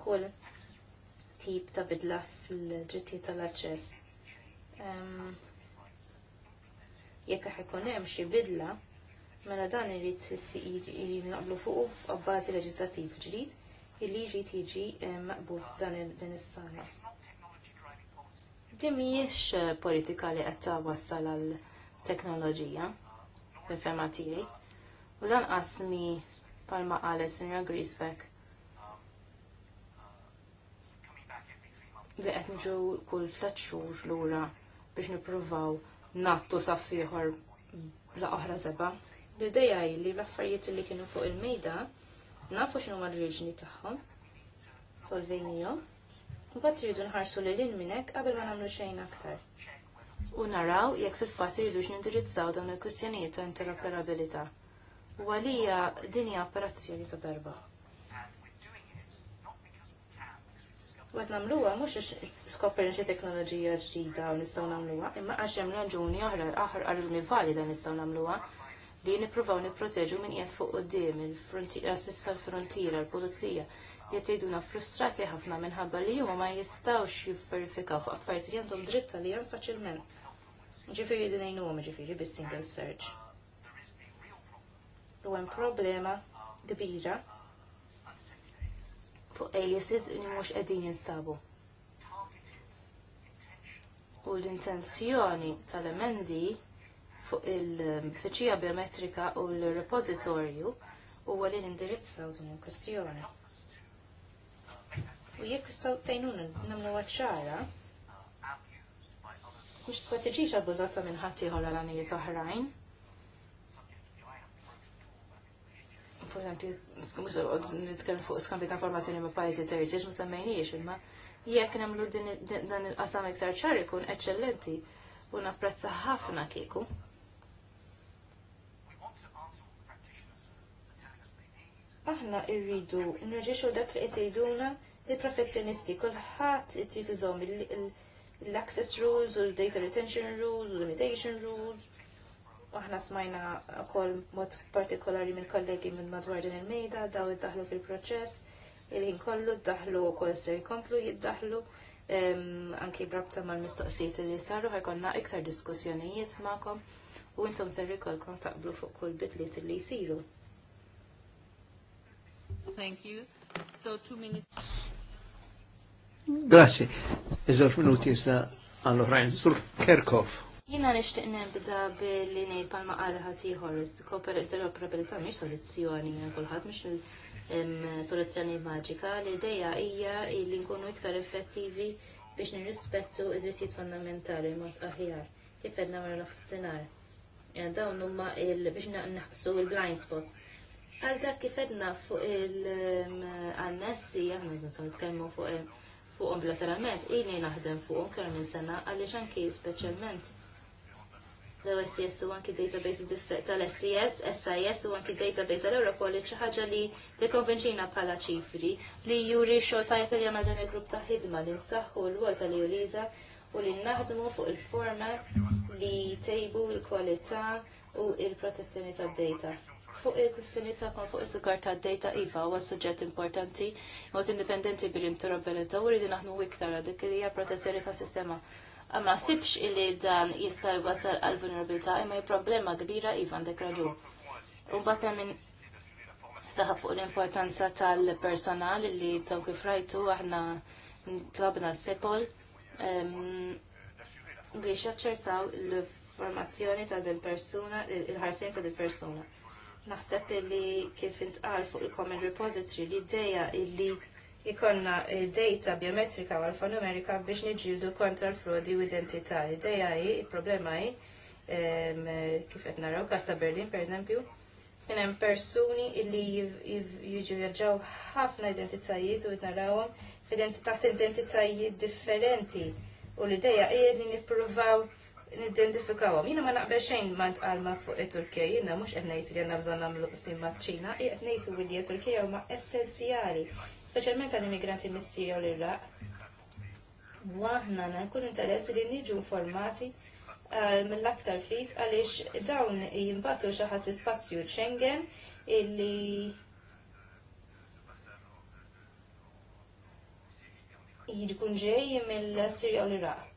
kull tip ta' bidla fil-drittijiet tal-aċċess jekk ikun hemm xi bidla mela dan irid naqblu fuq f'abbażi leġislattiv ġdid illi jrid jiġi eh, maqbul f'dan din is-sala. Din mhijiex eh, politika li qed tawassal għal teknoloġija fil-ferma tiegħi. U dan qasmi palma qalet Sinja Griesbeck li qed kull tliet xhur lura biex nippruvaw nattu saffiħor la oħra zeba. l li l-affarijiet li kienu fuq il-mejda nafu xinu ma l-riġni taħħom, solvejnijom, u bat rridu nħarsu li l-in minnek qabel ma namlu xejn aktar. U naraw jekk fil-fat rridu x'nindirizzaw dawn il kustjonijiet ta' interoperabilità. U għalija dinja operazzjoni ta' darba. U għed namluwa, mux skopper xie teknoloġija ġdida u nistaw namluwa, imma għax jem raġuni oħra, aħar għarruni valida nistaw namluwa, li niprofaw niproteġu minn jgħet fuq qoddim il-frontiera, assista l-frontiera, l-polizija, li jgħetiduna frustrati ħafna minnħabba li huma ma jistawx jifferifikaw fuq affarijiet li għandhom dritta li għan faċilment. Ġifiri dinajnu għom ġifiri bis-single search. U għem problema kbira fuq aliases li mhux qegħdin jinstabu. U l-intenzjoni tal-emendi fuq il-fiċija biometrika u l-repozitorju u għalli l-indirizzaw din il-kwestjoni. U jekk tistgħu tgħinuna għadċara, mux t tpotiġix abbużata minn ħadd għal għal oħrajn. forsanti, nitkellem fuq ta' informazzjoni ma' terzi, x'mu semmejniex imma dan il-qasam iktar ċar ikun u napprezza ħafna kieku. Aħna irridu nirġixu dak li qed jgħiduna il-professjonisti kulħadd irid l-access rules u l-data retention rules u limitation rules aħna smajna wkoll mod partikolari minn kollegi minn madwar din il-mejda, daw iddaħlu fil-proċess, il-ħin kollu ddaħlu wkoll se jkomplu jiddaħlu anki brabta mal-mistoqsijiet li saru ħajkonna iktar diskussjonijiet ma'kom u intom ser ikolkom taqblu fuq kull bitliet li jsiru. Thank you. So two minutes. Grazie. Eżor minuti jista għall-oħrajn. Sur Kerkov. Jina nishtiq nibda billi nejt palma għalħa tiħor, interoperabilità miex soluzzjoni minn kulħadd miex soluzzjoni maġika, l-ideja hija illi nkunu iktar effettivi biex nirrispettu id-drittijiet fondamentali mod aħjar kif edna marra f'sinar. Dawn huma biex naħsu il-blind spots. Għal dak kif edna fuq il-annessi, aħna t-kelmu fuq fuqhom bilateralment, ili naħdem fuqhom kemm minn sena għaliex anki speċjalment l-OSCS u anki databases tal-SCS, SIS u anki database tal-Europol li ċaħġa li dekonvenċina bħala ċifri li juri xo tajp li għamal dan il-grupp ta' ħidma li nsaħħu l-għol li juliza u li naħdmu fuq il-format li tejbu l kwalità u il-protezzjoni tad-data fuq il ta' kon fuq is-sukar tad-data iva huwa suġġett importanti, mod indipendenti bil-interoperabilità u naħnu iktar dik li protezzjoni tas-sistema ma sibx illi dan jista' jwasal għal vulnerabilità imma problema kbira ivan dek raġun. U bata minn saħa fuq l-importanza tal-personal li taw kif rajtu aħna tlabna sepol biex jaċċertaw l-formazzjoni ta' din persuna, il-ħarsin ta' din persuna. Naħseb li kif intqal fuq il-Common Repository li d-deja illi ikonna eh, data biometrika u alfanumerika biex nġildu kontra l-frodi u identità. Ideja i, il-problema hi, eh, kif qed naraw kas Berlin pereżempju, kien hemm persuni illi jiġu jaġġaw ħafna identitajiet u narawhom f'identitajiet identitajiet differenti u l-ideja i li nippruvaw nidentifikawhom. Jiena ma naqbel xejn ma ntqalma fuq it-Turkija, jiena mhux qed li għanna bżon nagħmlu qsim maċ-Ċina, qed li t-Turkija huma essenzjali specialment għal immigranti mis-Sirja u l-Iraq. Waħna nkun interess li niġu informati eh, mill-aktar fis għaliex dawn jimbatu xaħat fi spazju Schengen illi jkun ġej mill-Sirja u l-Iraq.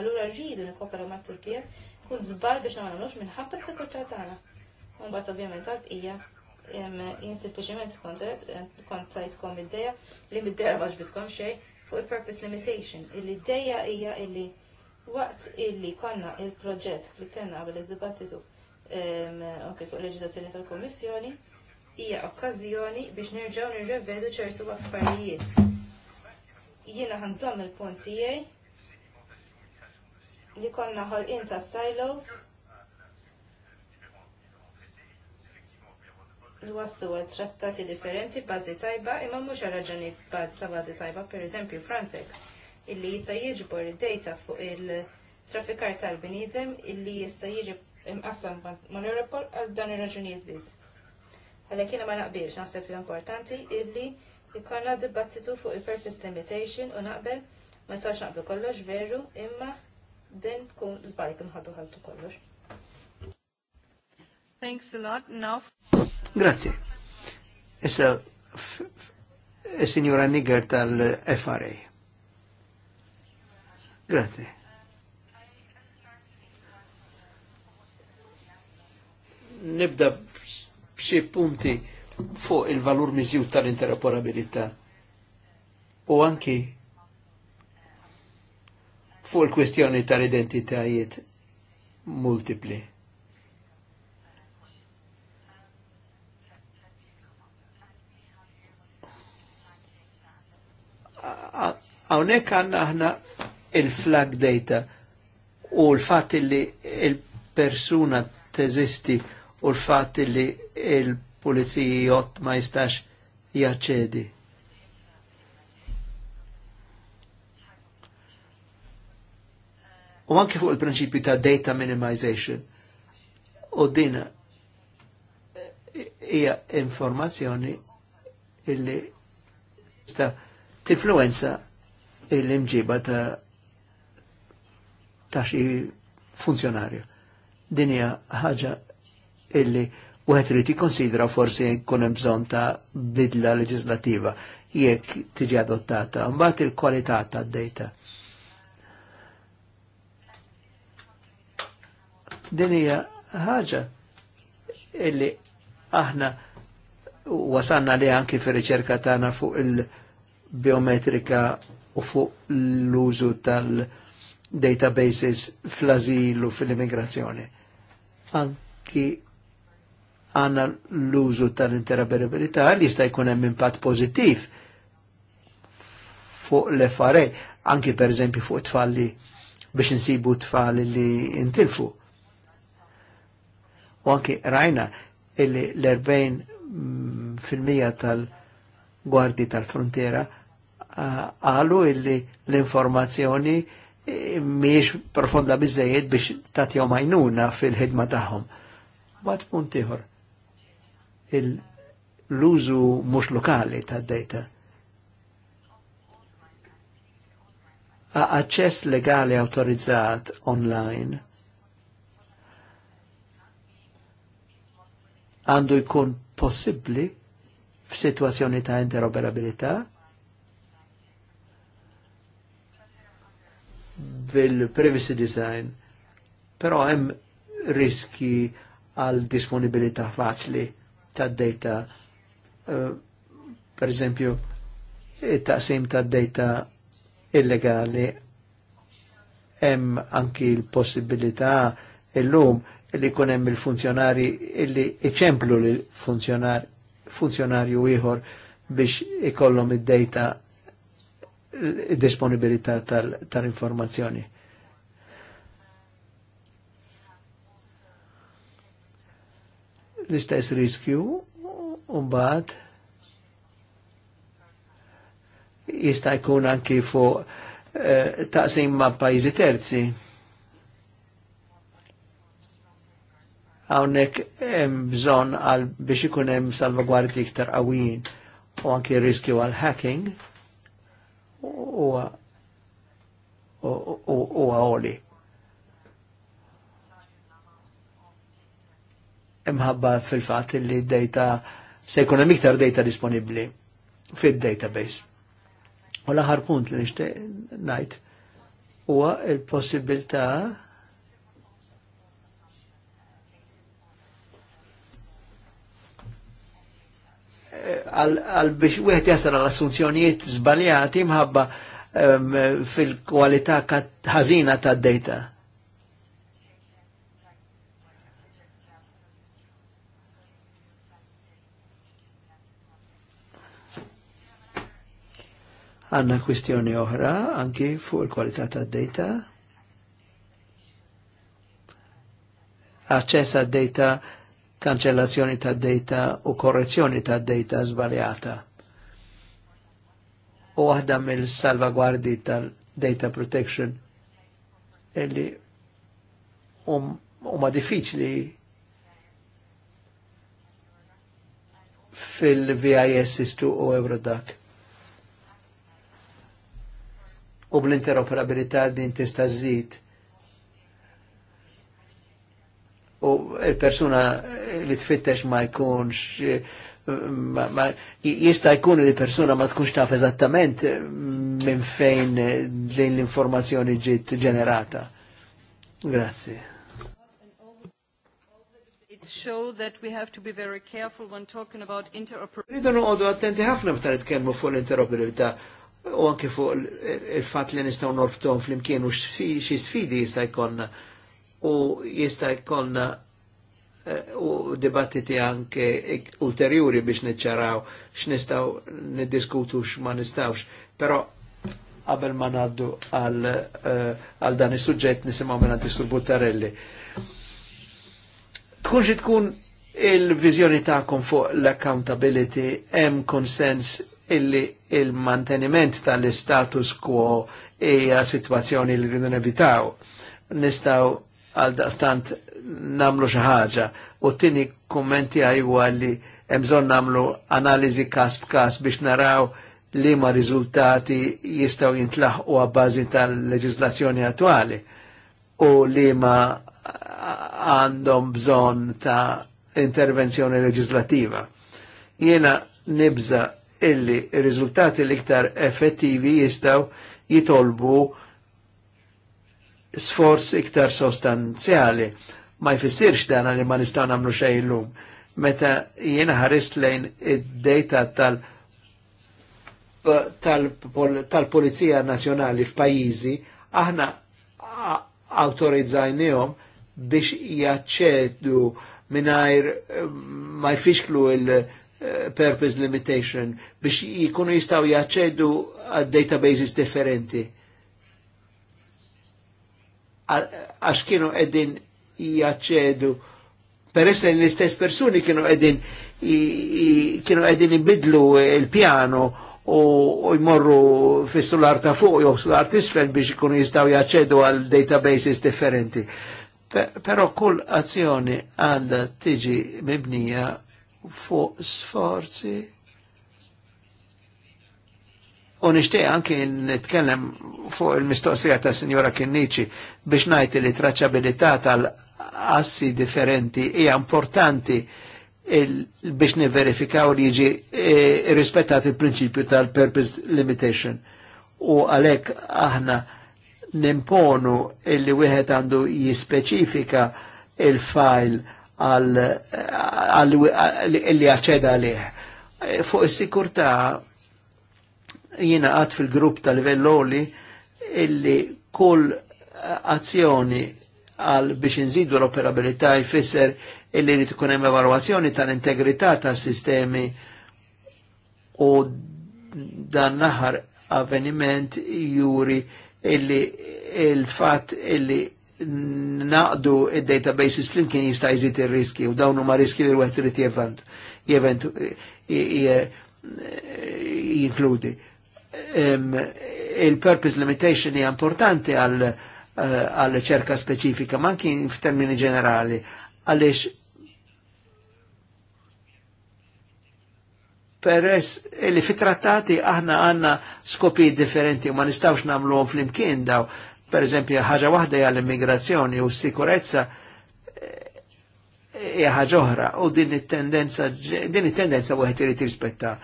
Allura rridu nikopera ma' Turkija, kun zbal biex ma' minnħabba s s għana. tagħna. Mbagħad ovvijament għal ija jien sempliċement kontet kont tajtkom id-dejja li mid-dejja ma ġbitkom xejn fuq il-purpose limitation. Il-ideja hija illi waqt illi konna il-proġett li kena għabel id dibattitu anke fuq il-leġizazzjoni tal-Kommissjoni, hija okkażjoni biex nerġgħu nirrevedu ċertu affarijiet. Jiena ħanżomm il-punt tiegħi li konna ħolqien ta' silos wassu għal trattati differenti bazi tajba imma mhux raġuni bazi ta' bazi tajba, per eżempju Frontex, illi jista' jiġbor id-data fuq il-traffikar tal-bnidem illi jista' jiġi imqassam mal Europol għal dan ir-raġunijiet biss. Għalhekk jiena ma naqbilx naħseb li importanti illi jkollna dibattitu fuq il-purpose limitation u naqbel ma jistax naqbel kollox veru imma din tkun żbalik nħaddu ħaltu kollox. Thanks a lot. Now. Grazie. Issa, e signora Nigger tal-FRA. Grazie. Nibda b'xi punti fuq il-valur miżjut tal-interoperabilità u anki fuq il-kwestjoni tal-identitajiet multipli Għawnek għanna aħna il-flag data u l-fatt li il-persuna teżisti u l-fatt li il-pulizija jott ma jistax jaċedi. U anke fuq il-prinċipju ta' data minimization. U dina hija informazzjoni illi sta tinfluenza l-imġiba ta' ta' xi funzjonarju. Din hija ħaġa illi wieħed irid jikkonsidra forsi jkun hemm bżonn ta' bidla leġislattiva jekk tiġi adottata, mbagħad il-kwalità tad-dejta. Din hija ħaġa illi aħna wasanna li anki fir-riċerka tagħna fuq il-biometrika u fuq l-użu tal-databases fl-azil u fil-immigrazzjoni. Anki għanna l-użu tal-interoperabilità li jista' jkun hemm impatt pożittiv fuq l fare anki per eżempju fuq tfalli biex insibu tfal li intilfu. U anki rajna illi l-40 mm, fil-mija tal-gwardi tal-frontiera għalu illi l-informazzjoni miex profonda bizzejed biex tatjaw majnuna fil-ħidma taħħom. Bat puntiħor, L-użu mux lokali tad-data. Aċċess legali autorizzat online għandu jkun possibbli f'sitwazzjoni ta' interoperabilità bil-privacy design, però hemm riski għal disponibilità faċli ta' data eh, per eżempju taqsim ta' data illegali hemm anki l-possibilità illum li kun hemm il-funzjonari illi iċemplu l-funzjonarju ieħor biex ikollhom id-data disponibilità tal-informazzjoni. Tal L-istess riskju un umbat jista' jkun anki fuq eh, taqsim ma' pajjiżi terzi. Hawnhekk hemm bżonn għal biex ikun hemm salvagwardji iktar qawwijin u anki riskju għal hacking u għoli. Imħabba fil-fat li d data se jkun hemm iktar data disponibbli fid-database. U l-aħħar punt li nixtieq ngħid huwa l possibilità għal biex wieħed jasal għal assunzjonijiet żbaljati imħabba um, fil-kwalità ħażina tad-data. Għanna kwistjoni oħra anki fuq il-kwalità tad-data. Aċċess għad-data kanċellazzjoni ta' data u korrezzjoni ta' data zbaljata. U waħda mill-salvagwardi tal-data protection illi um, um diffiċli fil-VIS istu u Eurodac. U bl-interoperabilità din tista' żid u il-persuna li tfittex ma jkunx jista' jkun li persuna ma tkunx taf eżattament mm, minn fejn din l-informazzjoni ġiet ġenerata. Grazie. show that we have to be very careful when talking about interoperability. attenti ħafna fuq l-interoperabilità u fuq il li u sfidi jista' u jista' jkollna eh, u dibattiti anke ulterjuri biex niċċaraw x'nistgħu niddiskutu x'ma nistgħux. Però qabel ma ngħaddu għal eh, dan is-suġġett nisimgħu mingħand Sur Buttarelli. Tkun tkun il-viżjoni tagħkom fuq l-accountability hemm konsens illi il-manteniment tal-status quo hija sitwazzjoni li rridu nevitaw. Nistgħu għal daqstant namlu xaħġa u tini kummenti għajwa li emżon namlu analizi kas b'kas biex naraw li ma rizultati jistaw jintlaħ u għabbażi tal-leġizlazzjoni attuali u li ma għandhom bżon ta' intervenzjoni leġizlativa. Jena nibza illi rizultati l-iktar effettivi jistaw jitolbu sforz iktar sostanzjali. Ma jfissirx dan li ma nistaw namlu xej l-lum. Meta jiena ħarist lejn id-data tal- tal-Polizija tal Nazjonali f'pajjiżi, aħna autorizzajnihom biex jaċċedu minajr eh, ma jfixklu il-purpose eh, limitation biex jikunu jistaw jaċċedu għad databases differenti għax kienu edin jaċedu. Per li l-istess persuni kienu edin kienu edin ibidlu il-pjano u jmorru fis solar ta' fuq jew solar tisfel biex ikunu jistaw jaċedu għal databases differenti. Però kull azzjoni għanda tiġi mibnija fuq sforzi U nishtiq anki nitkellem fuq il-mistoqsija ta' Sinjora Kinniċi biex najti li traċabilità tal-assi differenti hija importanti biex niverifikaw li jiġi e, rispettat il-prinċipju tal-purpose limitation. U għalek aħna nimponu illi wieħed għandu jispeċifika il-file għal li jaċċeda għalih. E, fuq is-sikurta jina għad fil-grupp tal-livelloli illi kull azzjoni għal biex nżidu l-operabilità jfisser illi li tkun hemm evalwazzjoni tal-integrità tas-sistemi u dan naħar avveniment juri illi il-fat illi naqdu id-databases flimkien jista' jżid ir-riski u dawn huma riski li wieħed irid jevent jinkludi il-purpose limitation hija importanti għal eh, għal ċerka speċifika, ma kien f'termini ġenerali, għaliex peress li fit-trattati aħna għanna skopi differenti u ma nistawx namluhom fl-imkien daw. Per eżempju, ħaġa waħda hija l-immigrazzjoni u s-sikurezza eh, hija ħaġa oħra u din it-tendenza din it-tendenza wieħed irid jirrispetta.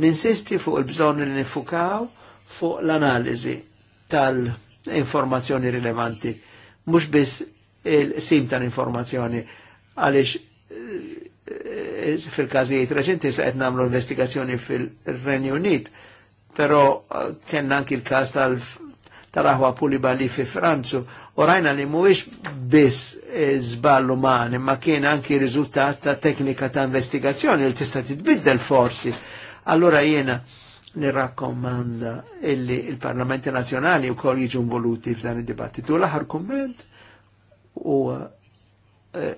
Ninsisti fuq il-bżon li nifukaw fuq l-analizi tal-informazzjoni rilevanti, mux biss il-sim tal-informazzjoni, għalix eh, eh, fil-kazijiet reċenti se qed nagħmlu investigazzjoni fil-Renju Unit, però eh, kellna anki l-każ tal-aħwa Pulibali fi Franzu, u rajna li mhuwiex biss żball umani ma kien anki riżultat ta' teknika ta' investigazzjoni li tista' titbiddel forsi Allora jiena li nirrakkomanda illi il-Parlamenti Nazjonali u koll jiġu involuti f'dan il-dibattitu. L-aħar komment u eh,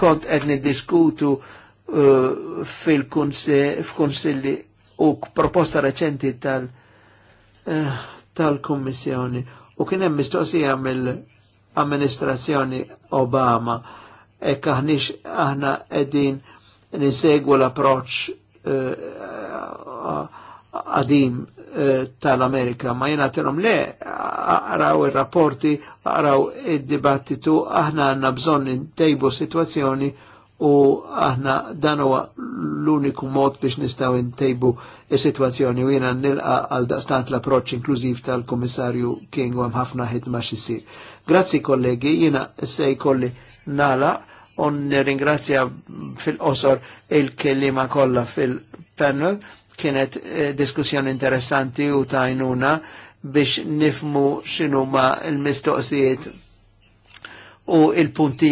kont qed niddiskutu uh, eh, fil-kunsilli u proposta reċenti tal eh, tal kommissjoni u kien hemm mistoqsija mill-amministrazzjoni Obama ekk aħniex aħna qegħdin nisegwu l-approċċ eh, għadim eh, tal-Amerika, ma jena telom le, għaraw il-rapporti, għaraw il-dibattitu, aħna għanna bżon intejbu situazzjoni u aħna dan huwa l-uniku mod biex nistaw intejbu il sitwazzjoni u jiena nilqa għal daqstant l-approċċ inklużiv tal-Kummissarju King u hemm ħafna ħidma xisir. Grazzi kollegi, jiena se jkolli nala un ringrazja fil-qosor il-kellima kollha fil-panel kienet eh, diskussjoni interessanti u tajnuna biex nifmu x'inhuma l-mistoqsijiet u il-punti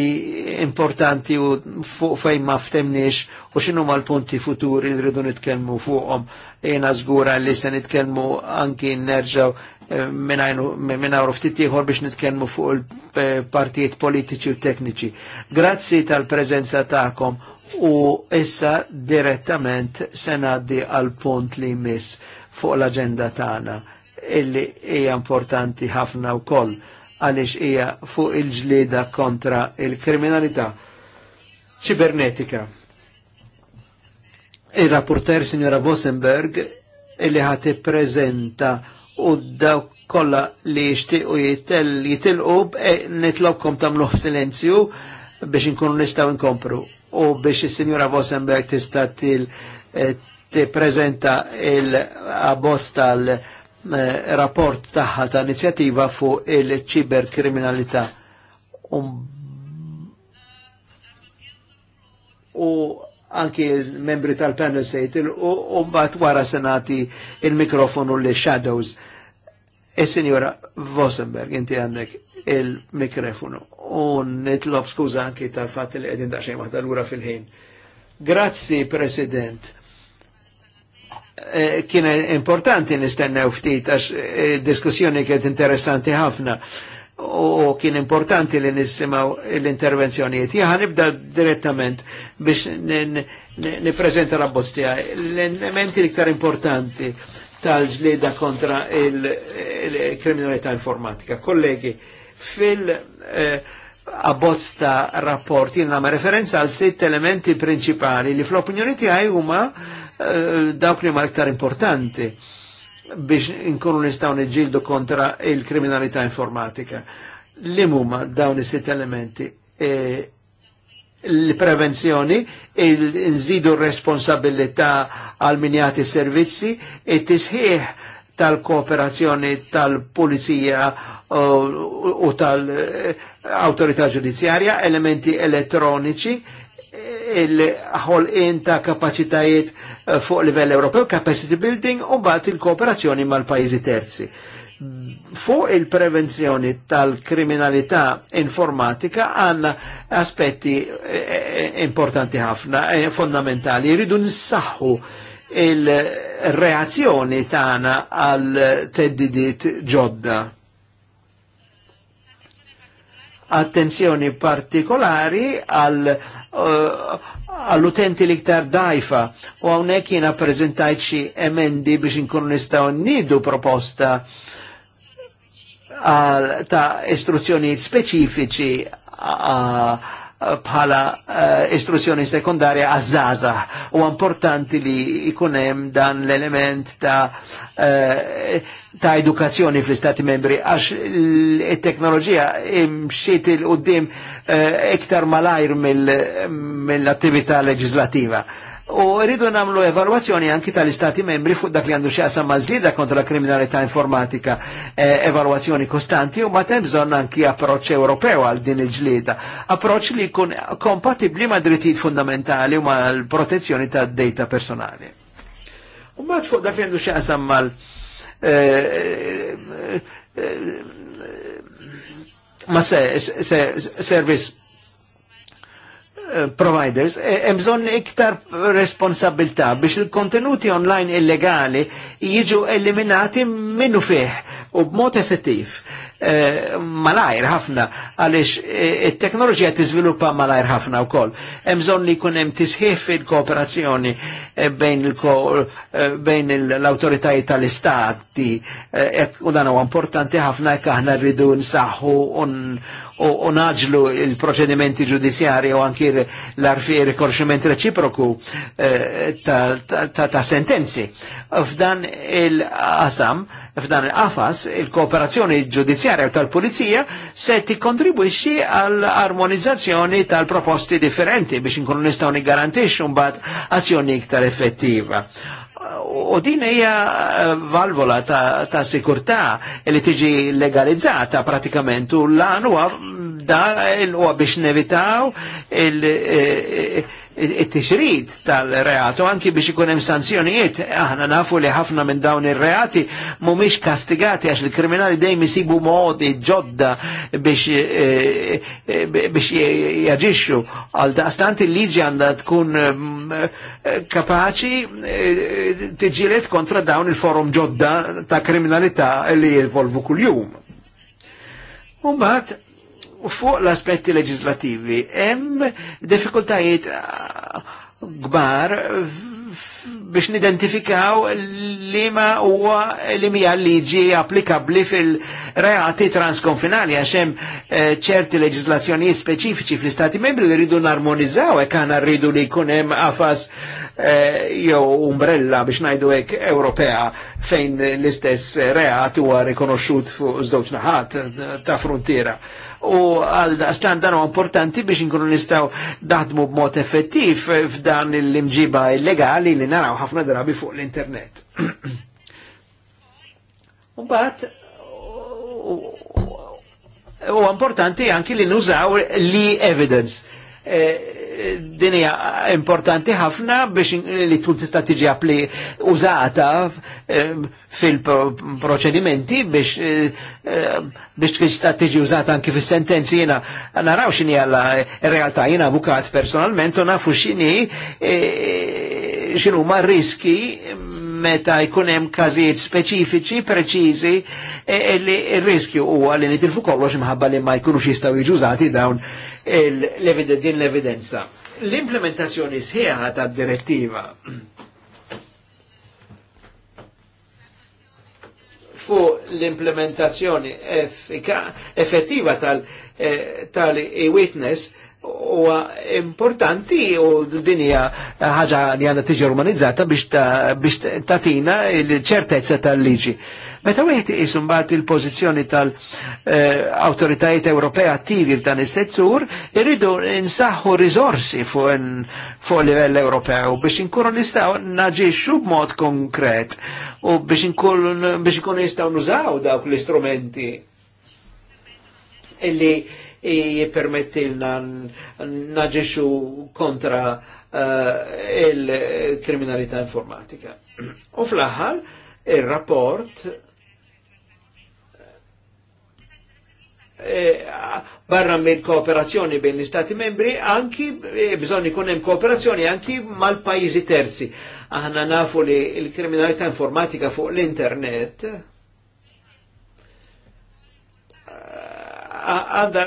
importanti u fuq fejn ma ftemniex u xinu ma l-punti futuri li rridu nitkellmu fuqhom. Jena żgura li se nitkellmu anki nerġaw minna għaru ftit ieħor biex nitkellmu fuq il-partijiet politiċi u tekniċi. Grazzi tal prezenza tagħkom u issa direttament se għal punt li mis fuq l agenda tagħna illi hija importanti ħafna koll għalix hija fuq il ġlida kontra il-kriminalità ċibernetika. Il-rapporter Signora Vosenberg illi ħati prezenta u daw kolla li u jitilqu e, nitlobkom tamluħ silenzju biex nkunu nistaw nkompru u biex il signora Vosenberg tista til e, ti prezenta il-abbozz tal-rapport taħħa ta' inizjativa fuq il-ċiberkriminalità. Um, u anki il-membri tal-panel sejt u mbagħad wara senati il-mikrofonu li shadows. e signora Vosenberg, inti għandek il-mikrofonu. U nitlob skuża anki tal-fatt li qegħdin maħda l lura fil-ħin. Grazzi, President. Kiena Kien importanti nistennew ftit għax e, diskussjoni kienet interessanti ħafna u kien importanti li nissimaw l-intervenzjonijiet. Jaha nibda direttament biex niprezenta la bostija. L-elementi l-iktar importanti tal-ġlida kontra il-kriminalità informatika. Kollegi, fil-abbozz eh, ta' rapport jien referenza għal sitt elementi principali li fl-opinjoni tiegħi huma eh, dawk li ma' iktar importanti biex inkunu nistaw nġildu kontra il-kriminalità informatika. L-imuma dawni is-sitt elementi? E, l-prevenzjoni, nżidu responsabilità għal minjati servizzi, it-tisħiħ tal-kooperazzjoni tal polizija eh, u tal-autorità ġudizzjarja, elementi elettroniċi, il-ħolqin ta' kapacitajiet eh, fuq livell Ewropew, capacity building u bat il-kooperazzjoni mal-pajizi terzi. Fuq il-prevenzjoni tal-kriminalità informatika għanna aspetti eh, importanti ħafna, eh, fondamentali, jridu nissaħħu il-reazzjoni tagħna għal teddidiet ġodda attenzjoni partikolari għal eh, għall-utenti liktar dajfa u għawnek jena prezentajt MND emendi biex nkunu nistaw nidu proposta eh, ta' istruzzjonijiet speċifiċi eh, bħala uh, istruzzjoni sekundarja għazzaza. U importanti li ikunem dan l-element ta' uh, ta' edukazzjoni fl-Istati membri, għax il-teknoloġija imxiet il-qoddim eh, iktar malajr mill-attività mil legislativa. U rridu namlu evalwazzjoni anki tal-istati membri fuq dak li għandu xaqsam mażlida kontra kriminalità informatika, e, evalwazzjoni kostanti u matem bżonn anki approċċ Ewropew għal din il-ġlida. Approċċ li jkun kompatibli ma' drittijiet fundamentali u ma' l-protezzjoni ta' data personali. U mat fuq dak li għandu xaqsam mal e, e, ma' se, se, se, service Eh, providers, hemm e bżonn iktar responsabilità biex il-kontenuti online illegali jiġu eliminati minnu fih u b'mod effettiv. Eh, malajr ħafna għaliex e, it-teknoloġija tiżviluppa malajr ħafna wkoll. Hemm bżonn li jkun hemm tisħif il-kooperazzjoni e, bejn l-awtoritajiet tal-istati u dan huwa importanti ħafna jekk aħna rridu nsaħħu u naġlu il-proċedimenti ġudizjari u anki l-arfi rikorximent reċiproku eh, ta' sentenzi. F'dan il-qasam, f'dan il-qafas, il-kooperazzjoni ġudizjarja u tal-pulizija se ti kontribuixi għal armonizzazzjoni tal-proposti differenti biex nkunu nistgħu un bat azzjoni iktar effettiva. U din hija eh, valvola ta', ta sikurtà li tiġi legalizzata pratikament u l-għan huwa da huwa biex nevitaw il- eh, it-tixrid tal-reatu anki biex ikun hemm sanzjonijiet. Aħna nafu li ħafna minn dawn ir-reati mhumiex kastigati għax il-kriminali dejjem isibu modi ġodda biex eh, eh, biex jaġixxu għal daqstant il-liġi għandha tkun eh, kapaċi tiġilet kontra dawn il-forum ġodda ta' kriminalità li jirvolvu kuljum. Umbagħad u fuq l-aspetti leġislativi hemm diffikultajiet uh, gbar biex nidentifikaw li ma huwa li mija liġi applikabli fil-reati transkonfinali għax hemm eh, ċerti leġislazzjoni speċifiċi fl-Istati membri li rridu narmonizzaw hekk aħna rridu li jkun hemm afas eh, jew umbrella biex ngħidu hekk Ewropea fejn l-istess reat huwa rikonoxxut fuq żdoċ naħat ta' frontiera u għal daqstan dan importanti biex nkunu nistaw daħdmu b'mod effettiv f'dan l-imġiba illegali li naraw ħafna drabi fuq l-internet. bat, u importanti anki li nużaw li evidence Eh, din hija importanti ħafna biex li tkun tista' tiġi appli użata eh, fil-proċedimenti biex eh, biex tista' tiġi użata anki fis-sentenzi jiena naraw x'inhi alla realtà jiena avukat personalment u nafu x'inhi x'inhuma riski meta jkun hemm każijiet speċifiċi, preċiżi, e, e, li r-riskju huwa li nitilfu kollox imħabba li ma jkunux jistgħu iġużati dawn din l-evidenza. L-implementazzjoni sħiħa ta' direttiva fu l-implementazzjoni effettiva eh, tal-e-witness tal e witness u importanti u dinja ħaġa li għandha tiġi romanizzata biex tatina il-ċertezza tal-liġi. Meta wieħed isum bat il pozizjoni tal eh, autoritajiet Ewropea attivi f'dan il settur irridu nsaħħu riżorsi fuq livell Ewropew biex inkunu nistgħu naġixxu b'mod konkret u biex inkunu nistgħu nużaw dawk l-istrumenti illi jipermettilna naġiċu kontra eh, il-kriminalità informatika. U fl-aħħar, il-rapport eh, barra mill kooperazzjoni bejn l-Istati membri, anki eh, bżon ikun hemm kooperazzjoni anki mal-pajjiżi terzi. Aħna nafu li l-kriminalità informatika fuq l-internet għandha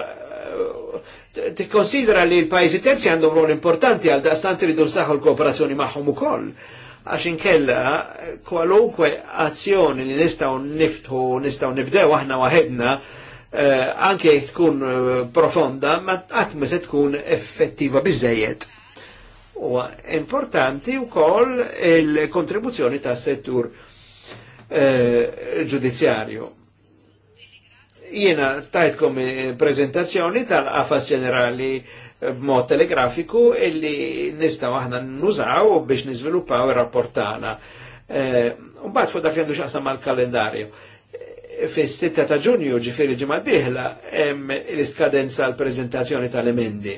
tikkonsidra li l pajzi terzi għandhom rol importanti għal daqstant iridu nsaħħu l-kooperazzjoni magħhom ukoll għax inkella kwalunkwe azzjoni li nistaw niftħu, nistaw nibdew aħna waħedna, eh, anke tkun eh, profonda, ma ma se tkun effettiva bizzejiet. U importanti u koll il-kontribuzzjoni ta' settur eh, ġudizzjarju. Jiena tajtkom prezentazzjoni tal-qafas ġenerali b'mod telegrafiku illi nistaw aħna nużaw biex nizviluppaw ir rapportana tagħna. Mbagħad eh, fuq dak li għandu x'aqsam mal-kalendarju. Fis-6 ta' Ġunju ġifieri ġimgħa dieħla hemm l-iskadenza l prezentazzjoni tal-emendi.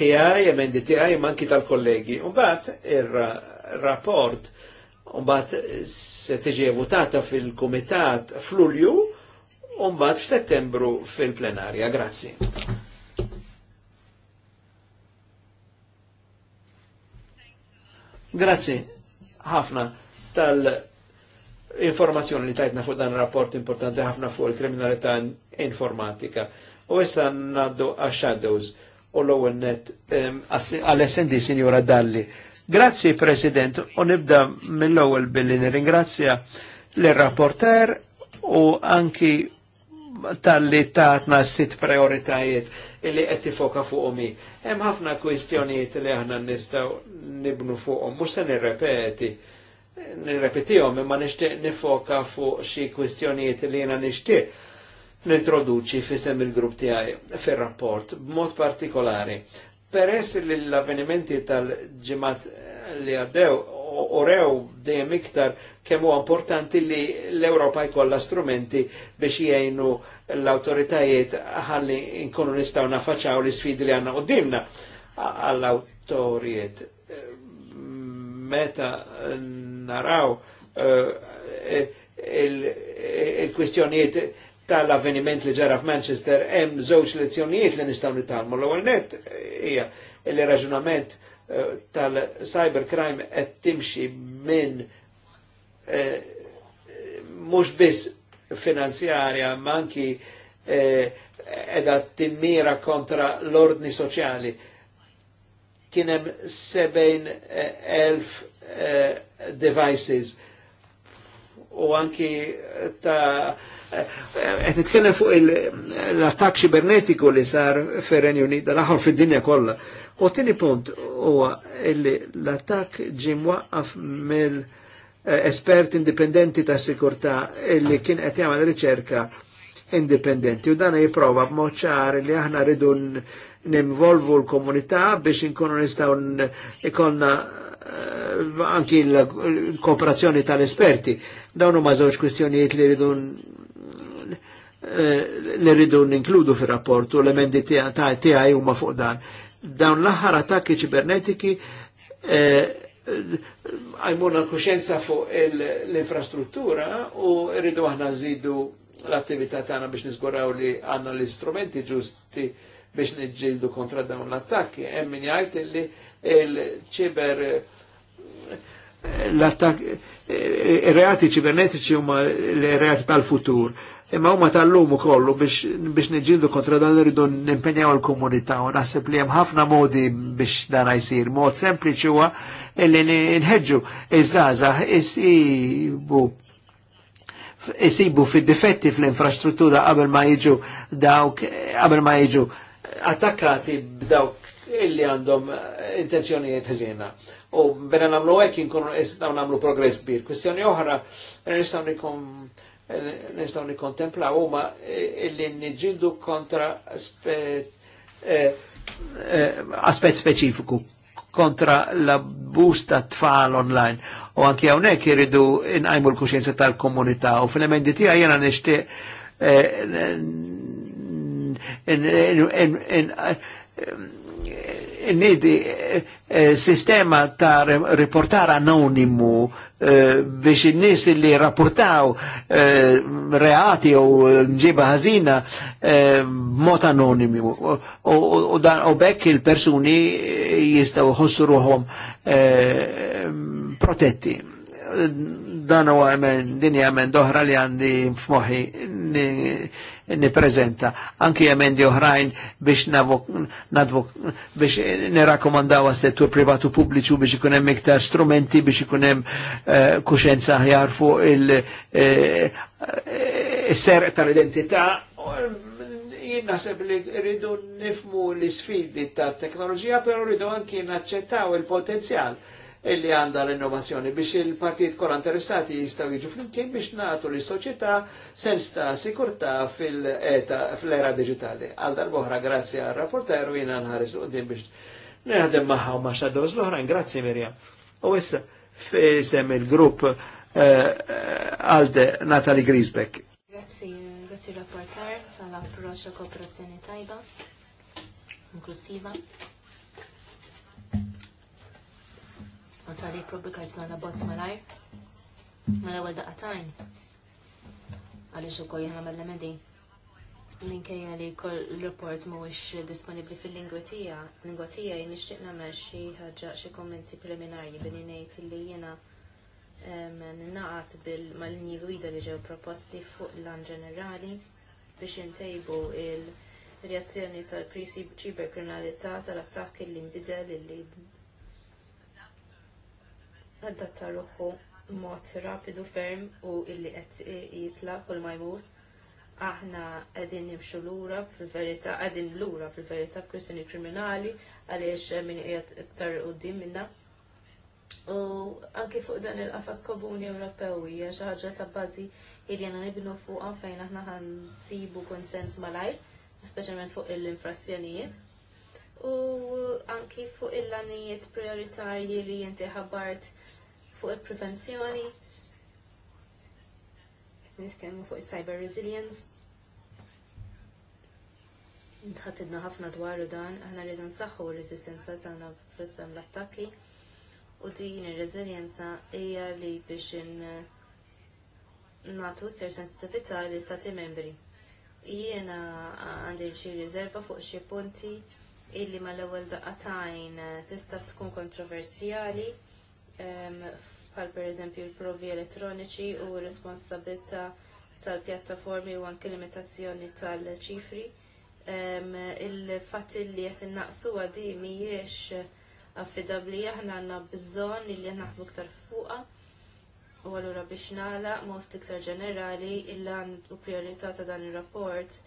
Tiegħi, emendi tiegħi, manki tal-kollegi. Mbagħad ir-rapport -ra Umbat se tiġi votata fil-Kumitat f'Lulju, umbat f'Settembru fil-Plenarja. Grazzi. Grazzi ħafna tal-informazzjoni li tajtna fuq dan rapport importanti ħafna fuq il-kriminalità informatika. U issa naddu għax-shadows u l-ewwel net għal-SND Sinjora Dalli. Grazzi, President, u nibda mill-ewwel billi nirringrazzja l-rapporter u anki tal-li taħtna sit prioritajiet illi qed tifoka fuq hi. Hemm ħafna kwistjonijiet li aħna nistgħu nibnu fuqhom, mhux se nirrepeti. Nirrepetihom imma nixtieq nifoka fuq xi kwistjonijiet li jiena nixtieq nintroduċi fisem il-grupp tiegħi fir-rapport b'mod partikolari Peress li l-avvenimenti tal ġemat li għaddew orew dejjem iktar kemm huwa importanti li l-Ewropa jkollha strumenti biex jgħinu l-awtoritajiet ħalli nkunu nistgħu nafaċaw l-isfidi li għandna qudiemna għall-awtorijiet. Meta naraw eh, il-kwistjonijiet tal-avveniment li ġara f'Manchester hemm żewġ lezzjonijiet li nistgħu nitalmu. L-ewwel net hija li raġunament eh, tal-cybercrime qed timxi minn eh, mhux biss finanzjarja ma anki eh, edha timmira kontra l-ordni soċjali. Kien hemm 70,000 elf devices u anki ta' qed nitkellem fuq l-attak ċibernetiku li sar fir-Renju Unit dal-aħħar fid-dinja kollha. U t-tini punt huwa li l-attak ġie mwaqqaf mill eh, espert indipendenti ta' sikurtà li kien qed jagħmel riċerka indipendenti u dan jipprova b'mod ċar li aħna rridu nimvolvu l-komunità biex inkunu nistgħu ikollna eh, anki l-kooperazzjoni tal-esperti. Dawn huma żewġ kwistjonijiet li rridu li eh, rridu ninkludu fil-rapport u l-emendi tiegħi huma fuq dan. Dawn l-aħħar attakki ċibernetiki eh, għajmuna kuxenza fuq l-infrastruttura u rridu aħna zidu l-attività tagħna biex niżguraw li għandna l-istrumenti ġusti biex niġġieldu kontra dawn l-attakki. Hemm min jgħid li l-ċiber eh, l attakki reati ċibernetiċi huma l-reati tal-futur Imma huma tal-lum ukollu biex, niġildu kontra dan irridu nimpenjaw il-komunità u naħseb li hemm ħafna modi biex dan jsir. Mod sempliċi huwa illi nħeġġu iż-żgħażagħ isibu isibu fid-difetti fl-infrastruttura qabel ma jiġu dawk qabel ma jiġu attakkati b'dawk illi għandhom intenzjonijiet ħżiena u bena namlu għek jinkun nistaw namlu progress bir. Kwistjoni oħra, eh, nistaw nikon nistaw nikontemplaw huma illi niġġieldu kontra aspet speċifiku kontra la busta tfal online. U anki hawnhekk iridu inqajmu l-kuxjenza tal-komunità u fil-emendi tiegħi jiena nixtieq nidi sistema ta' riportar anonimu Eh, biex il-nis li rapportaw eh, reati u mġiba ħażina eh, mot anonimi u dan u bekk il-persuni jistaw jħossu protetti. Dan u għamen dinja għamen doħra li għandi f'moħħi niprezenta anki emendi oħrajn biex nadvok biex nirakomandaw għas-settur privatu pubbliċu biex ikun hemm iktar strumenti biex ikun hemm eh, kuxenza ħjar fuq il-serq eh, eh, tal-identità jien naħseb li rridu nifmu l-sfidi ta' teknoloġija, pero rridu anki naċċettaw il-potenzjal illi għanda l-innovazzjoni biex il-partijiet kolla interessati jistaw jiġu flimkien biex natu li soċjetà sens ta' sikurta fil-era digitali. Għal darboħra, grazzi għal rapporter u jina nħares għoddim biex neħdem maħħa u maċa dawż l-oħrajn, grazzi Mirjam. U issa fisem il-grupp għalde eh, eh, Natali Grisbeck. Grazzi, grazzi rapporter, tal-approċċa kooperazzjoni tajba, inklusiva Ma tali probi kħarġna la bozz malajr. Mela għal daqatajn. Għalix u kol jħana mal-lemedi minkejja li kol report mhuwiex disponibbli fil-lingwa tija, lingwa tija nixtieq nagħmel xi ħaġa xi kommenti preliminari billi ngħid li jiena naqat bil mal gwida li ġew proposti fuq l-an ġenerali biex jintejbu il-reazzjoni tal-krisi ċiberkriminalità tal-attakki li nbidel li adatta ruħu mod rapidu ferm u illi qed jitla kull ma jmur. Aħna qegħdin nimxu lura fil-verità, qegħdin lura fil-verità f'kwistjoni kriminali għaliex min qiegħed iktar quddiem minna. U anki fuq dan il-qafas komuni Ewropew hija xi ħaġa ta' bażi illi għandna nibnu fuqha fejn aħna ħansibu konsens malajr, speċjalment fuq il-infrazzjonijiet u anki fuq il-lanijiet prioritarji li jinti ħabbart fuq il-prevenzjoni, nitkellmu fuq il-cyber resilience. Nħatidna ħafna dwaru dan, aħna rridu nsaħħu r-resistenza tagħna f'rizzam l-attakki u din ir-reżiljenza hija li biex nagħtu ter sensitività l istati membri. Jiena għandi xi riserva fuq xi punti illi ma l-ewwel daqqatajn eh, tista' tkun kontroversjali ehm, bħal pereżempju l-provi elettroniċi u r-responsabilità tal-pjattaformi u anke limitazzjoni tal-ċifri. Ehm, il-fatt li qed innaqsu għadi mhijiex affidabbli aħna għandna bżonn illi naħdmu iktar fuqha. U allura biex nagħlaq mod iktar ġenerali il-għandu priorità ta' dan ir-rapport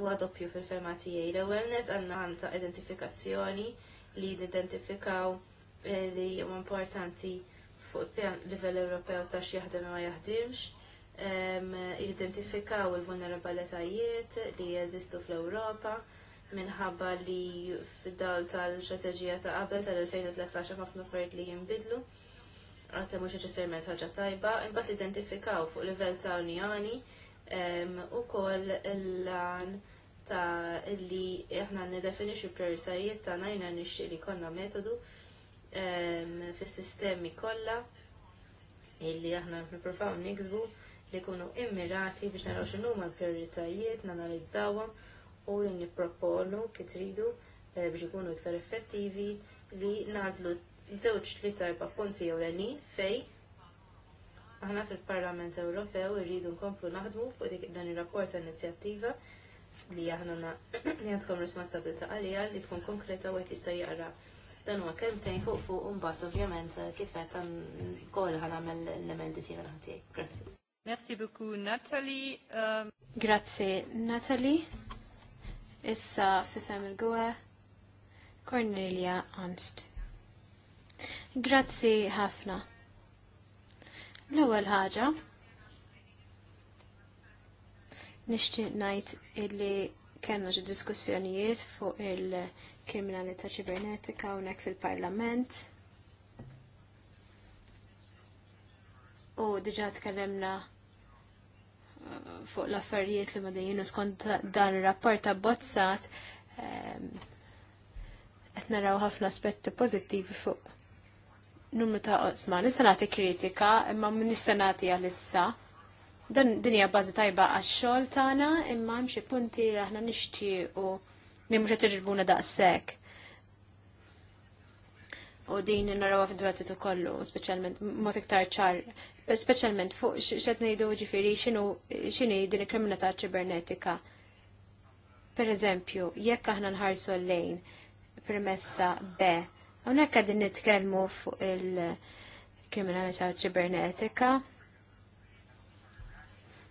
huwa doppju fil-ferma tiegħi. L-ewwel net għandna għandha identifikazzjoni li identifikaw eh, li huma importanti fuq pjan livell Ewropew ta' x'jaħdem ma jaħdimx, identifikaw il-vulnerabilitajiet li jeżistu fl-Ewropa minħabba li fid-dawl tal-strateġija ta' qabel tal-2013 ħafna affarijiet li jinbidlu għakke mux ċessarment ħagġa tajba, imbat identifikaw fuq livell ta' unjoni u koll l-lan ta' li aħna nidefinixu prioritajiet ta' najna nixtieq li konna metodu fis-sistemi kollha illi aħna nippruvaw niksbu li kunu immirati biex naraw xinu l-prioritajiet, nanalizzawhom u li nipproponu kif eh, biex ikunu iktar effettivi li nażlu żewġ li tarba punti ewlenin fej Aħna fil-Parlament Ewropew irridu nkomplu naħdmu fuq dik dan ir-rapport ta' inizjattiva li aħna li għandkom responsabilità għalija li tkun konkreta u qed jista' jaqra dan huwa kemm tejn fuq fuq imbagħad ovvjament eh, kif qed ukoll ħanamel l-emendi tiegħi ħatijek. Grazzi. Merci beaucoup Natalie. Euh, Grazzi Natalie. Issa fisem il-gwe Cornelia Anst. Grazzi ħafna. L-ewwel ħaġa nixtieq ngħid illi kellna xi diskussjonijiet fuq il-kriminalità ċibernetika hawnhekk fil-Parlament. U diġà tkellemna eh, fuq l-affarijiet li ma madejjinu skont dan ir-rapport abbozzat ehm, qed naraw ħafna aspetti pożittivi fuq numru ta' osma. Nista' nagħti kritika, imma nista' nagħti għalissa. Dan din hija bażi tajba għax-xogħol tagħna, imma hemm xi punti li aħna nixtiequ li mhux qed iġbuna daqshekk. U din narawha fid-dwatitu kollu, speċjalment mod iktar ċar, speċjalment fuq x'qed ngħidu ġifieri x'inhu x'inhi din il-kriminalità ċibernetika. Per eżempju, jekk aħna nħarsu lejn permessa B Hawnhekk qegħdin nitkellmu fuq il-kriminalità ċibernetika.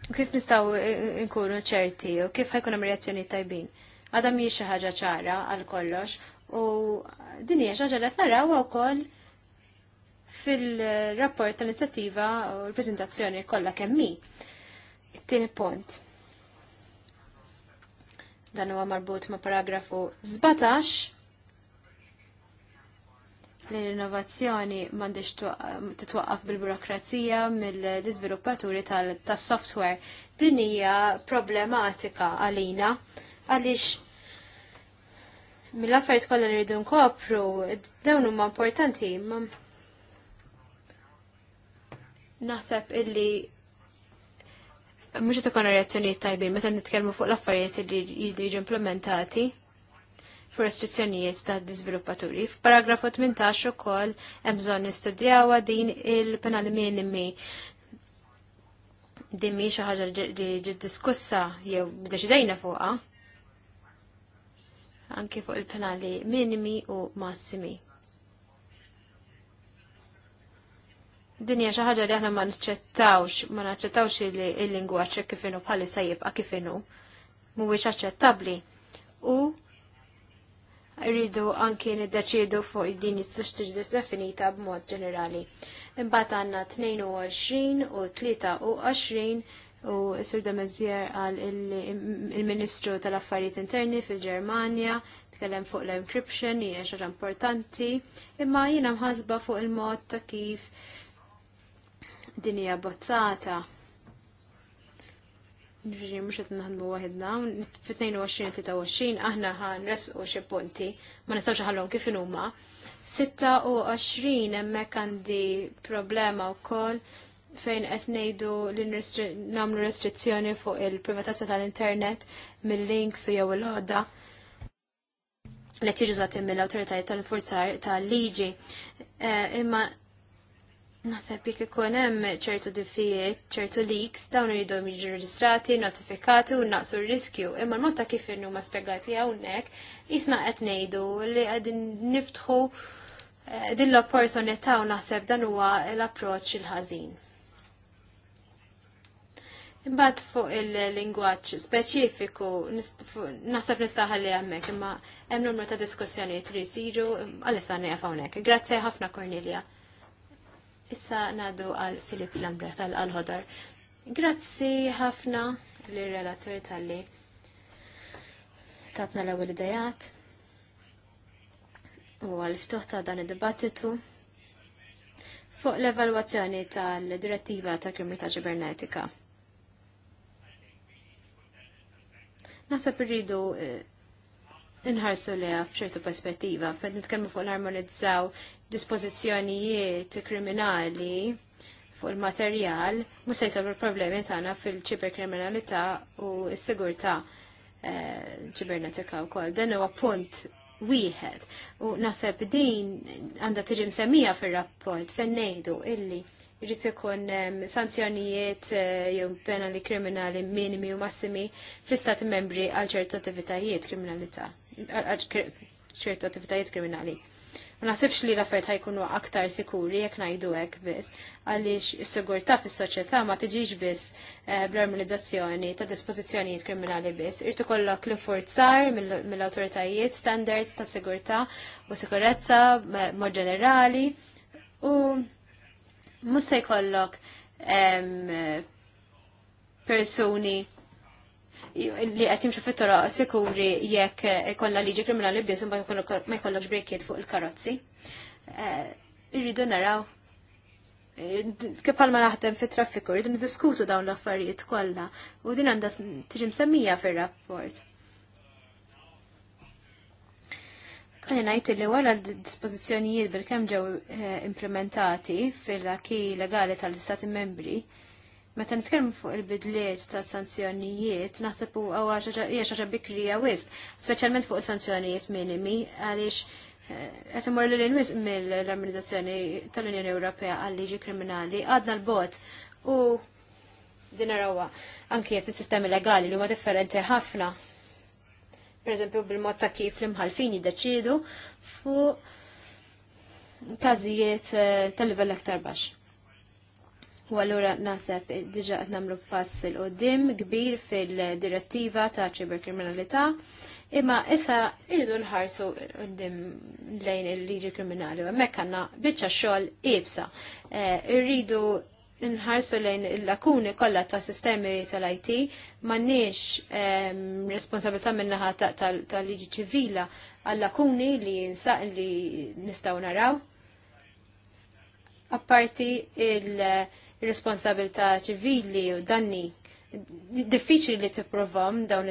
U kif nistgħu nkunu ċerti u kif ħajkun hemm reazzjoni tajbin. Għadha mhijiex xi ħaġa ċara għal kollox u din hija xi ħaġa li qed narawha wkoll fil-rapport tal-inizjattiva u l-prezentazzjoni kollha kemmi. It-tieni punt. Dan huwa marbut ma' paragrafu 17 li l-innovazzjoni mandiġ titwaqqaf bil-burokrazija mill-izviluppaturi tal-software. Din hija problematika għalina għaliex mill-affarijiet kollha nridu nkopru dawn huma importanti. Naħseb illi mhux qed ikun reazzjonijiet tajbin meta nitkellmu fuq l-affarijiet li jridu jiġu implementati fuq ta' diżviluppaturi. F'paragrafu 18 ukoll hemm bżonn nistudjawha din il-penali minimi din mhi xi ħaġa li ġiet diskussa jew deċidejna fuqha. Anki fuq il-penali minimi u massimi. Dinja xi ħaġa li aħna ma naċċettawx, ma naċċettawx il-lingwaġġ kif inhu bħalissa jibqa' kif inhu mhuwiex aċċettabbli. U rridu anki niddeċidu fuq id-din it-sistiġ definita b'mod ġenerali. Imbagħad għandna 22 u 23 u Sir Demezzier għal il-Ministru tal-Affarijiet Interni fil-Ġermanja tkellem fuq l-encryption hija xaġa importanti, imma jiena mħasba fuq il-mod ta' kif din hija bozzata Ġiġi mux għet naħdmu għahidna, fit-22-23 aħna ħan resqu xie punti, ma nistawx ħallom kif huma. 26 emmek għandi problema u koll fejn qed ngħidu li nagħmlu restrizzjoni fuq il-privatezza tal-internet mill-links u jew il-ħodda li tiġi użati mill-awtoritajiet tal-forzar tal-liġi. Eh, imma Naħseb jekk ikun hemm ċertu diffijiet, ċertu leaks, dawn iridhom jiġu reġistrati, notifikati u naqsu r-riskju. Imma l-mod ta' kif innu ma spjegati hawnhekk, jisna qed ngħidu li qegħdin niftħu eh, din l-opportunità u naħseb dan huwa l-approċċ il-ħażin. Imbagħad fuq il-lingwaġġ speċifiku naħseb nistaħalli hemmhekk imma hemm numru ta' diskussjonijiet li jsiru għalissa nieqaf hawnhekk. Grazzi ħafna Cornelia. Issa nadu għal Filip Lambre tal alħodar Grazzi ħafna l-relatur tal-li tatna l-ewwel idejat u għal ftuħ ta' dan id-dibattitu fuq l-evalwazzjoni tal-direttiva ta' kriminalità ġibernetika. Nasab irridu eh, nħarsu leha b'ċertu perspettiva. Fed nitkellmu fuq narmonizzaw dispożizzjonijiet kriminali fuq il-materjal, mhux se l-problemi tagħna fil-ċiberkriminalità u s-sigurtà eh, ċibernetika wkoll. Dan huwa punt wieħed u naħseb din għandha tiġi msemmija fir-rapport fejn ngħidu illi jrid ikun ehm, sanzjonijiet eh, jew penali kriminali minimi u massimi fl-istati membri għal ċertu attivitajiet kriminalità ċertu attivitajiet kriminali. Ma naħsibx li l-affarijiet ħajkunu aktar sikuri jekk ngħidu hekk biss, għaliex is-sigurtà fis-soċjetà ma tiġix biss eh, bl-armonizzazzjoni ta' dispożizzjonijiet kriminali biss. Irtu kollok l-infurzar mill-awtoritajiet standards ta' sigurtà u sikurezza eh, mod ġenerali u mhux se jkollok eh, persuni li qed jimxu fit-toroq sikuri jekk ikollha liġi kriminali biss imbagħad ma jkollokx brejkiet fuq il-karozzi. Eh, irridu naraw eh, kif ma naħdem fit traffiku rridu niddiskutu dawn l-affarijiet kollha u din għandha tiġi msemmija fir-rapport. Għalli najt li wara l-dispozizjonijiet bil-kem ġew eh, implementati fil-laki legali tal-Istati membri, Meta nitkellmu fuq il-bidliet ta' sanzjonijiet, naħseb hija xi ħaġa bikrija wisq, speċjalment fuq sanzjonijiet minimi għaliex eh, qed imur lil wisq mill organizzazzjoni tal-Unjoni Ewropea għal liġi kriminali għadna l-bot u din rawa anke fis-sistemi legali li huma differenti ħafna. Pereżempju bil-mod ta' kif l-imħalfin jiddeċidu fuq każijiet eh, tal-livell aktar baxx. U allura naħseb diġa qed nagħmlu pass il qudiem kbir fil-direttiva ta' ċiberkriminalità, imma issa irridu nħarsu qudiem lejn il-liġi kriminali u hemmhekk għandna biċċa xogħol iebsa. Eh, irridu nħarsu lejn il-lakuni kollha ta' sistemi tal-IT m'għandniex ehm, responsabilità minnaħa tal-liġi ċivila għal-lakuni li jinsaq li nistgħu naraw. Apparti il- responsabilità ċivili u danni diffiċli li t-provom dawn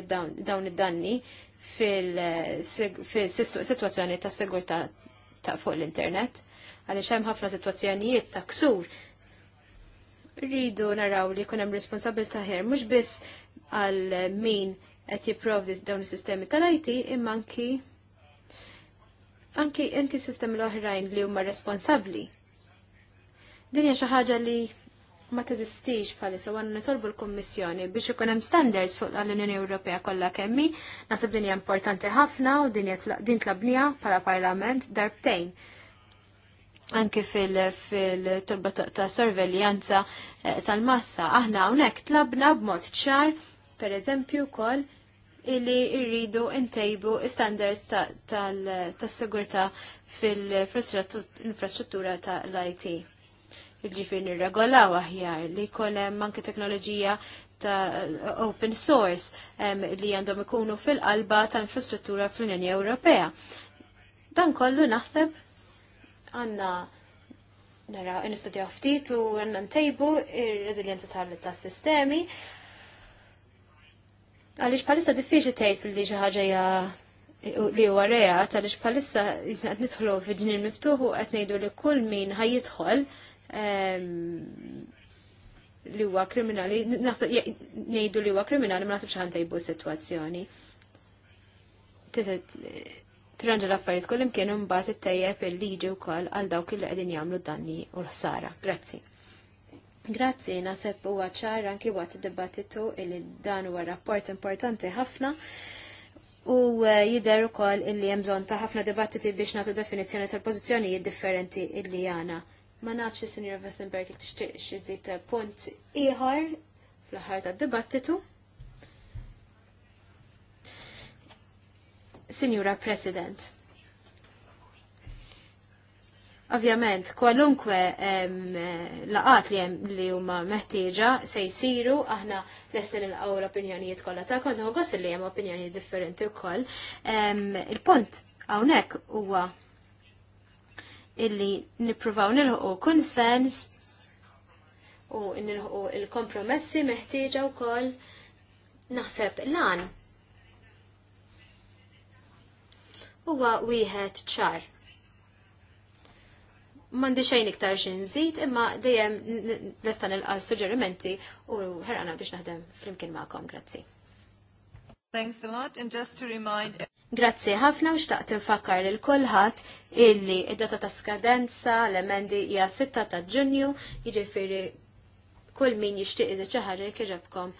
id-danni fil-situazzjoni ta' sigurtà ta' fuq l-internet għaliex hemm ħafna situazzjonijiet ta' ksur rridu naraw li jkun hemm ħer mhux biss għal min qed jipprovdi dawn is-sistemi tal-IT imma anki anki inti sistemi l-oħrajn li huma responsabbli. Dinja xi ħaġa li ma teżistix palissa għanna nitolbu l-Kommissjoni biex ikun hemm standards fuq l-Unjoni Ewropea kollha kemmi, nasib din hija importanti ħafna u din tlabnija bħala Parlament darbtejn. Anke fil tolba ta' sorveljanza eh, tal-massa, aħna hawnhekk tlabna b'mod ċar, per eżempju wkoll illi irridu intejbu standards tas-sigurtà fil-infrastruttura tal-IT ġifir nirregolaw aħjar li kolem anke teknoloġija ta' open source li għandhom ikunu fil-qalba ta' infrastruttura fl-Unjoni Ewropea. Dan kollu naħseb għanna nara nistudja ftit u għanna ntejbu ir-reżiljenza tal-sistemi. Għalix palissa diffiċi tgħid li xi ħaġa li huwa reja, għaliex palissa jisna qed nidħlu fid-din il-miftuħ u qed ngħidu li kull min ħajjidħol jidħol li huwa kriminali, ngħidu li huwa kriminali ma naħsibx ħanta jibu s-sitwazzjoni. Tranġa l-affarijiet kollim kienu mbagħad ittejjeb il-liġi wkoll għal dawk li qegħdin jagħmlu danni u l-ħsara. Grazzi. Grazzi, naħseb huwa ċar anki waqt id-dibattitu li dan huwa rapport importanti ħafna u eh, jidher ukoll illi hemm bżonn ta' ħafna dibattiti biex nagħtu definizzjoni tal-pożizzjonijiet differenti illi għana. Ma nafx il sinjor Vessenberg jek tixtieq xiżid punt ieħor fl-aħħar tad-dibattitu. Sinjura President. Ovvjament, kwalunkwe laqat li hemm li huma meħtieġa se jsiru aħna lesti nilqgħu l-opinjonijiet kollha ta' u gost li hemm opinjonijiet differenti wkoll. Il-punt hawnhekk huwa illi nippruvaw nilħu konsens u nilħu il-kompromessi meħtieġa wkoll naħseb lan. Huwa wieħed ċar. Mandi xejn iktar xi nżid imma dejjem lestan il suġġerimenti u ħerqana biex naħdem flimkien magħkom, grazzi. Thanks a lot, and just to remind... Grazzi ħafna u xtaqt infakkar lil kulħadd illi id-data ta' skadenza l-emendi hija 6 ta' Ġunju, jiġifieri kull min jixtieq iżda xi ħaġa jkiġobkom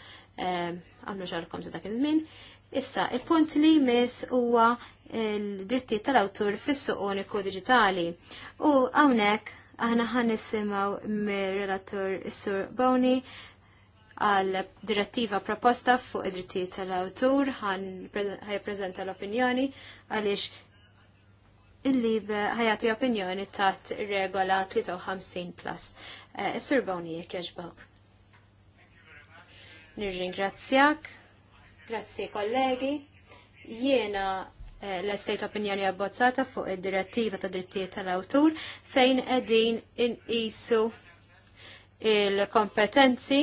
eh, għamlu xarkom sa dak il-min. Issa, il-punt li jmiss huwa l-drittijiet tal-awtur fis-suq uniku diġitali. U hawnhekk aħna ħan nisimgħu mir-relatur Sur Boni għal direttiva proposta fuq id-drittijiet tal-awtur prezenta l-opinjoni għaliex il ħajati opinjoni tat regola 53 plus. Eh, Is-sur Bawni jek jaġbok. Nirringrazzjak, grazzi kollegi, jiena eh, l-estate opinjoni abbozzata fuq id-direttiva ta' drittijiet tal-awtur fejn edin in-isu il-kompetenzi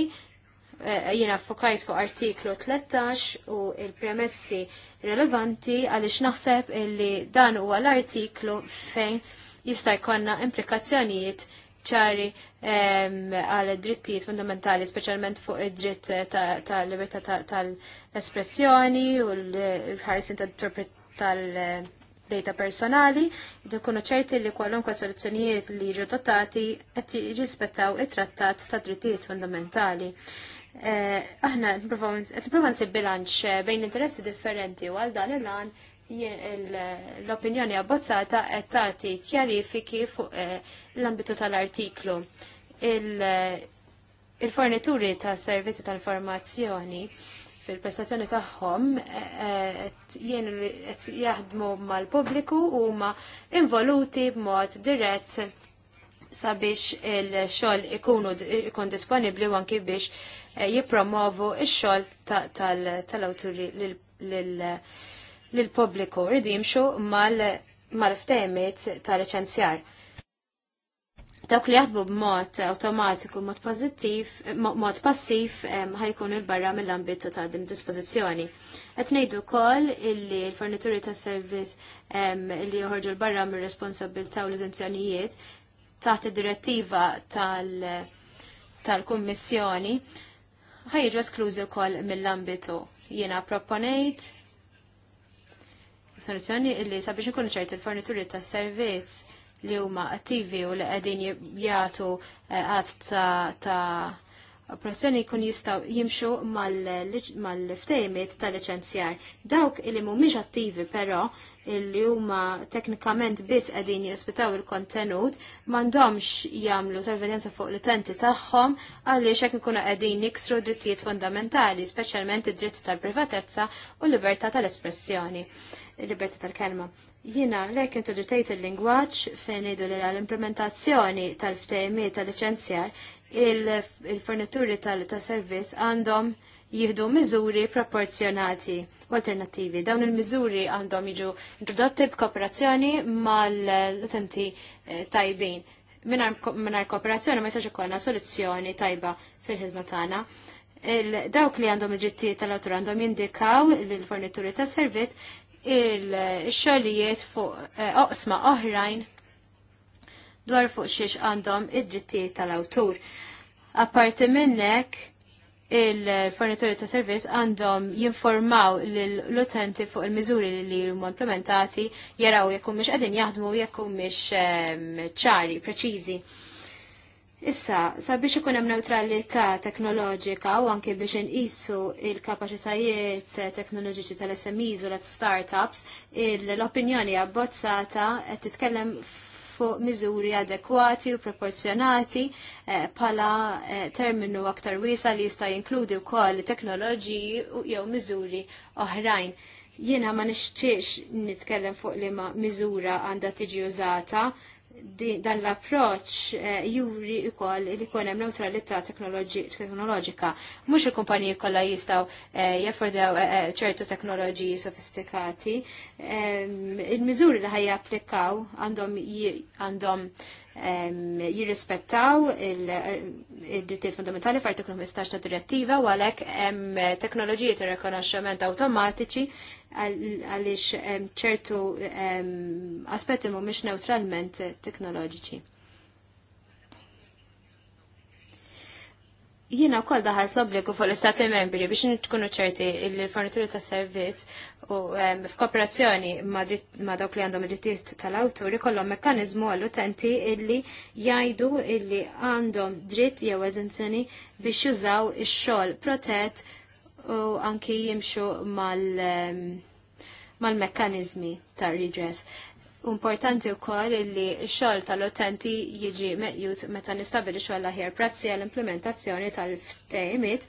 Eh, jina fokajt fuq artiklu 13 u il-premessi relevanti għaliex naħseb illi dan huwa l-artiklu fejn jista' jkollna implikazzjonijiet ċari għal drittijiet fundamentali, speċjalment fuq id-dritt tal libertà tal-espressjoni u l-ħarsin tal-data personali, dikunu ċerti li kwalunkwe soluzzjonijiet li jiġu dotati qed jirrispettaw it-trattat ta' drittijiet fundamentali. Eh, aħna nipprova nsib bilanċ eh, bejn interessi differenti u għal dan il-għan l-opinjoni abbozzata qed tagħti kjarifiki fuq eh, l-ambitu tal-artiklu. Il-fornituri ta' servizzi tal-informazzjoni fil-prestazzjoni tagħhom qed jaħdmu mal-pubbliku huma involuti b'mod dirett sabiex il-xol ikunu ikun disponibli u anki biex eh, jipromovu il-xol tal-awturi l-publiku rridu jimxu mal-ftemiet tal-licenzjar. Dawk li jaħdmu b'mod automatiku, mod pozittiv, mod passiv ħajkun il-barra mill-ambitu ta' din dispożizzjoni. Qed ngħidu wkoll illi l-fornituri ta' servizz li joħorġu l-barra mir-responsabilità u l-eżenzjonijiet taħt id-direttiva tal-Kummissjoni tal ħajġu esklużi wkoll mill-ambitu. Jiena proponejt soluzzjoni li sabiex nkunu ċert il-fornituri ta' servizz li huma attivi u li qegħdin jagħtu qatt eh, ta', professjoni operazzjoni kun jistaw jimxu mal-ftejmiet mal ftejmiet tal licenzjar Dawk illi mhumiex attivi però Illi huma teknikament biss qegħdin jospitaw il-kontenut m'għandhomx jagħmlu sorveljanza fuq l-utenti tagħhom għaliex hekk ikunu qegħdin niksru drittijiet fundamentali, speċjalment id-dritt tal-privatezza u l-libertà tal-espressjoni, il-libertà tal-kelma. Jina, lek introduċtejt il lingwaġġ fejn idu li l-implementazzjoni tal-ftejmi tal liċenzjar il-fornituri tal servizz għandhom jihdu miżuri proporzjonati u alternativi. Dawn il-miżuri għandhom jiġu introdotti b'kooperazzjoni mal-utenti eh, tajbin. Minar kooperazzjoni ma jistax ikollna soluzzjoni tajba fil-ħidma tagħna. Dawk li għandhom id-drittijiet tal-awtur għandhom jindikaw lill-fornituri ta' servizz il-xogħlijiet fuq eh, oqsma oħrajn dwar fuq xiex għandhom id-drittijiet tal-awtur. Apparti minnek, il-fornituri ta' servizz għandhom jinformaw l-utenti fuq il-miżuri li huma implementati jaraw jekk mhux qegħdin jaħdmu jekk mhux ehm, ċari, preċiżi. Issa, sabiex ikun hemm neutralità teknoloġika u anke biex inqisu il-kapaċitajiet teknoloġiċi tal-SMEs u l-startups, l-opinjoni abbozzata qed titkellem fuq miżuri adekwati u proporzjonati eh, pala eh, terminu aktar wiesa li jista' jinkludi wkoll teknoloġiji jew miżuri oħrajn. Jiena ma nixtiex nitkellem fuq li ma miżura għandha tiġi użata dan l-approċ eh, juri juri koll li konem hemm neutralità teknoloġika. Mhux il-kumpaniji kollha jistgħu eh, eh, eh ċertu teknoloġiji sofistikati. Il-miżuri li ħaj applikaw għandhom jirrispettaw il-drittijiet fundamentali f'artiklu 15 ta' direttiva u għalhekk hemm teknoloġiji ta' rikonoxximent awtomatiċi għaliex ċertu aspetti mhumiex neutralment teknoloġiċi. Jiena wkoll daħalt l-obbligu fuq l-Istati membri biex nitkunu ċerti l fornituri ta' servizz u f'kooperazzjoni ma' dawk li għandhom id dittijiet tal-awtur ikollhom mekkaniżmu għall-utenti illi jgħidu illi għandhom dritt jew eżenzjoni biex jużaw ix-xogħol protett u anki jimxu mal- mal-mekkanizmi tar redress Importanti u koll illi xol tal-utenti jiġi meqjus meta nistabili xol laħjar prassi għall-implementazzjoni tal-ftejmit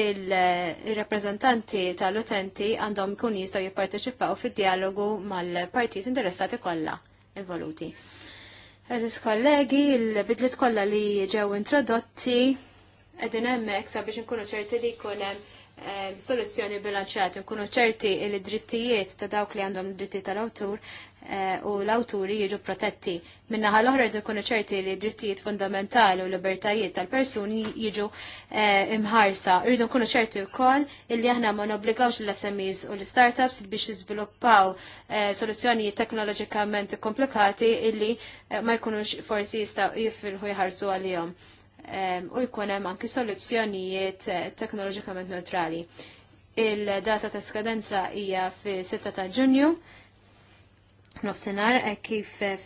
il-rappresentanti tal-utenti għandhom kun jistaw jipparteċipaw fid-dialogu mal-partijiet interessati kollha involuti. Għazis kollegi, il-bidlit kollha li ġew introdotti, edin hemmhekk sabiex nkunu ċerti li jkun hemm ehm, soluzzjoni bilanċjat, nkunu ċerti li drittijiet ta' dawk li għandhom dritti tal-awtur Eh, u l-awturi jiġu protetti. Minna l-oħra jdu jkunu ċerti li drittijiet fundamentali u libertajiet tal-persuni jiġu eh, imħarsa. Rridu kunu ċerti wkoll illi aħna ma nobbligawx l-SMEs u l-startups biex jiżviluppaw eh, soluzzjonijiet teknoloġikament komplikati illi ma jkunux forsi jistgħu jifilħu jħarsu għalihom. U jkun hemm anki soluzzjonijiet teknoloġikament neutrali. Il-data ta' skadenza hija fi 6 ta' Ġunju nofsenar eh, kif eh,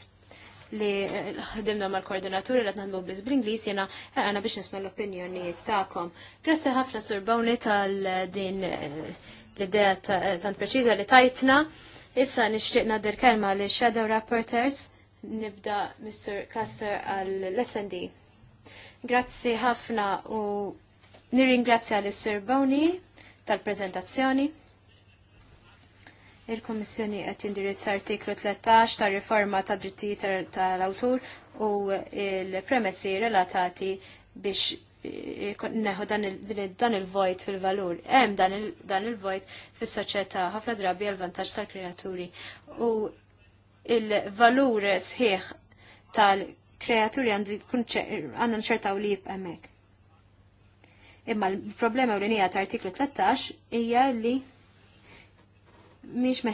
li eh, ħdimna mal koordinaturi li għadna biz bl-Inglis jena għana biex nisma l-opinjonijiet ta'kom. Grazzi ħafna surbawni tal-din l-idea tan preċiza li tajtna. Issa nixtieq dir kelma li Shadow Rapporters nibda Mr. Kasser għall-SND. Grazzi ħafna u nirringrazzja l-Sir Boni tal-prezentazzjoni. Il-Komissjoni qed indirizz artiklu 13 ta' riforma ta' drittijiet tal-awtur u il-premessi relatati biex eh, neħu dan il-vojt fil-valur. Hemm dan il-vojt fis-soċjetà ħafna drabi għal vantaġġ tal-kreaturi. U il-valur sħiħ tal-kreaturi għandu nċertaw li hemmhekk. Imma l-problema ewlenija ta' artiklu 13 hija li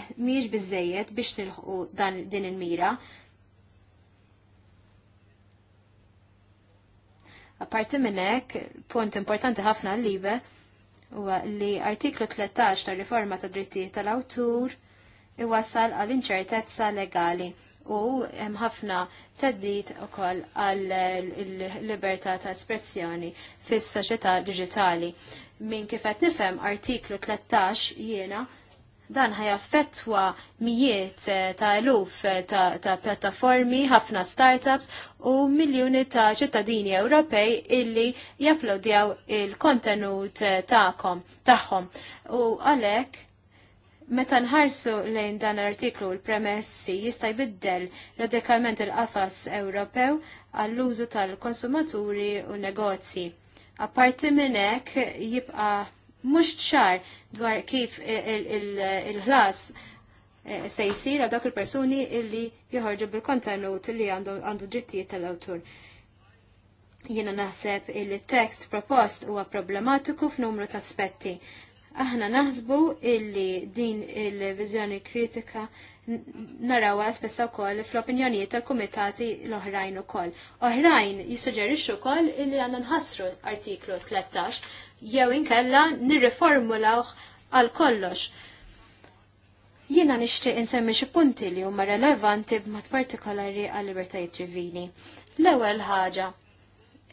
miex bizzejiet biex nilħu dan din il-mira. Apparti minnek, punt importanti ħafna l-libe, u li artiklu 13 ta' riforma ta' drittijiet tal-awtur iwasal għal inċertezza legali u hemm ħafna teddit ukoll għal libertà ta' espressjoni fis-soċjetà diġitali. Min kif qed nifhem artiklu 13 jiena dan ħajaffettwa mijiet eh, ta' eluf eh, ta' pjattaformi, ħafna startups u miljoni ta' ċittadini Ewropej illi japplodjaw il-kontenut eh, ta'kom, tagħhom. U għalhekk meta nħarsu lejn dan artiklu l-premessi jista' jbiddel radikalment il-qafas Ewropew għall-użu tal-konsumaturi u negozji. Apparti minn hekk jibqa' mhux ċar dwar kif il-ħlas eh, se jisir għal il-persuni illi joħorġu bil-kontenut li għandu drittijiet tal-awtur. Jiena naħseb illi t-tekst propost huwa problematiku f'numru ta' aspetti. Aħna naħsbu illi din il vizjoni kritika narawa spessa wkoll fl-opinjonijiet tal-kumitati l-oħrajn ukoll. Oħrajn jissuġġerixxu wkoll illi għandna nħassru artiklu 13 jew inkella nirriformulawh għal kollox. Jiena nixtieq insemmi xi punti li huma relevanti b'mod partikolari għal libertajiet ċivili. L-ewwel ħaġa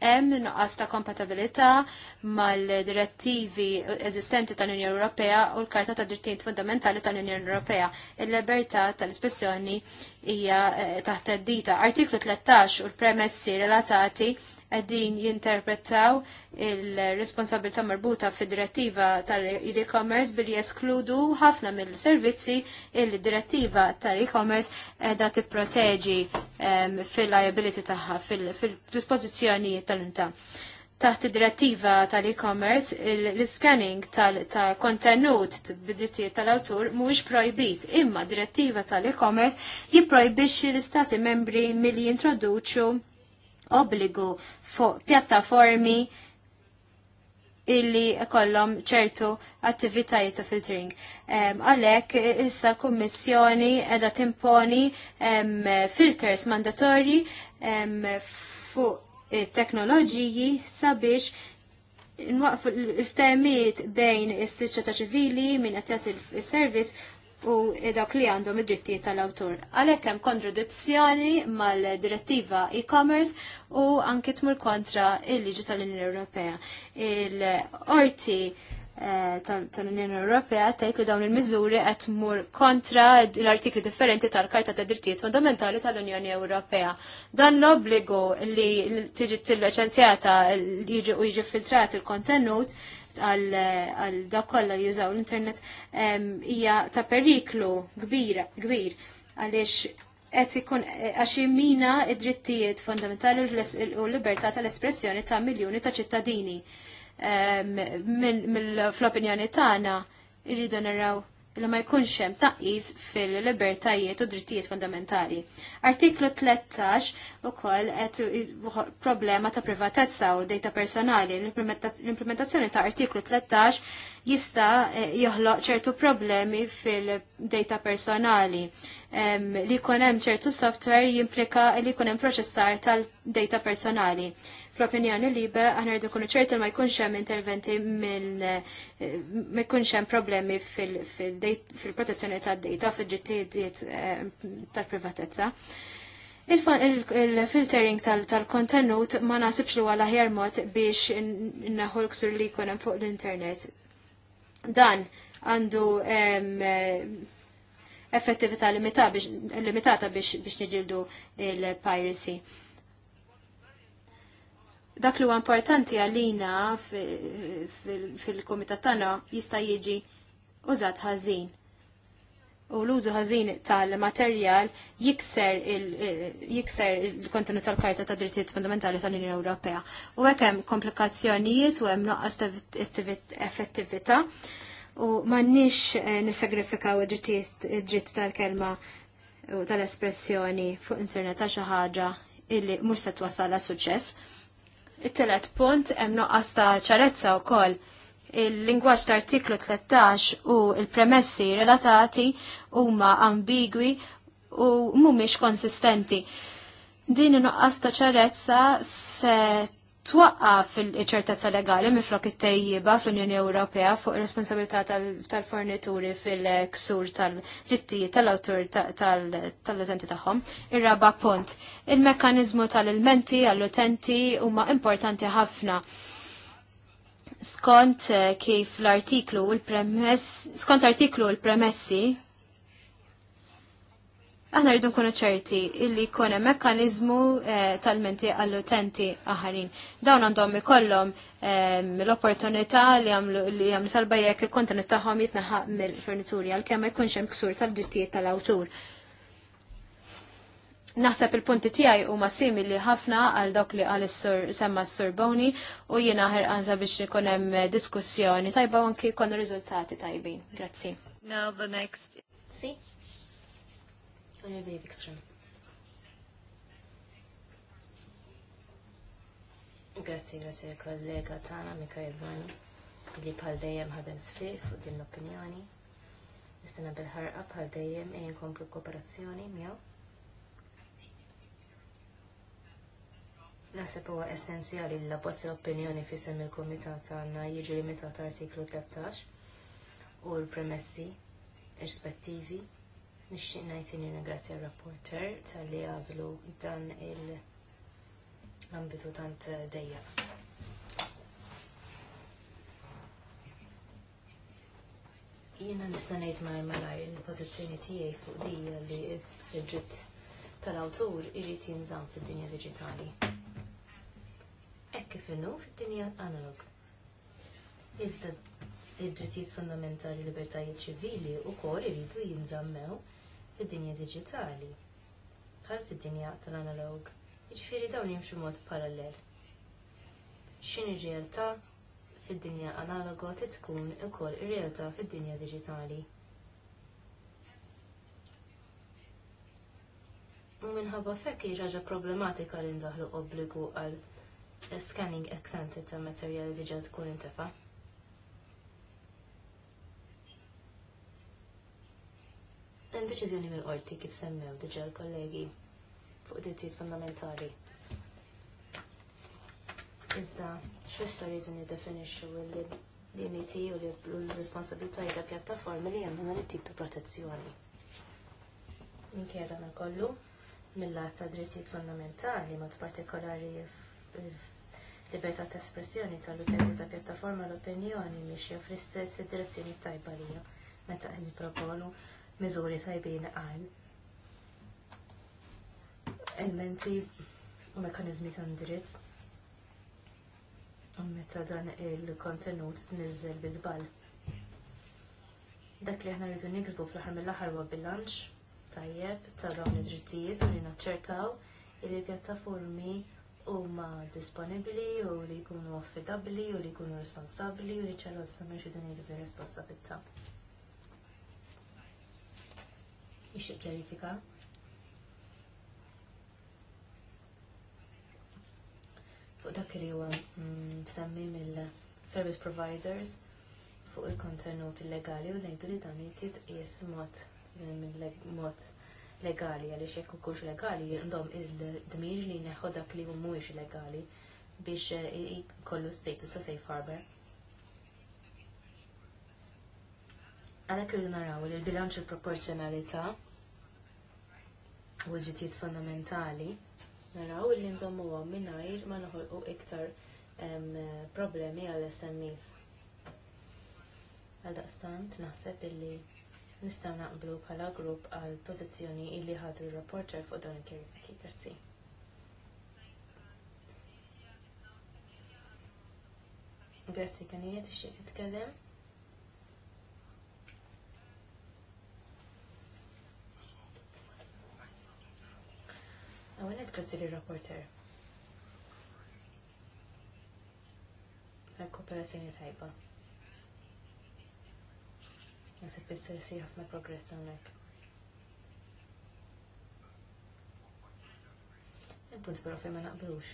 hemm nuqqas ta' kompatibilità mal-direttivi eżistenti tal-Unjoni Ewropea u l-Karta ta' Drittijiet Fundamentali tal-Unjoni Ewropea. Il-libertà tal-espressjoni hija eh, taħt id-dita. Artiklu 13 u l-premessi relatati qegħdin jinterpretaw il responsabilta marbuta fid-direttiva tal-e-commerce billi jeskludu ħafna mill-servizzi il-direttiva tal-e-commerce qiegħda tipproteġi proteġi ehm, fil-liability tagħha fil-dispożizzjonijiet tal-inta. Taħt id-direttiva tal-e-commerce, l-scanning tal-kontenut bidrittijiet tal-awtur mhuwiex projbit, imma direttiva tal-e-commerce jipprojbixxi l-istati membri milli jintroduċu obbligu fuq pjattaformi illi kollom ċertu attivitajiet ta' filtering. Għalek, issa l-Kommissjoni edha timponi filters mandatorji fuq eh, teknoloġiji sabiex nwaqfu l-ftemiet bejn is-siċċa ta' ċivili minn qed il servis u dak li għandhom id-drittijiet tal-awtur. Għalhekk hemm kontradizzjoni mal-direttiva e-commerce u anke tmur kontra il-liġi tal-Unjoni Ewropea. Il-orti eh, tal-Unjoni Ewropea tgħid li dawn il-miżuri qed tmur kontra l-artikli differenti tal-Karta tad Drittijiet Fundamentali tal-Unjoni Ewropea. Dan l-obbligu li tiġi tilliċenzjata u jiġi filtrat il-kontenut għal dak kollha li jużaw l-internet hija ta' periklu kbira kbir għaliex qed ikun għax jimmina id-drittijiet fundamentali u l-libertà tal-espressjoni ta' miljuni ta' ċittadini. fl opinjoni tagħna irridu naraw billi ma jkunx hemm taqis fil-libertajiet u drittijiet fundamentali. Artiklu 13 ukoll qed problema ta' privatezza u data personali. L-implementazzjoni ta' artiklu 13 jista' e, joħloq ċertu problemi fil-data personali. Li jkun hemm ċertu software jimplika li jkun hemm proċessar tal-data personali fl-opinjoni li be aħna rridu kunu ċertu ma jkunx hemm interventi eh, ma jkunx hemm problemi fil-protezzjoni tad-data fid-drittijiet eh, tal-privatezza. Il-filtering tal-kontenut ma nasibx li għala ħjar mod biex naħu l-ksur li jkun hemm fuq l-internet. Dan għandu effettività limitata biex niġildu il-piracy dak li huwa importanti għalina fil-komitat tagħna jista' jiġi użat ħażin. U l-użu ħażin tal-materjal jikser il-kontenu tal-Karta ta' Drittijiet Fundamentali tal-Unjoni Ewropea. U hekk hemm komplikazzjonijiet u hemm noqqas ta' effettività u m'għandniex eh, nissagrifikaw id-dritt tal-kelma u tal-espressjoni fuq internet għal xi ħaġa illi mhux se twassal suċċess It-telet punt hemm noqqas ta' ċarezza wkoll il-lingwaġġ ta' artiklu 13 u il-premessi relatati huma ambigwi u mhumiex konsistenti. Din in-noqqas ta' ċarezza se twaqqaf il-ċertezza legali miflok it-tejjiba fl-Unjoni Ewropea fuq responsabilità tal-fornituri fil-ksur tal-rittijiet tal-autur tal-utenti tagħhom. Ir-raba punt, il-mekkaniżmu tal-ilmenti għall-utenti huma importanti ħafna skont eh, kif l-artiklu l-premess skont l-artiklu l-premessi Aħna rridu nkunu ċerti illi jkun hemm mekkaniżmu eh, tal-menti għall-utenti aħarin. Dawn għandhom ikollhom ehm, l-opportunità li jagħmlu salba jekk il-kontenut tagħhom jitnaħaq mill fernituri għalkemm ma jkunx hemm ksur tal-drittijiet tal-awtur naħseb il-punti tiegħi huma simili ħafna għal dok li għal sur semma s-sur Boni u aħer ħerqanza biex ikun hemm diskussjoni tajba u anki jkunu riżultati tajbin. Grazzi. Now the next. Si? Onorevoli Grazie, Grazzi, grazzi kollega tana Mikael Vano li bħal dejjem ħadem sfif fuq din l-opinjoni. Nistenna bil-ħarqa bħal dejjem e nkomplu kooperazzjoni miegħu. Naħseb huwa essenzjali li l l-opinjoni fisem il-Kumitat tagħna jiġi limitat artiklu 13 u l-premessi rispettivi Nixtieq ngħid li ningrazzja r-rapporter talli għażlu dan il-ambitu tant dejjaq. Jiena nista' ngħid mal malajr il-pożizzjoni tiegħi fuq dija li id dritt tal-awtur irid jinżamm fid-dinja diġitali. Hekk kif innu fid-dinja analog. Iżda id-drittijiet fundamentali libertajiet ċivili wkoll iridu jinżammew fid-dinja digitali bħal fid-dinja tal-analog. Jiġifieri dawn jimxu mod parallel. X'inhi r-realtà fid-dinja analoga tkun ukoll ir-realtà fid-dinja digitali. U minħabba fekk ħaġa problematika li ndaħlu obbligu għal scanning ex ante ta' materjali diġà tkun intefa'. Hemm deċizjoni mill-qorti kif semmew diġà l-kollegi fuq drittijiet fundamentali. Iżda x'issa rridu niddefinixxu l-limiti u l responsabilità ta' pjattaformi li hemm dan it-tip ta' protezzjoni. Nkjeda dan kollu, mill-lat ta' drittijiet fundamentali mod partikolari libertà ta' espressjoni tal-utenti ta' pjattaforma l-opinjoni miex joffri stess fid-direzzjoni tajba lija meta qed proponu miżuri tajbin għal elementi u mekanizmi ta' u Meta dan il-kontenut nizzel bizbal. Dak li aħna rridu niksbu fl-aħħar mill-aħħar huwa bilanċ tajjeb ta' dawn id-drittijiet u li naċċertaw li l-pjattaformi huma disponibbli u li jkunu affidabbli u li jkunu responsabbli u li ċellos ta' meċu din id-responsabilità ixtieq kjarifika. Fuq dak li huwa mm, semmi mill-service providers fuq il-kontenut illegali u ngħidu li dan jitid jis mod mod legali għaliex jekk ukollx legali għandhom il-dmir li neħu dak li mhuwiex legali biex eh, kollu status ta' safe harbor. Għalhekk irridu naraw li l-bilanċ il-proporzjonalità u l fondamentali, naraw li nżommu għom minnajr ma noħolqu iktar problemi għal SMEs. Għaldaqstant naħseb illi nistaw naqblu bħala grupp għal pożizzjoni illi ħad il-rapporter fuq dawn il-kirki. Grazzi. Grazie kanijiet ixtieq titkellem. Għonet, grazzi li rapporter. Għal-kooperazzjoni tajba. Nasib jisser si għafna progress għonek. Il-punt pero ma naqblux.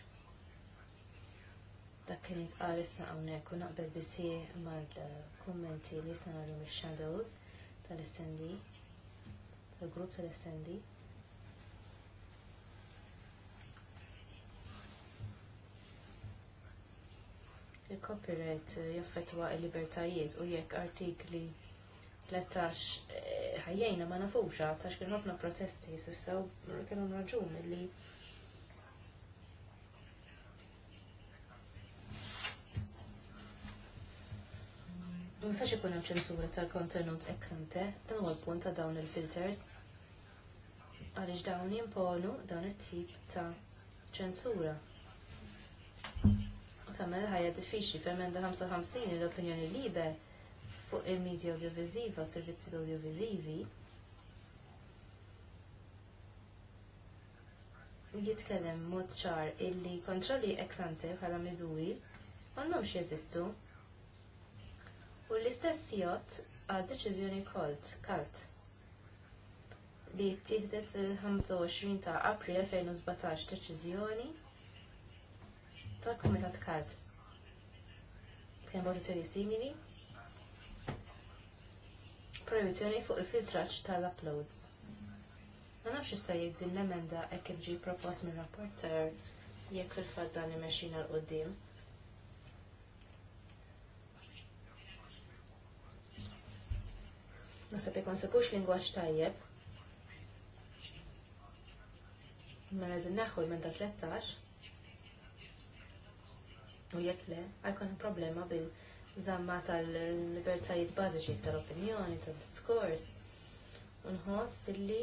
Dak kien jitqal issa hawnhekk u naqbel bisi mal-kummenti li jisna għalhom ix-shadows tal-SND, tal-grupp tal-SND. grupp tal snd il-copyright eh, jaffetwa il-libertajiet u jekk artikli 13 eh, ħajjina ma nafux għatax kien ħafna protesti sissa u kienu raġun li Nistax ikun hemm ċensura tal-kontenut ex ante, dan huwa l-punt ta' dawn il-filters. Għaliex dawn jimponu dan it-tip ta' ċensura u tagħmel ħajja diffiċli f'emenda 55 l-opinjoni liber fuq il-medja audiovisiva, servizzi audiovisivi. Jitkellem mod ċar illi kontrolli ex ante bħala miżuri m'għandhomx jeżistu. U l-istess jgħod għad deċiżjoni kolt, kalt li ttieħdet fil-25 ta' April 2017 deċiżjoni tal kumitat Kart. Kien pożizzjoni simili. Proibizzjoni fuq il-filtraġġ tal-uploads. Ma nafx issa jekk din l-emenda hekk kif ġie propost minn rapporter jekk fil-fatt dan imexxin għal qudiem. Nasab jekk ma nsibux lingwaġġ tajjeb. Mela ġin naħu l-emenda 13 U jekk le, għajkun problema bil-żamma tal-libertajiet bażiċi tal-opinjoni, tal-diskors. Unħoss illi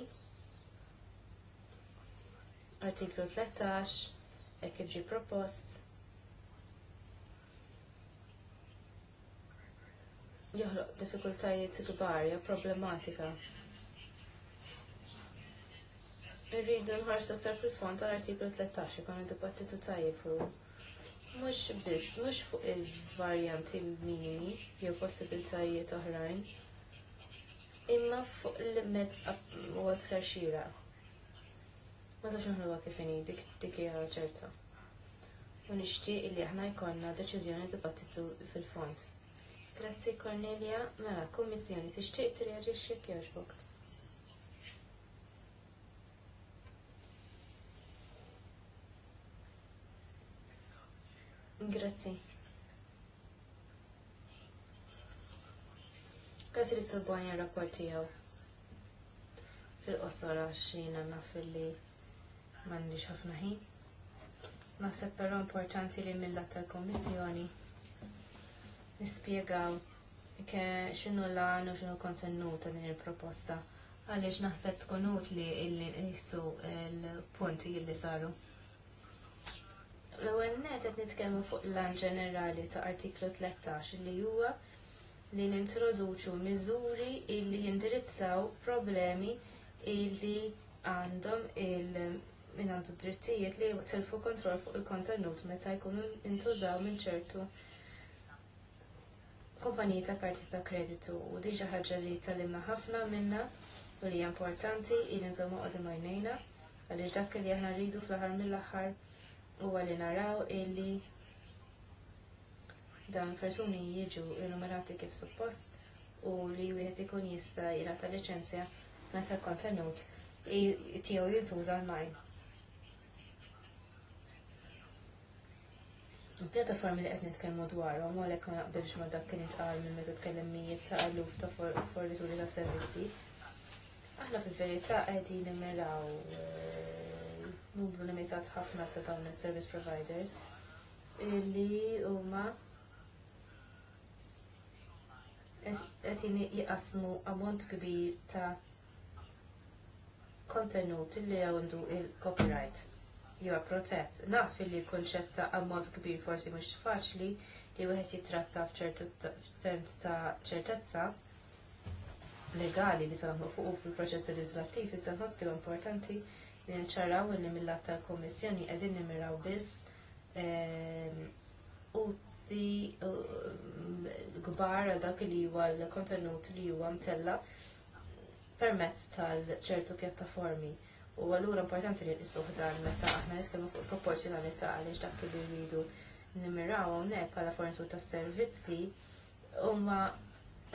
artiklu 13, hekk kif propost, joħloq difikultajiet kbar, jew problematika. Irridu nħarsu fil-fond tal-artiklu 13 ikun id-dibattitu tajjeb fuq mhux biss mhux fuq il-varjanti mini jew possibiltajiet oħrajn, imma fuq il-mezz u aktar xira. Ma tax nħluha kif inhi dik dik hija ċerta. U nixtieq li aħna jkollna deċiżjoni dibattitu fil-fond. Grazzi Cornelia, mela kummissjoni tixtieq xie kjoġbok. Grazzi. Grazzi li subbani għal-rapport tijaw. Fil-qosora xina naf li mandi xafna ħin. Naħseb però importanti li mill tal-Kommissjoni nispiegaw ke xinu l-għan xinu kontenut ta' din il-proposta. Għalix naħseb tkun utli illi nissu l-punti illi saru. L-ewwel net qed nitkellmu fuq l-lan ġenerali ta' artiklu 13 li huwa li nintroduċu miżuri illi jindirizzaw problemi illi għandhom il minn għandu drittijiet li selfu kontroll fuq il-kontenut meta jkunu intużaw minn ċertu kompaniji ta' karti ta' kreditu u diġa ħagġa li talimna ħafna minna u li importanti il-nżommu għadim għajnejna għalix dak li aħna rridu fl-ħar mill-ħar huwa li naraw illi dan persuni jiġu l-numerati kif suppost u li wieħed ikun jista' jingħata liċenzja meta kontenut tiegħu jintuża online. Il-pjattaformi li qed nitkellmu dwarhom għalhekk ma naqbilx ma dak kien intqal minn meta tkellem mijiet ta' aluf ta' fornituri ta' servizzi. Aħna fil-verità qegħdin nimmiraw eh, limitat ħafna ta' dawn is service providers li huma qed jqasmu ammont kbir ta' kontenut li għandu il-copyright jew protett. Naf li kunċett ta' ammont kbir forsi mhux faċli li wieħed jitratta f'ċertu sens ta' ċertezza legali li sa' fuq fil-proċess legislattiv, iżda nħoss importanti Nċaraw li mill-lat tal-Komissjoni qegħdin nimiraw biss ehm, ehm, kbar gbar dak li huwa l-kontenut li huwa mtella permezz tal-ċertu pjattaformi. U għallura importanti li nqissu dan meta aħna niskemmu fuq proporzjonalità għaliex dak li rridu nimiraw hawnhekk bħala fornitur ta' servizzi huma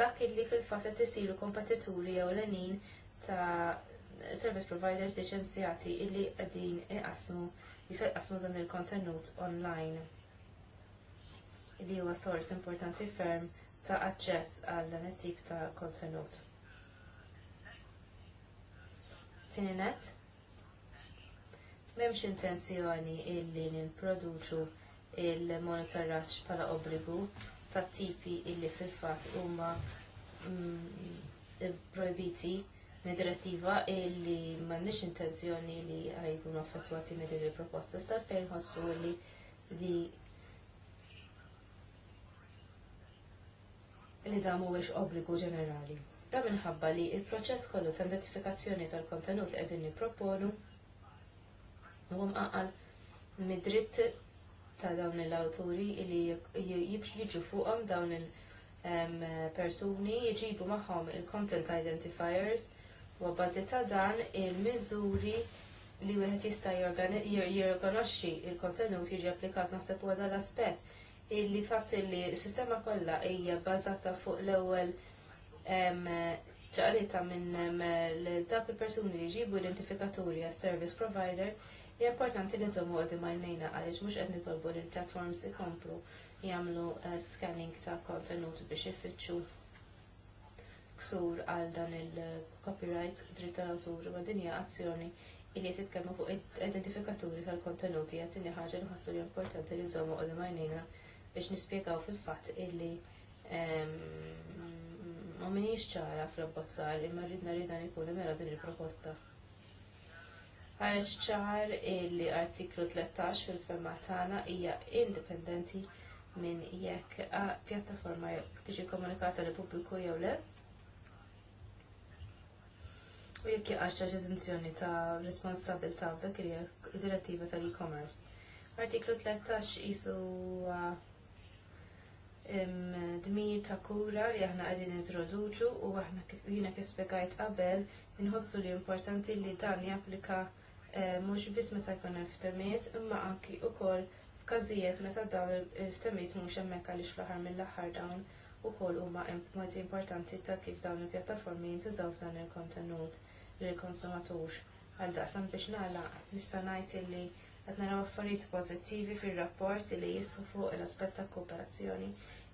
dak li fil-fatt qed isiru kompetituri ewlenin ta' service providers liċenzjati illi għaddin iqasmu jisa jqasmu dan il-kontenut online Illi huwa sors importanti ferm ta' aċċess għal dan it-tip ta' kontenut. Tieni net, m'hemmx intenzjoni illi nipproduċu il-monitoraġġ bħala obbligu ta' tipi illi fil-fatt huma mm, proibiti mid direttiva illi m'għandniex intenzjoni li jkunu affettwati minn il-proposta. Sta fejn ħossu li li li da mhuwiex obbligu ġenerali. Da minħabba li il-proċess kollu ta' identifikazzjoni tal-kontenut li qegħdin nipproponu huwa mid-dritt ta' dawn l-awturi li jiġu fuqhom dawn il-persuni jġibu magħhom il-content identifiers U għabbażi ta' dan il-miżuri li wieħed jista' jirrikonoxxi l kontenut jiġi applikat naħseb l dal-aspett illi fatt li s-sistema kollha hija bbażata fuq l-ewwel ċaqlita minn dak il-persuni li jġibu identifikaturi għas service provider, hija importanti li nżommu għaddi majnejna għaliex mhux qed nitolbu li l-platforms ikomplu jagħmlu eh, scanning ta' kontenut biex ifittxu ksur għal dan il-copyright dritt tal-awtur ma' dinja azzjoni illi qed titkellmu fuq identifikaturi tal-kontenuti qed inni ħaġa li ħassu li importanti li nżommu qudiem għajnejna biex nispjegaw fil-fatt illi ma minix ċara fl-abbozzar imma rridna rridna ikun mela din il-proposta. Ħareġ ċar illi artiklu 13 fil-femma tagħna hija indipendenti minn jekk pjattaforma tiġi komunikata li pubbliku jew le u jekk ta' eżenzjoni ta' responsabilta' f'dak li direttiva tal-e-commerce. Artiklu 13 jisu uh, dmir ta' kura li aħna qegħdin introduċu u aħna kif kispegajt spjegajt qabel inħossu li importanti li dan japplika eh, mhux biss meta jkun hemm ftemiet imma anki wkoll f'każijiet meta dawn il-ftemiet mhux hemmhekk għaliex fl-aħħar mill-aħħar dawn u kol huma modi importanti ta' kif dawn il-pjattaformi jintużaw f'dan il-kontenut lill-konsumatur. Għal daqsam biex nagħlaq nista' ngħid illi qed raw affarijiet pożittivi fir-rapport li jissu fuq l aspetta ta' kooperazzjoni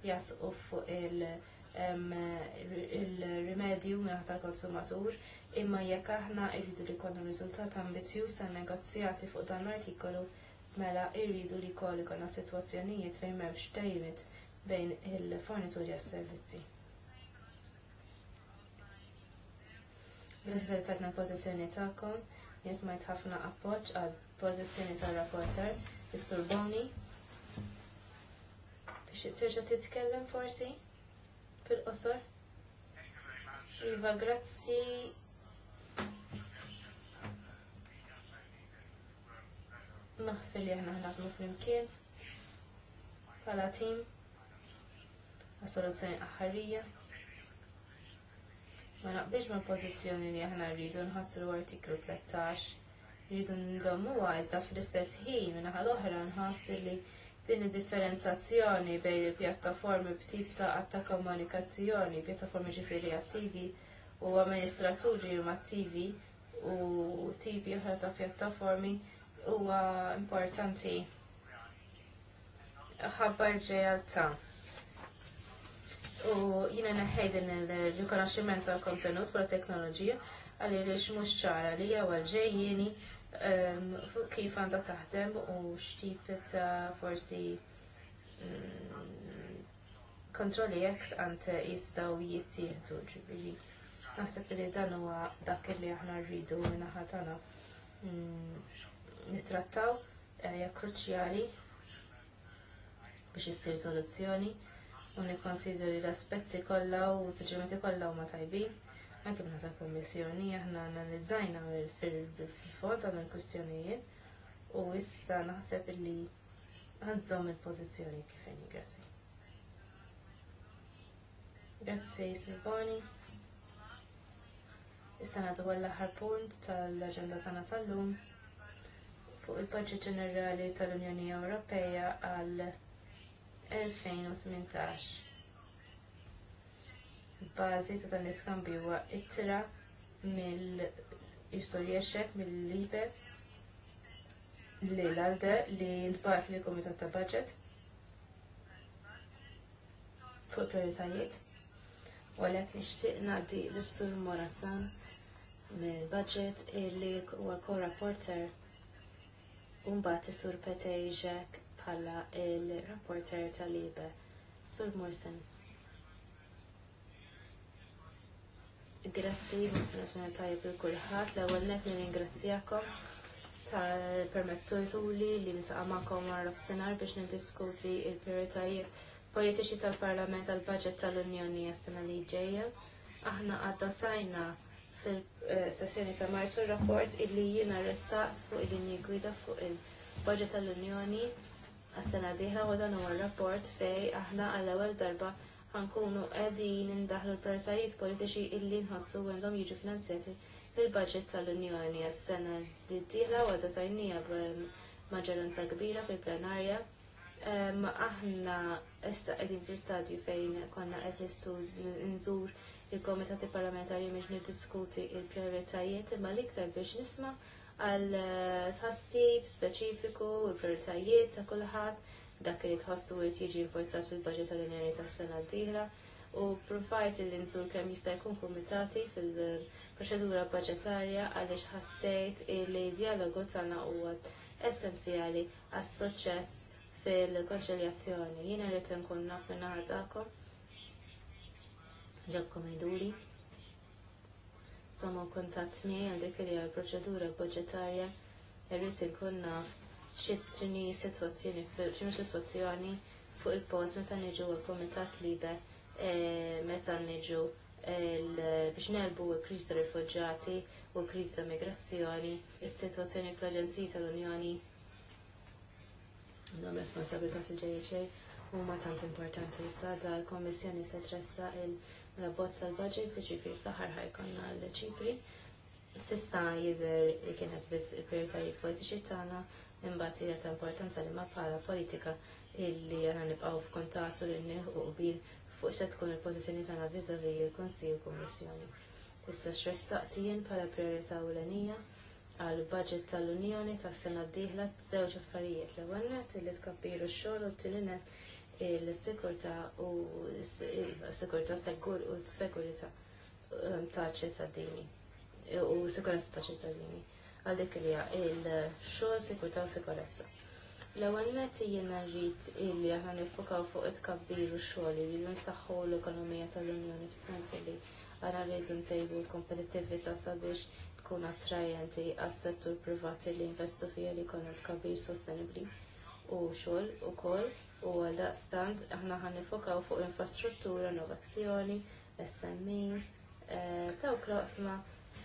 jasqu fuq il-rimedju minħat tal-konsumatur imma jekk aħna irridu li jkollna riżultat ambizzjuż tan negozjati fuq dan l-artikolu mela irridu li jkollu jkollna sitwazzjonijiet fejn m'hemmx dejjimiet bejn il-fornituri għas-servizzi. E Nizzetajtna pozizjoni ta'kom, jizmajt ħafna appoċ għal pozizjoni ta' rapporter is Boni. Tirġa titkellem forsi fil-qosor? Iva, grazzi. Naħfil li aħna ħnaqlu fl-imkien. Pala tim. għas aħħarija. Ma naqbilx ma' pożizzjoni li aħna rridu nħassru artiklu 13, rridu nżommu iżda fl-istess ħin minnaħa l-oħra nħassir li din id-differenzazzjoni bejn il-pjattaformi b'tip ta' atta komunikazzjoni, pjattaformi ġifiri attivi u amministraturi huma attivi u tipi oħra ta' pjattaformi huwa importanti ħabbar realtà. U jina neħħejdin il-rikonoxximent tal kontenut bħala teknoloġija għalli li mhux ċara li jew għalġejjini ehm, kif għandha taħdem u xtipet ta' forsi mm, kontrolli jekk għant jistgħu jittieħdu ġifieri. Għasab li dan huwa dak li aħna rridu minna tagħna mm, Nitrattaw eh, hija kruċjali biex issir soluzzjoni u nikkonsideri l-aspetti kollha u suġġerimenti kollha huma tajbin. Anke minn ta' kommissjoni aħna analizzajna fil-fond għal kwistjonijiet u issa naħseb li għandhom il-pożizzjoni kif inhi grazzi. Grazzi Silboni. Issa nagħtu għall aħħar punt tal-aġenda tagħna tal-lum fuq il paġġi Ġenerali tal-Unjoni Ewropea għal 2018. Bażi ta' dan l-iskambju huwa ittra mill-istorjexek mill-lider li l-għalde li l-bat li komitat ta' budget fuq prioritajiet. U għalek nishtiq naddi l-sur Morasan mill-budget il-li huwa co-rapporter Umbat is-sur Petej bħala il-rapporter tal-Libe, Sur Morsen. Grazzi, nazzjonali tajjeb il kulħadd l-ewwel net nirringrazzjakom tal-permettujtu li li nisaqa' magħkom għal biex nidiskuti l prijoritajiet politiċi tal-Parlament għall-Baġġett tal-Unjoni għas-sena li ġejja. Aħna adottajna fil-sessjoni ta' marzu rapport illi jiena ressaqt fuq il-linji gwida fuq il-budget tal-Unjoni għas-sena diħla u dan huwa rapport fej aħna għall-ewwel darba ħankunu qegħdin indaħlu l-prioritajiet politiċi illi nħassu għandhom jiġu finanzjati fil-budget tal-Unjoni għas-sena li d u għadha tajnija maġġoranza kbira fil-plenarja. Aħna issa qegħdin fil-stadju fejn konna qed nistu nżur il-komitati parlamentari biex niddiskuti il-prioritajiet imma l-iktar biex nisma' għal eh, tħassib speċifiku u prioritajiet ta' kulħadd dak li tħassu li tiġi forzat fil-baġġet tal-Unjoni tas-sena d-dieħla u provajt li nżur kemm jista' jkun komitati fil-proċedura budġetarja għaliex ħassejt li dialogu u għad essenzjali għas-suċċess fil-konċiljazzjoni. Jina rritin nkun naf minn naħar tagħkom ġobkom iduri żommu kontat mi għal dik li għal l-proċedura budgetarja irrid inkun naf x'tini sitwazzjoni x'inhu sitwazzjoni fuq il-post meta niġu l-Kumitat Libe eh, meta niġu biex nelbu l-kriż ta' rifugġati u l ta' migrazzjoni, is-sitwazzjoni fl-Aġenzija tal-Unjoni għandhom responsabilità fil-ġejxej u ma tant importanti issa l komissjoni se tressa il la bozza l-budget, ġifiri fl-ħar ħajkonna l-ċifri. Sissa jidher li kienet biss il-prioritarijiet politiċi tagħna imbagħad hija ta' importanza li ma bħala politika illi għana nibqgħu f'kontattu li nieħu qbil fuq x'qed tkun il-pożizzjoni tagħna viżavi l-Kunsill u Kummissjoni. Issa xressaqt jien bħala priorità ewlenija għal budget tal-Unjoni tas sena d-dieħla żewġ affarijiet l-ewwel net li tkabbiru x-xogħol u t-tieni il-sigurta u sigurta segur u sigurita um, ta' ċittadini u sikurezza ta' ċittadini għaldik li il-xogħol sigurta u sikurezza. L-ewwel nett jiena rrid illi aħna nifokaw fuq it-kabbir u x-xogħol li nsaħħu l-ekonomija tal-Unjoni f'sens li għana rridu ntejbu l-kompetittività sabiex tkun attrajenti għas-settur privati li investu fija li jkunu tkabbir sostenibbli u xogħol ukoll u għal daqstant aħna ħan nifokaw fuq infrastruttura, innovazzjoni, SMI, e, eh, taw kloqsma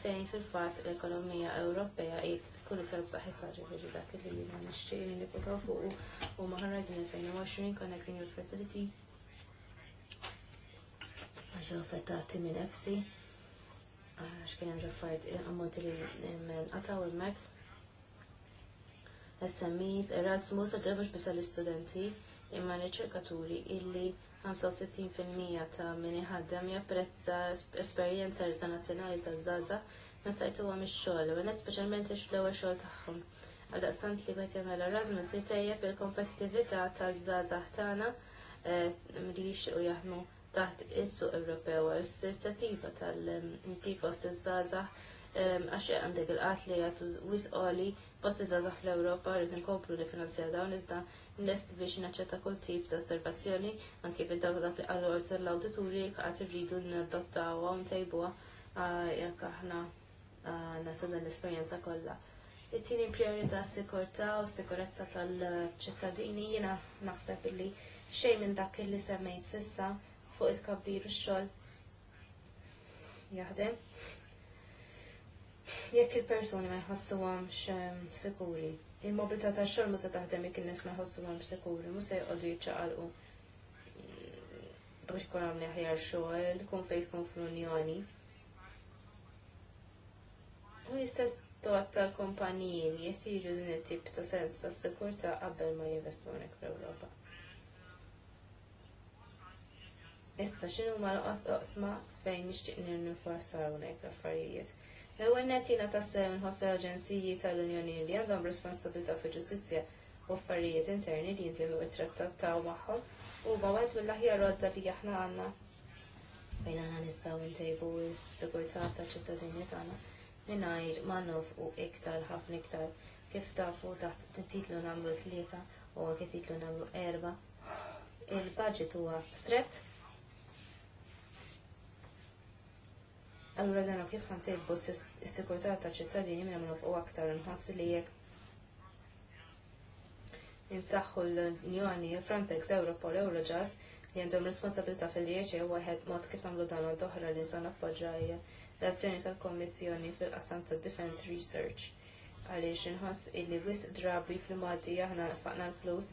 fejn fil-fat l-ekonomija Ewropea tkun iktar b'saħħitha ġifieri dak li jiena nixtieq nifokaw fuq u ma' Horizon 2020 Connecting Your Facility. Għax affettati minn FC għax kien hemm ġaffariet ammonti li nqataw hemmhekk. SMEs, Erasmus, għadġabax bisa l-istudenti, imma riċerkaturi illi 65% ta' min iħaddem japprezza esperjenza internazzjonali ta' żaza meta jtuha mix-xogħol u speċjalment l-ewwel xogħol tagħhom. Għaldaqstant li qed jagħmel Erasmus jitejjeb il-kompetittività taż-żgħażagħ tagħna eh, li jaħdmu taħt is-suq Ewropew u s inizjattiva tal-impjegos mm, taż-żgħażagħ għax għandek il-qat li għat wisqoli fost iżazah fl-Ewropa rrid nkomplu li finanzja dawn iżda nest biex naċċetta kull tip ta' osservazzjoni anke fil-dawla dak li qalu orta l-awdituri qatt n nadattawha u ntejbuha jekk aħna nasa dan l-esperjenza kollha. It-tieni priorità s-sikurtà u s-sikurezza tal-ċittadini jiena naħseb illi xejn minn dak li semmejt sissa fuq it-kabbir u x-xogħol jaħdem jekk il-persuni ma jħossuhomx ehm, sikuri. Il-mobilità tax-xogħol ma se taħdem jekk il-nis ma jħossuhomx sekuri, mhux se jqogħdu jiċċaqalqu biex kun għamli ħjar xogħol, kun fejn tkun fl-Unjoni. U jistess istess tot kompanijin jeħtieġu din it-tip ta' sens ta' sekurta qabel ma jinvestu għonek fl-Ewropa. Issa x'inhu ma l-qosma fejn nixtieq ninforsaw hawnhekk l-affarijiet. L-ewwel ta' jiena tassew inħossu l-Aġenziji tal-Unjoni li għandhom responsabilta' fi ġustizzja u affarijiet interni li jinti it-trattat ta' magħhom u bawet mill-aħjar rodda li aħna għandna fejn aħna nistgħu ntejbu s sigurta taċ-ċittadini tagħna mingħajr ma u iktar ħafna iktar kif fu taħt titlu namlu tlieta u għak titlu namlu erba. Il-budget huwa stret. Allura dan kif ħantejbu s-sikurtà ta' ċittadini minn għamlu fuq aktar inħass li jekk insaħħu l-Unjoni, Frontex, Europol, Eurojust li għandhom responsabilità fil-lieċe u għahed mod kif għamlu dan għal doħra li nsan appoġġajja l-azzjoni tal-Kommissjoni fil-qasam ta' Defense Research għaliex inħass illi wis drabi fl-modi aħna faqna l-flus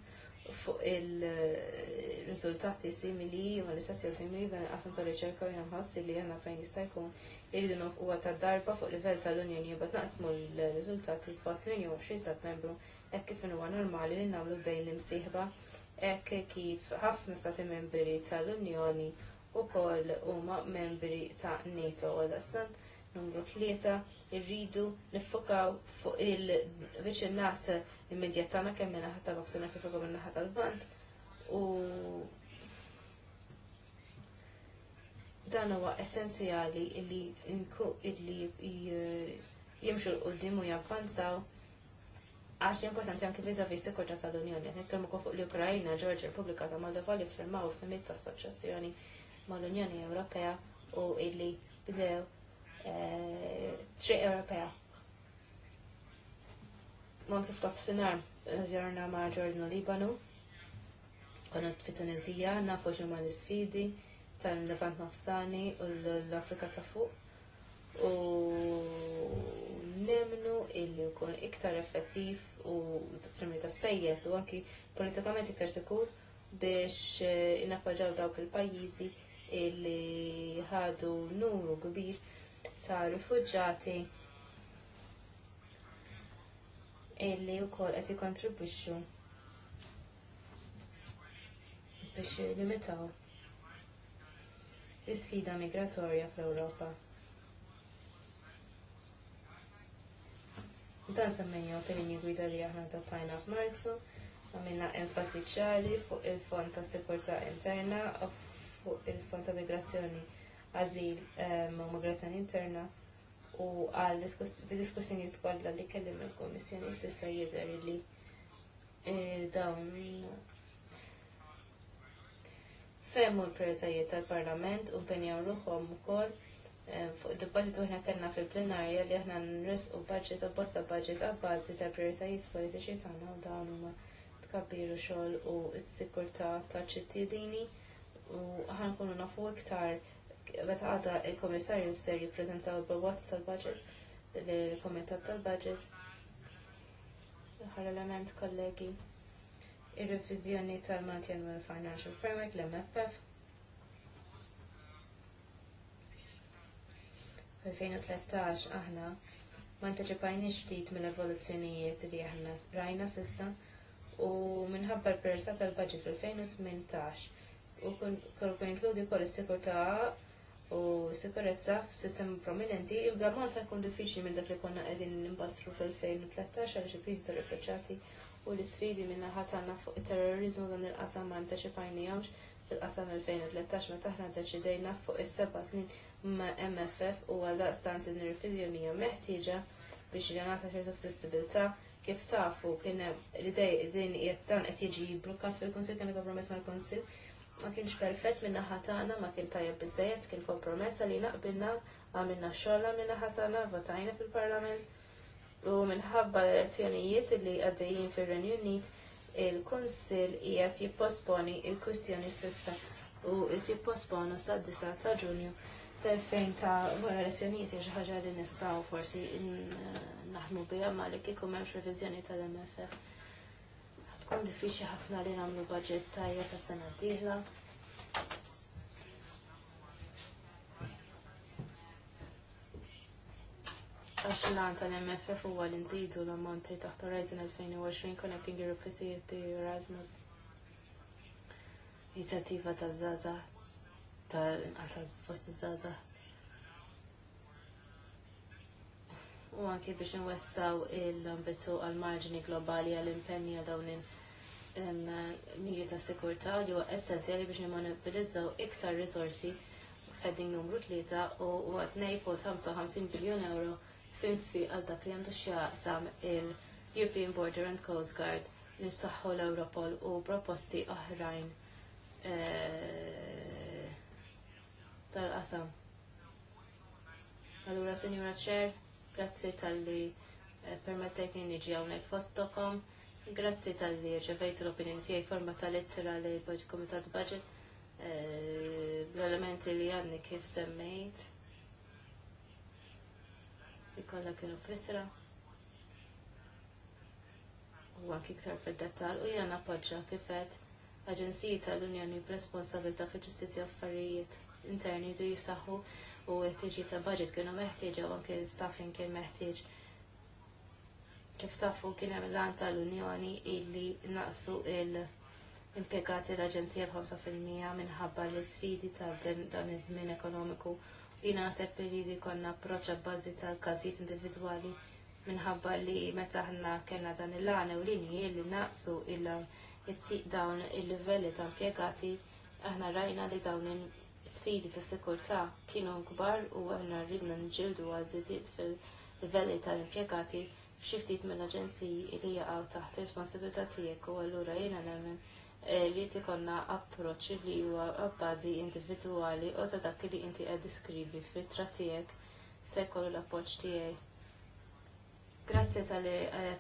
fuq il-rizultati simili u għal-istess simili dan għafna ta' riċerka u jħamħassi li għanna fejn jista' jkun irridu u għata darba fuq livell tal-Unjoni bat naqsmu l-riżultati fost l-Unjoni stat membru hekk kif huwa normali li nagħmlu bejn l-imsieħba hekk kif ħafna stati membri tal-Unjoni u koll huma membri ta' NATO għal-istant Numru tlieta irridu niffokaw fuq il-viċinat immedjatana kemm minna ħatta baksuna kif ukoll minna ħata l-band u dan huwa essenzjali illi illi jimxu l-qoddim u javvanzaw għax l-importanti anki viza vi sekurta tal-Unjoni. għan kol fuq l-Ukrajina, Ġorġa, Repubblika ta' Moldova li firmaw f'temiet ta' assoċjazzjoni mal-Unjoni Ewropea u illi bdew Eh, triq Ewropea. Man kif kaf sinar, zjarna eh, ma' Ġordnu Libanu, konna fit Tunizija, nafu ġumma l-sfidi tal-Levant Nafsani u l-Afrika ta' fuq. U nemnu illi jkun iktar effettiv u t-trimri ta' spejjes u għanki politikament iktar sikur biex eh, inappoġġaw dawk il-pajjiżi illi ħadu nuru kbir ta' rifugġati illi wkoll qed jikkontribwixxu biex jilimitaw l-isfida migratorja fl-Ewropa. Dan semmejja opinjoni gwida li aħna tattajna f'Marzu, għamilna enfasi ċari fuq il-fond ta' sikurtà interna u fuq il-fond ta' migrazzjoni għazil ehm, u migrazzjoni interna u għal diskussjoni kollha li kellim il-Komissjoni sissa jidher li e, dawn femmu l-prioritajiet tal-Parlament u mpenjaw ruħhom ukoll ehm, fuq dibattitu ħna kellna fil-plenarja li aħna nrisqu budget u bosta budget għal bażi tal-prioritajiet politiċi tagħna u dawn huma tkabbiru xogħol u s-sikurtà taċ-ċittadini u ħankunu nafu iktar meta għada il-komissarju ser jippreżentaw il-bobozz tal-budget, il-komitat tal-budget, l-ħar element kollegi, ir-revizjoni tal-Multiannual Financial Framework, l-MFF, 2013 aħna ma ntaġibajniex ftit mill-evoluzzjonijiet li aħna rajna sissa u minħabba l prioritat tal-budget fil-2018 u kun inkludi kol is-sikurtà u sikurezza f'sistema prominenti, u għamman ta' kun diffiċli minn dak li konna qegħdin nimbastru fil-2013 għal xipriż ta' rifleċati u l-sfidi minna ħatanna fuq terrorizmu dan il-qasam ma' ntaċipajni għamx fil-qasam 2013 ma taħna deċidejna fuq is-seba' snin ma' MFF u għal daqstant in-revizjoni hija meħtieġa biex jagħta ċertu flessibilta kif tafu kien l-idej din jettan qed jiġi blokkat fil-Kunsill kien kompromess mal-Kunsill ma kienx perfett minna ħatana, ma kien tajjeb bizzejet, kien kompromessa li naqbilna għamilna xogħol minna ħatana, votajna fil-parlament. U minħabba l-elezzjonijiet li għaddejjin fir renjunit Unit, il-Kunsil qiegħed jipposponi il-kwistjoni sissa u jipposponu sa' 9 ta' Ġunju tal-fejn ta' wara lezzjonijiet xi ħaġa li nistgħu forsi naħmu bija ma li kieku m'hemmx tal-MFF. Kun diffiċi ħafna li namlu budget tajja ta' sena d-dieħla. Għax l-għan tal-MFF huwa li nżidu l-ammonti taħt Horizon 2020 Connecting Europe Facility Erasmus. Inizjattiva ta' Zaza tal-inqas fost Zaza. u anke biex nwessaw il-ambitu għal-marġini globali għal-impenni għal dawn miri ta' sekurta li huwa essenzjali biex nimmanipulizzaw iktar risorsi f'heading numru tlieta u għat nejpot 55 biljon euro fin fi għal dak li għandu sam il-European Border and Coast Guard nifsaħħu l-Europol u proposti oħrajn eh, tal-qasam. Allura, Signora Chair, grazzi tal-li eh, permettetni niġi għawnek fostokom Grazzi tal-li ġevejt l-opinjoni tiegħi forma ta' lettera li l-Budget Komitat Budget eh, l-elementi li għanni kif semmejt. Ikolla kienu fitra. U għanki ktar fil-dettal u jgħan appoġġa kifet aġenziji tal-Unjoni b'responsabilta fil ġustizja affarijiet interni du jisaħu u t ta' budget kienu meħtieġa u anke staffing kien meħtieġ Kif tafu kien hemm lan tal-Unjoni illi naqsu l impjegati l-Aġenzija l minħabba l-sfidi ta' dan iż-żmien ekonomiku. Jiena naħseb irridu jkollna approċċ bbażi tal-każijiet individwali minħabba li meta ħna kellna dan il-lan ewlieni li naqsu il-tiq dawn il-livelli ta' impjegati aħna rajna li dawn sfidi ta' sekurtà kienu kbar u aħna rridna nġildu għażidiet fil-livelli tal-impjegati xi ftit mill-aġenziji li jaqgħu taħt responsabilità tiegħek u allura jiena nemmen li eh, tikonna approċċ li huwa bbażi individwali u ta' dak li inti qed diskrivi fit-tra tiegħek se jkollu l-appoġġ tiegħi. Grazzi tal-li eh,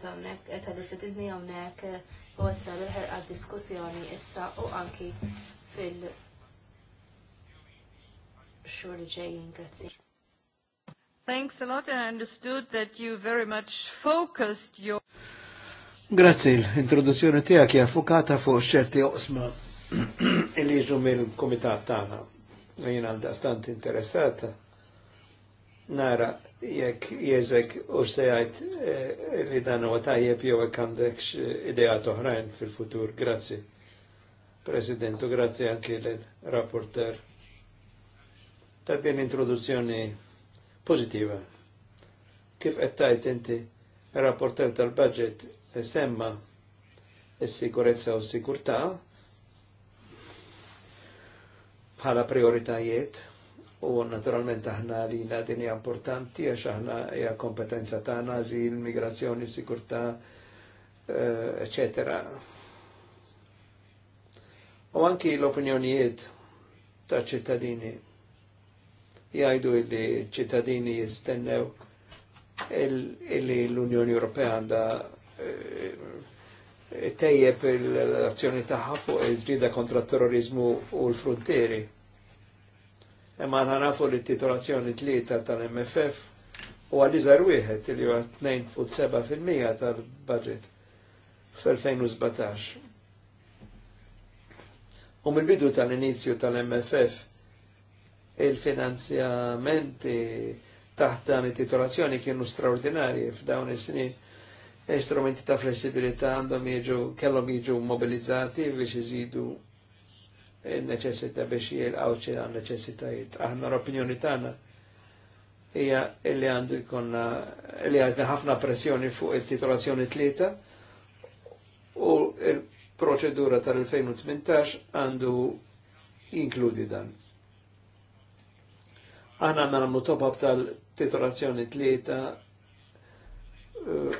tal-li sedidni hawnhekk eh, u qed sar il-ħerqa diskussjoni issa u anki fil- xogħol ġejjin, grazzi. Thanks a lot, and I understood that you very much focused your... Grazie, l-introduzzjoni tijak hija fukata fuq ċerti oqsma li jiġu mill-komitat tagħna. Jien għal stant interessata. Nara, jekk jeżek u se jgħid eh, li dan huwa tajjeb jew hekk għandek eh, ideat oħrajn fil-futur. Grazzi. Presidentu, grazzi anki l-rapporter ta' din introduzzjoni pożittiva. Kif qed tajt inti rapporter tal-budget semma s-sikurezza u s-sikurtà bħala prioritajiet u naturalment aħna li din importanti għax aħna hija kompetenza tagħna żil, migrazzjoni, sikurtà, eccetera. Eh, u anki l-opinjonijiet ta' ċittadini jgħidu illi ċittadini jistennew illi l-Unjoni Ewropea għandha eh, tejjeb l-azzjoni tagħha fuq il-ġdida kontra terrorizmu u l-frontieri. Imma aħna nafu li t-titolazzjoni tlieta tal-MFF u għal-iżar wieħed li huwa 2.7% tal-budget f'2017. U mill-bidu tal-inizju tal-MFF il-finanzjamenti taħt dan it-titolazzjoni kienu straordinarji f'dawn is-snin. Istrumenti ta' flessibilità għandhom jiġu kellhom jiġu mobilizzati biex iżidu n neċessità biex jilqgħu xi neċessitajiet. Aħna l-opinjoni tagħna hija li għandu jkunna li għandna ħafna pressjoni fuq it-titolazzjoni tlieta u il-proċedura tal-2018 għandu inkludi dan. Aħna għandna nagħmlu top-up tal-titolazzjoni tlieta eh,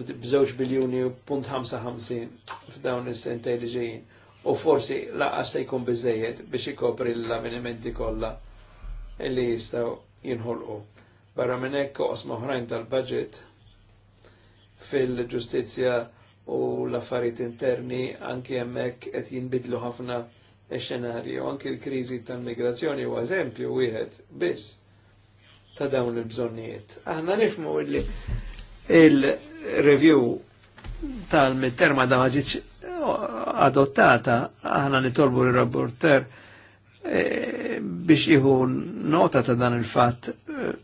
b'żewġ biljuni punt 55 f'dawn is-sentej li ġejjin. U forsi laqas se jkun biżejjed biex ikopri l-avvenimenti kollha li jistgħu jinħolqu. Barra minn hekk oqsma oħrajn tal-budget fil-ġustizzja u l-affarijiet interni anke hemmhekk qed jinbidlu ħafna xenarju, anki l-krizi tal-migrazzjoni u eżempju wieħed biss ta' dawn il-bżonnijiet. Aħna nifmu illi il-review tal-mitterma da maġiċ oh, adottata, aħna nitolbu il rapporter eh, biex iħu nota ta' dan il-fat eh,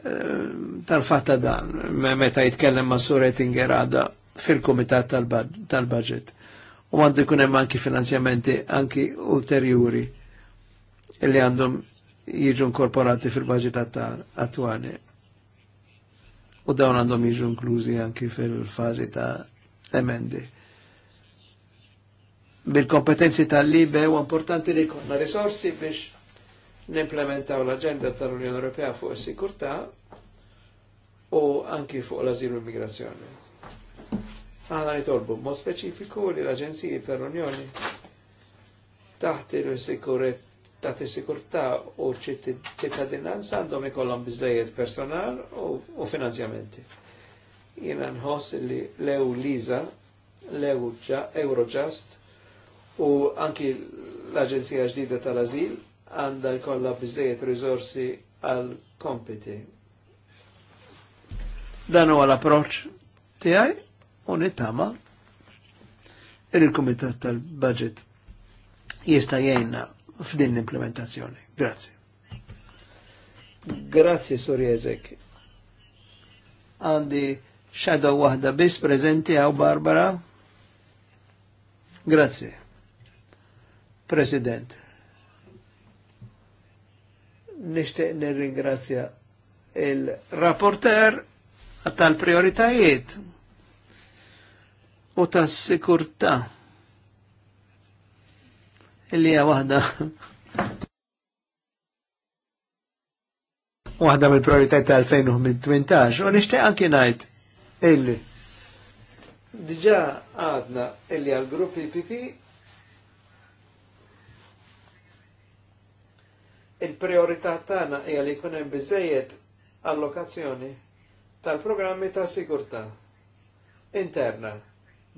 eh, tal-fat ta' dan, meta jitkellem ma' Sur Ettinger għada fil-komitat tal-budget. Tal u għandu jkun hemm anki finanzjamenti anki ulterjuri li għandhom jiġu inkorporati fil-budget attwali. U dawn għandhom jiġu inklużi anki fil-fazi ta' emendi. Bil-kompetenzi tal-libe u importanti li konna risorsi biex nimplementaw l-agenda tal-Unjoni Ewropea fuq is-sikurtà u anki fuq l-azilu immigrazzjoni. Aħna nitolbu mod speċifiku li l-Aġenziji tal-Unjoni taħt il sikurtà u ċittadinanza għandhom ikollhom biżejjed personal u finanzjamenti. Jiena nħoss li lew Liza, lew Eurojust u anki l-Aġenzija ġdida tal-Azil għandha jkollha biżejjed riżorsi għal kompiti. Dan huwa l-approċċ tiegħi u nittama il-Kumitat tal-Budget jista jgħinna f'din l-implementazzjoni. Grazie. Grazie, Sur Jezek. Għandi shadow wahda bis prezenti għaw Barbara. Grazie. President. Nishtiq nirringrazzja il-rapporter tal-prioritajiet u ta' sikurta illi hija waħda waħda mill-prioritajt ta' 2018 u nixtieq anki ngħid illi diġà għadna illi għal grupp IPP il-priorità tagħna hija li jkun hemm biżejjed allokazzjoni tal-programmi ta' sigurtà interna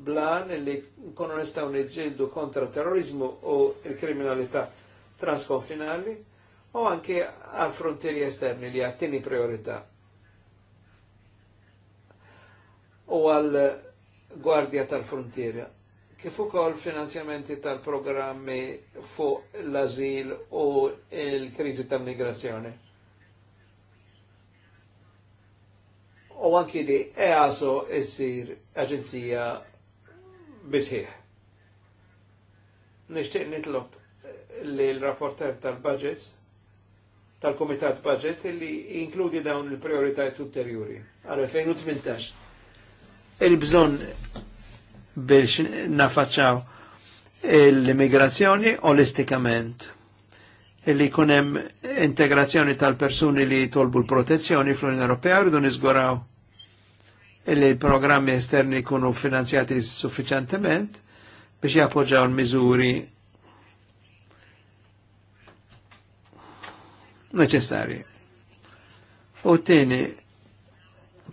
blan li nkunu nistgħu niġġieldu kontra terrorizmu u l-kriminalità transkonfinali u anke għal frontieri esterni li għattini priorità. U għal gwardja tal frontieri Kif ukoll finanzjamenti tal-programmi fuq l-azil u l-kriżi tal-migrazzjoni. U anki li EASO issir aġenzija bisħieħ. Nishtiq nitlob li l-rapporter tal-budgets, tal-komitat budget, li inkludi dawn il-prioritajt ulterjuri. Għal 2018. Il-bżon biex nafacċaw l-immigrazzjoni olistikament illi kunem integrazzjoni tal-persuni li jitolbu l-protezzjoni fl-Unjoni Ewropea rridu nizguraw li programmi esterni kunu finanzjati suffiċantement biex jappoġġaw l mizuri neċessarji. U t-tini,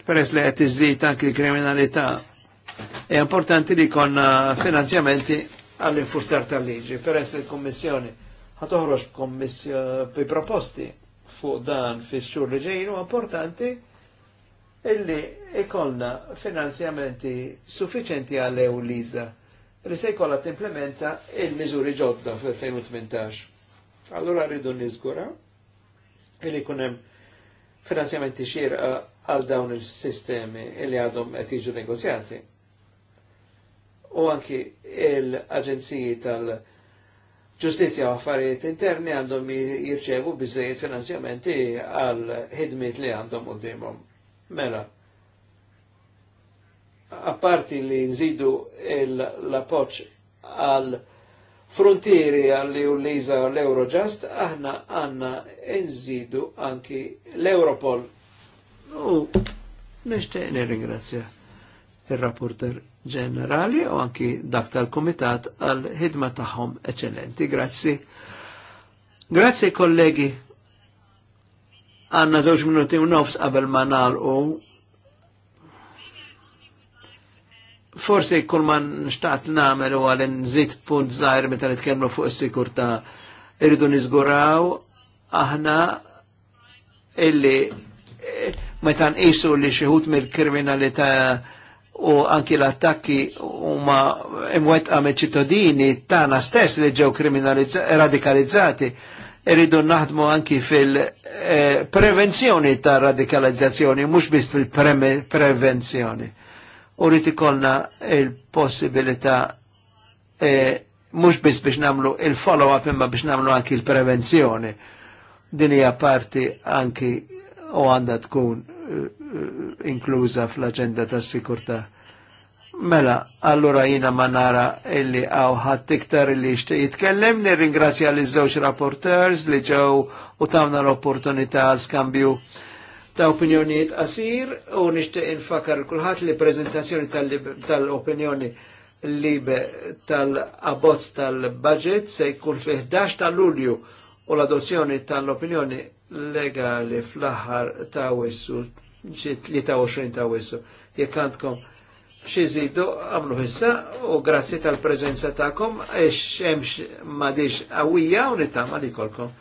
peress li għet iżżid anki kriminalità, è importanti li konna finanzjamenti għall-infurzar tal-liġi, peress li l-Kommissjoni ħatoħroġ bi proposti fuq dan fis xhur li ġejnu importanti illi ikollna finanzjamenti suffiċenti għal eu liża li se jkollha timplementa il-miżuri ġodda fl-2018. Allura rridu niżgura illi kunem finanzjamenti xirqa għal dawn il-sistemi illi għadhom qed jiġu negozjati. U anki l-Aġenziji tal-Ġustizja u Affarijiet Interni għandhom jirċevu biżejjed finanzjamenti għal ħidmiet li għandhom qudiemhom. Mela, a parti li nżidu l-appoċ għal frontieri għalli u liża l-Eurojust, aħna għanna nżidu anki l-Europol. U nishtiq nirringrazzja il-rapporter ġenerali u anki dak tal-komitat għal ħidma tagħhom eċellenti. Grazzi. Grazzi kollegi Għanna zewġ minuti u nofs qabel ma nalqu. Forsi kull ma nxtaqt namel u għal nżid punt zaħir meta nitkellmu fuq is-sikurta irridu niżguraw aħna illi meta nqisu li xi mill-kriminalità u anki l-attakki huma imwetqa me ċittadini tagħna stess li ġew radikalizzati irridu naħdmu anki fil- Eh, prevenzjoni ta' radikalizzazzjoni, mux bist fil-prevenzjoni. Urrit ikolna il-possibilità eh, mux bist biex namlu il-follow-up imma biex namlu anki il-prevenzjoni. Din hija parti anki u għanda tkun inkluza eh, inkluża fl-agenda tas sikurta' Mela, allura jina ma nara illi għaw ħadd iktar illi jixtieq jitkellem, nirringrazzja li żewġ rapporteurs li ġew u tawna l-opportunità skambju ta' opinjonijiet qasir u nixtieq infakar kulħadd li preżentazzjoni tal-opinjoni tal libe tal-abbozz tal-budget se jkun fi 11 ta' Lulju u l-adozzjoni tal-opinjoni legali fl-aħħar ta' wessu, 23 ta' wessu. Jekk għandkom xizidu għamlu hissa u grazzi tal-prezenza ta'kom, eċ xemx madix għawija u nittama li kolkom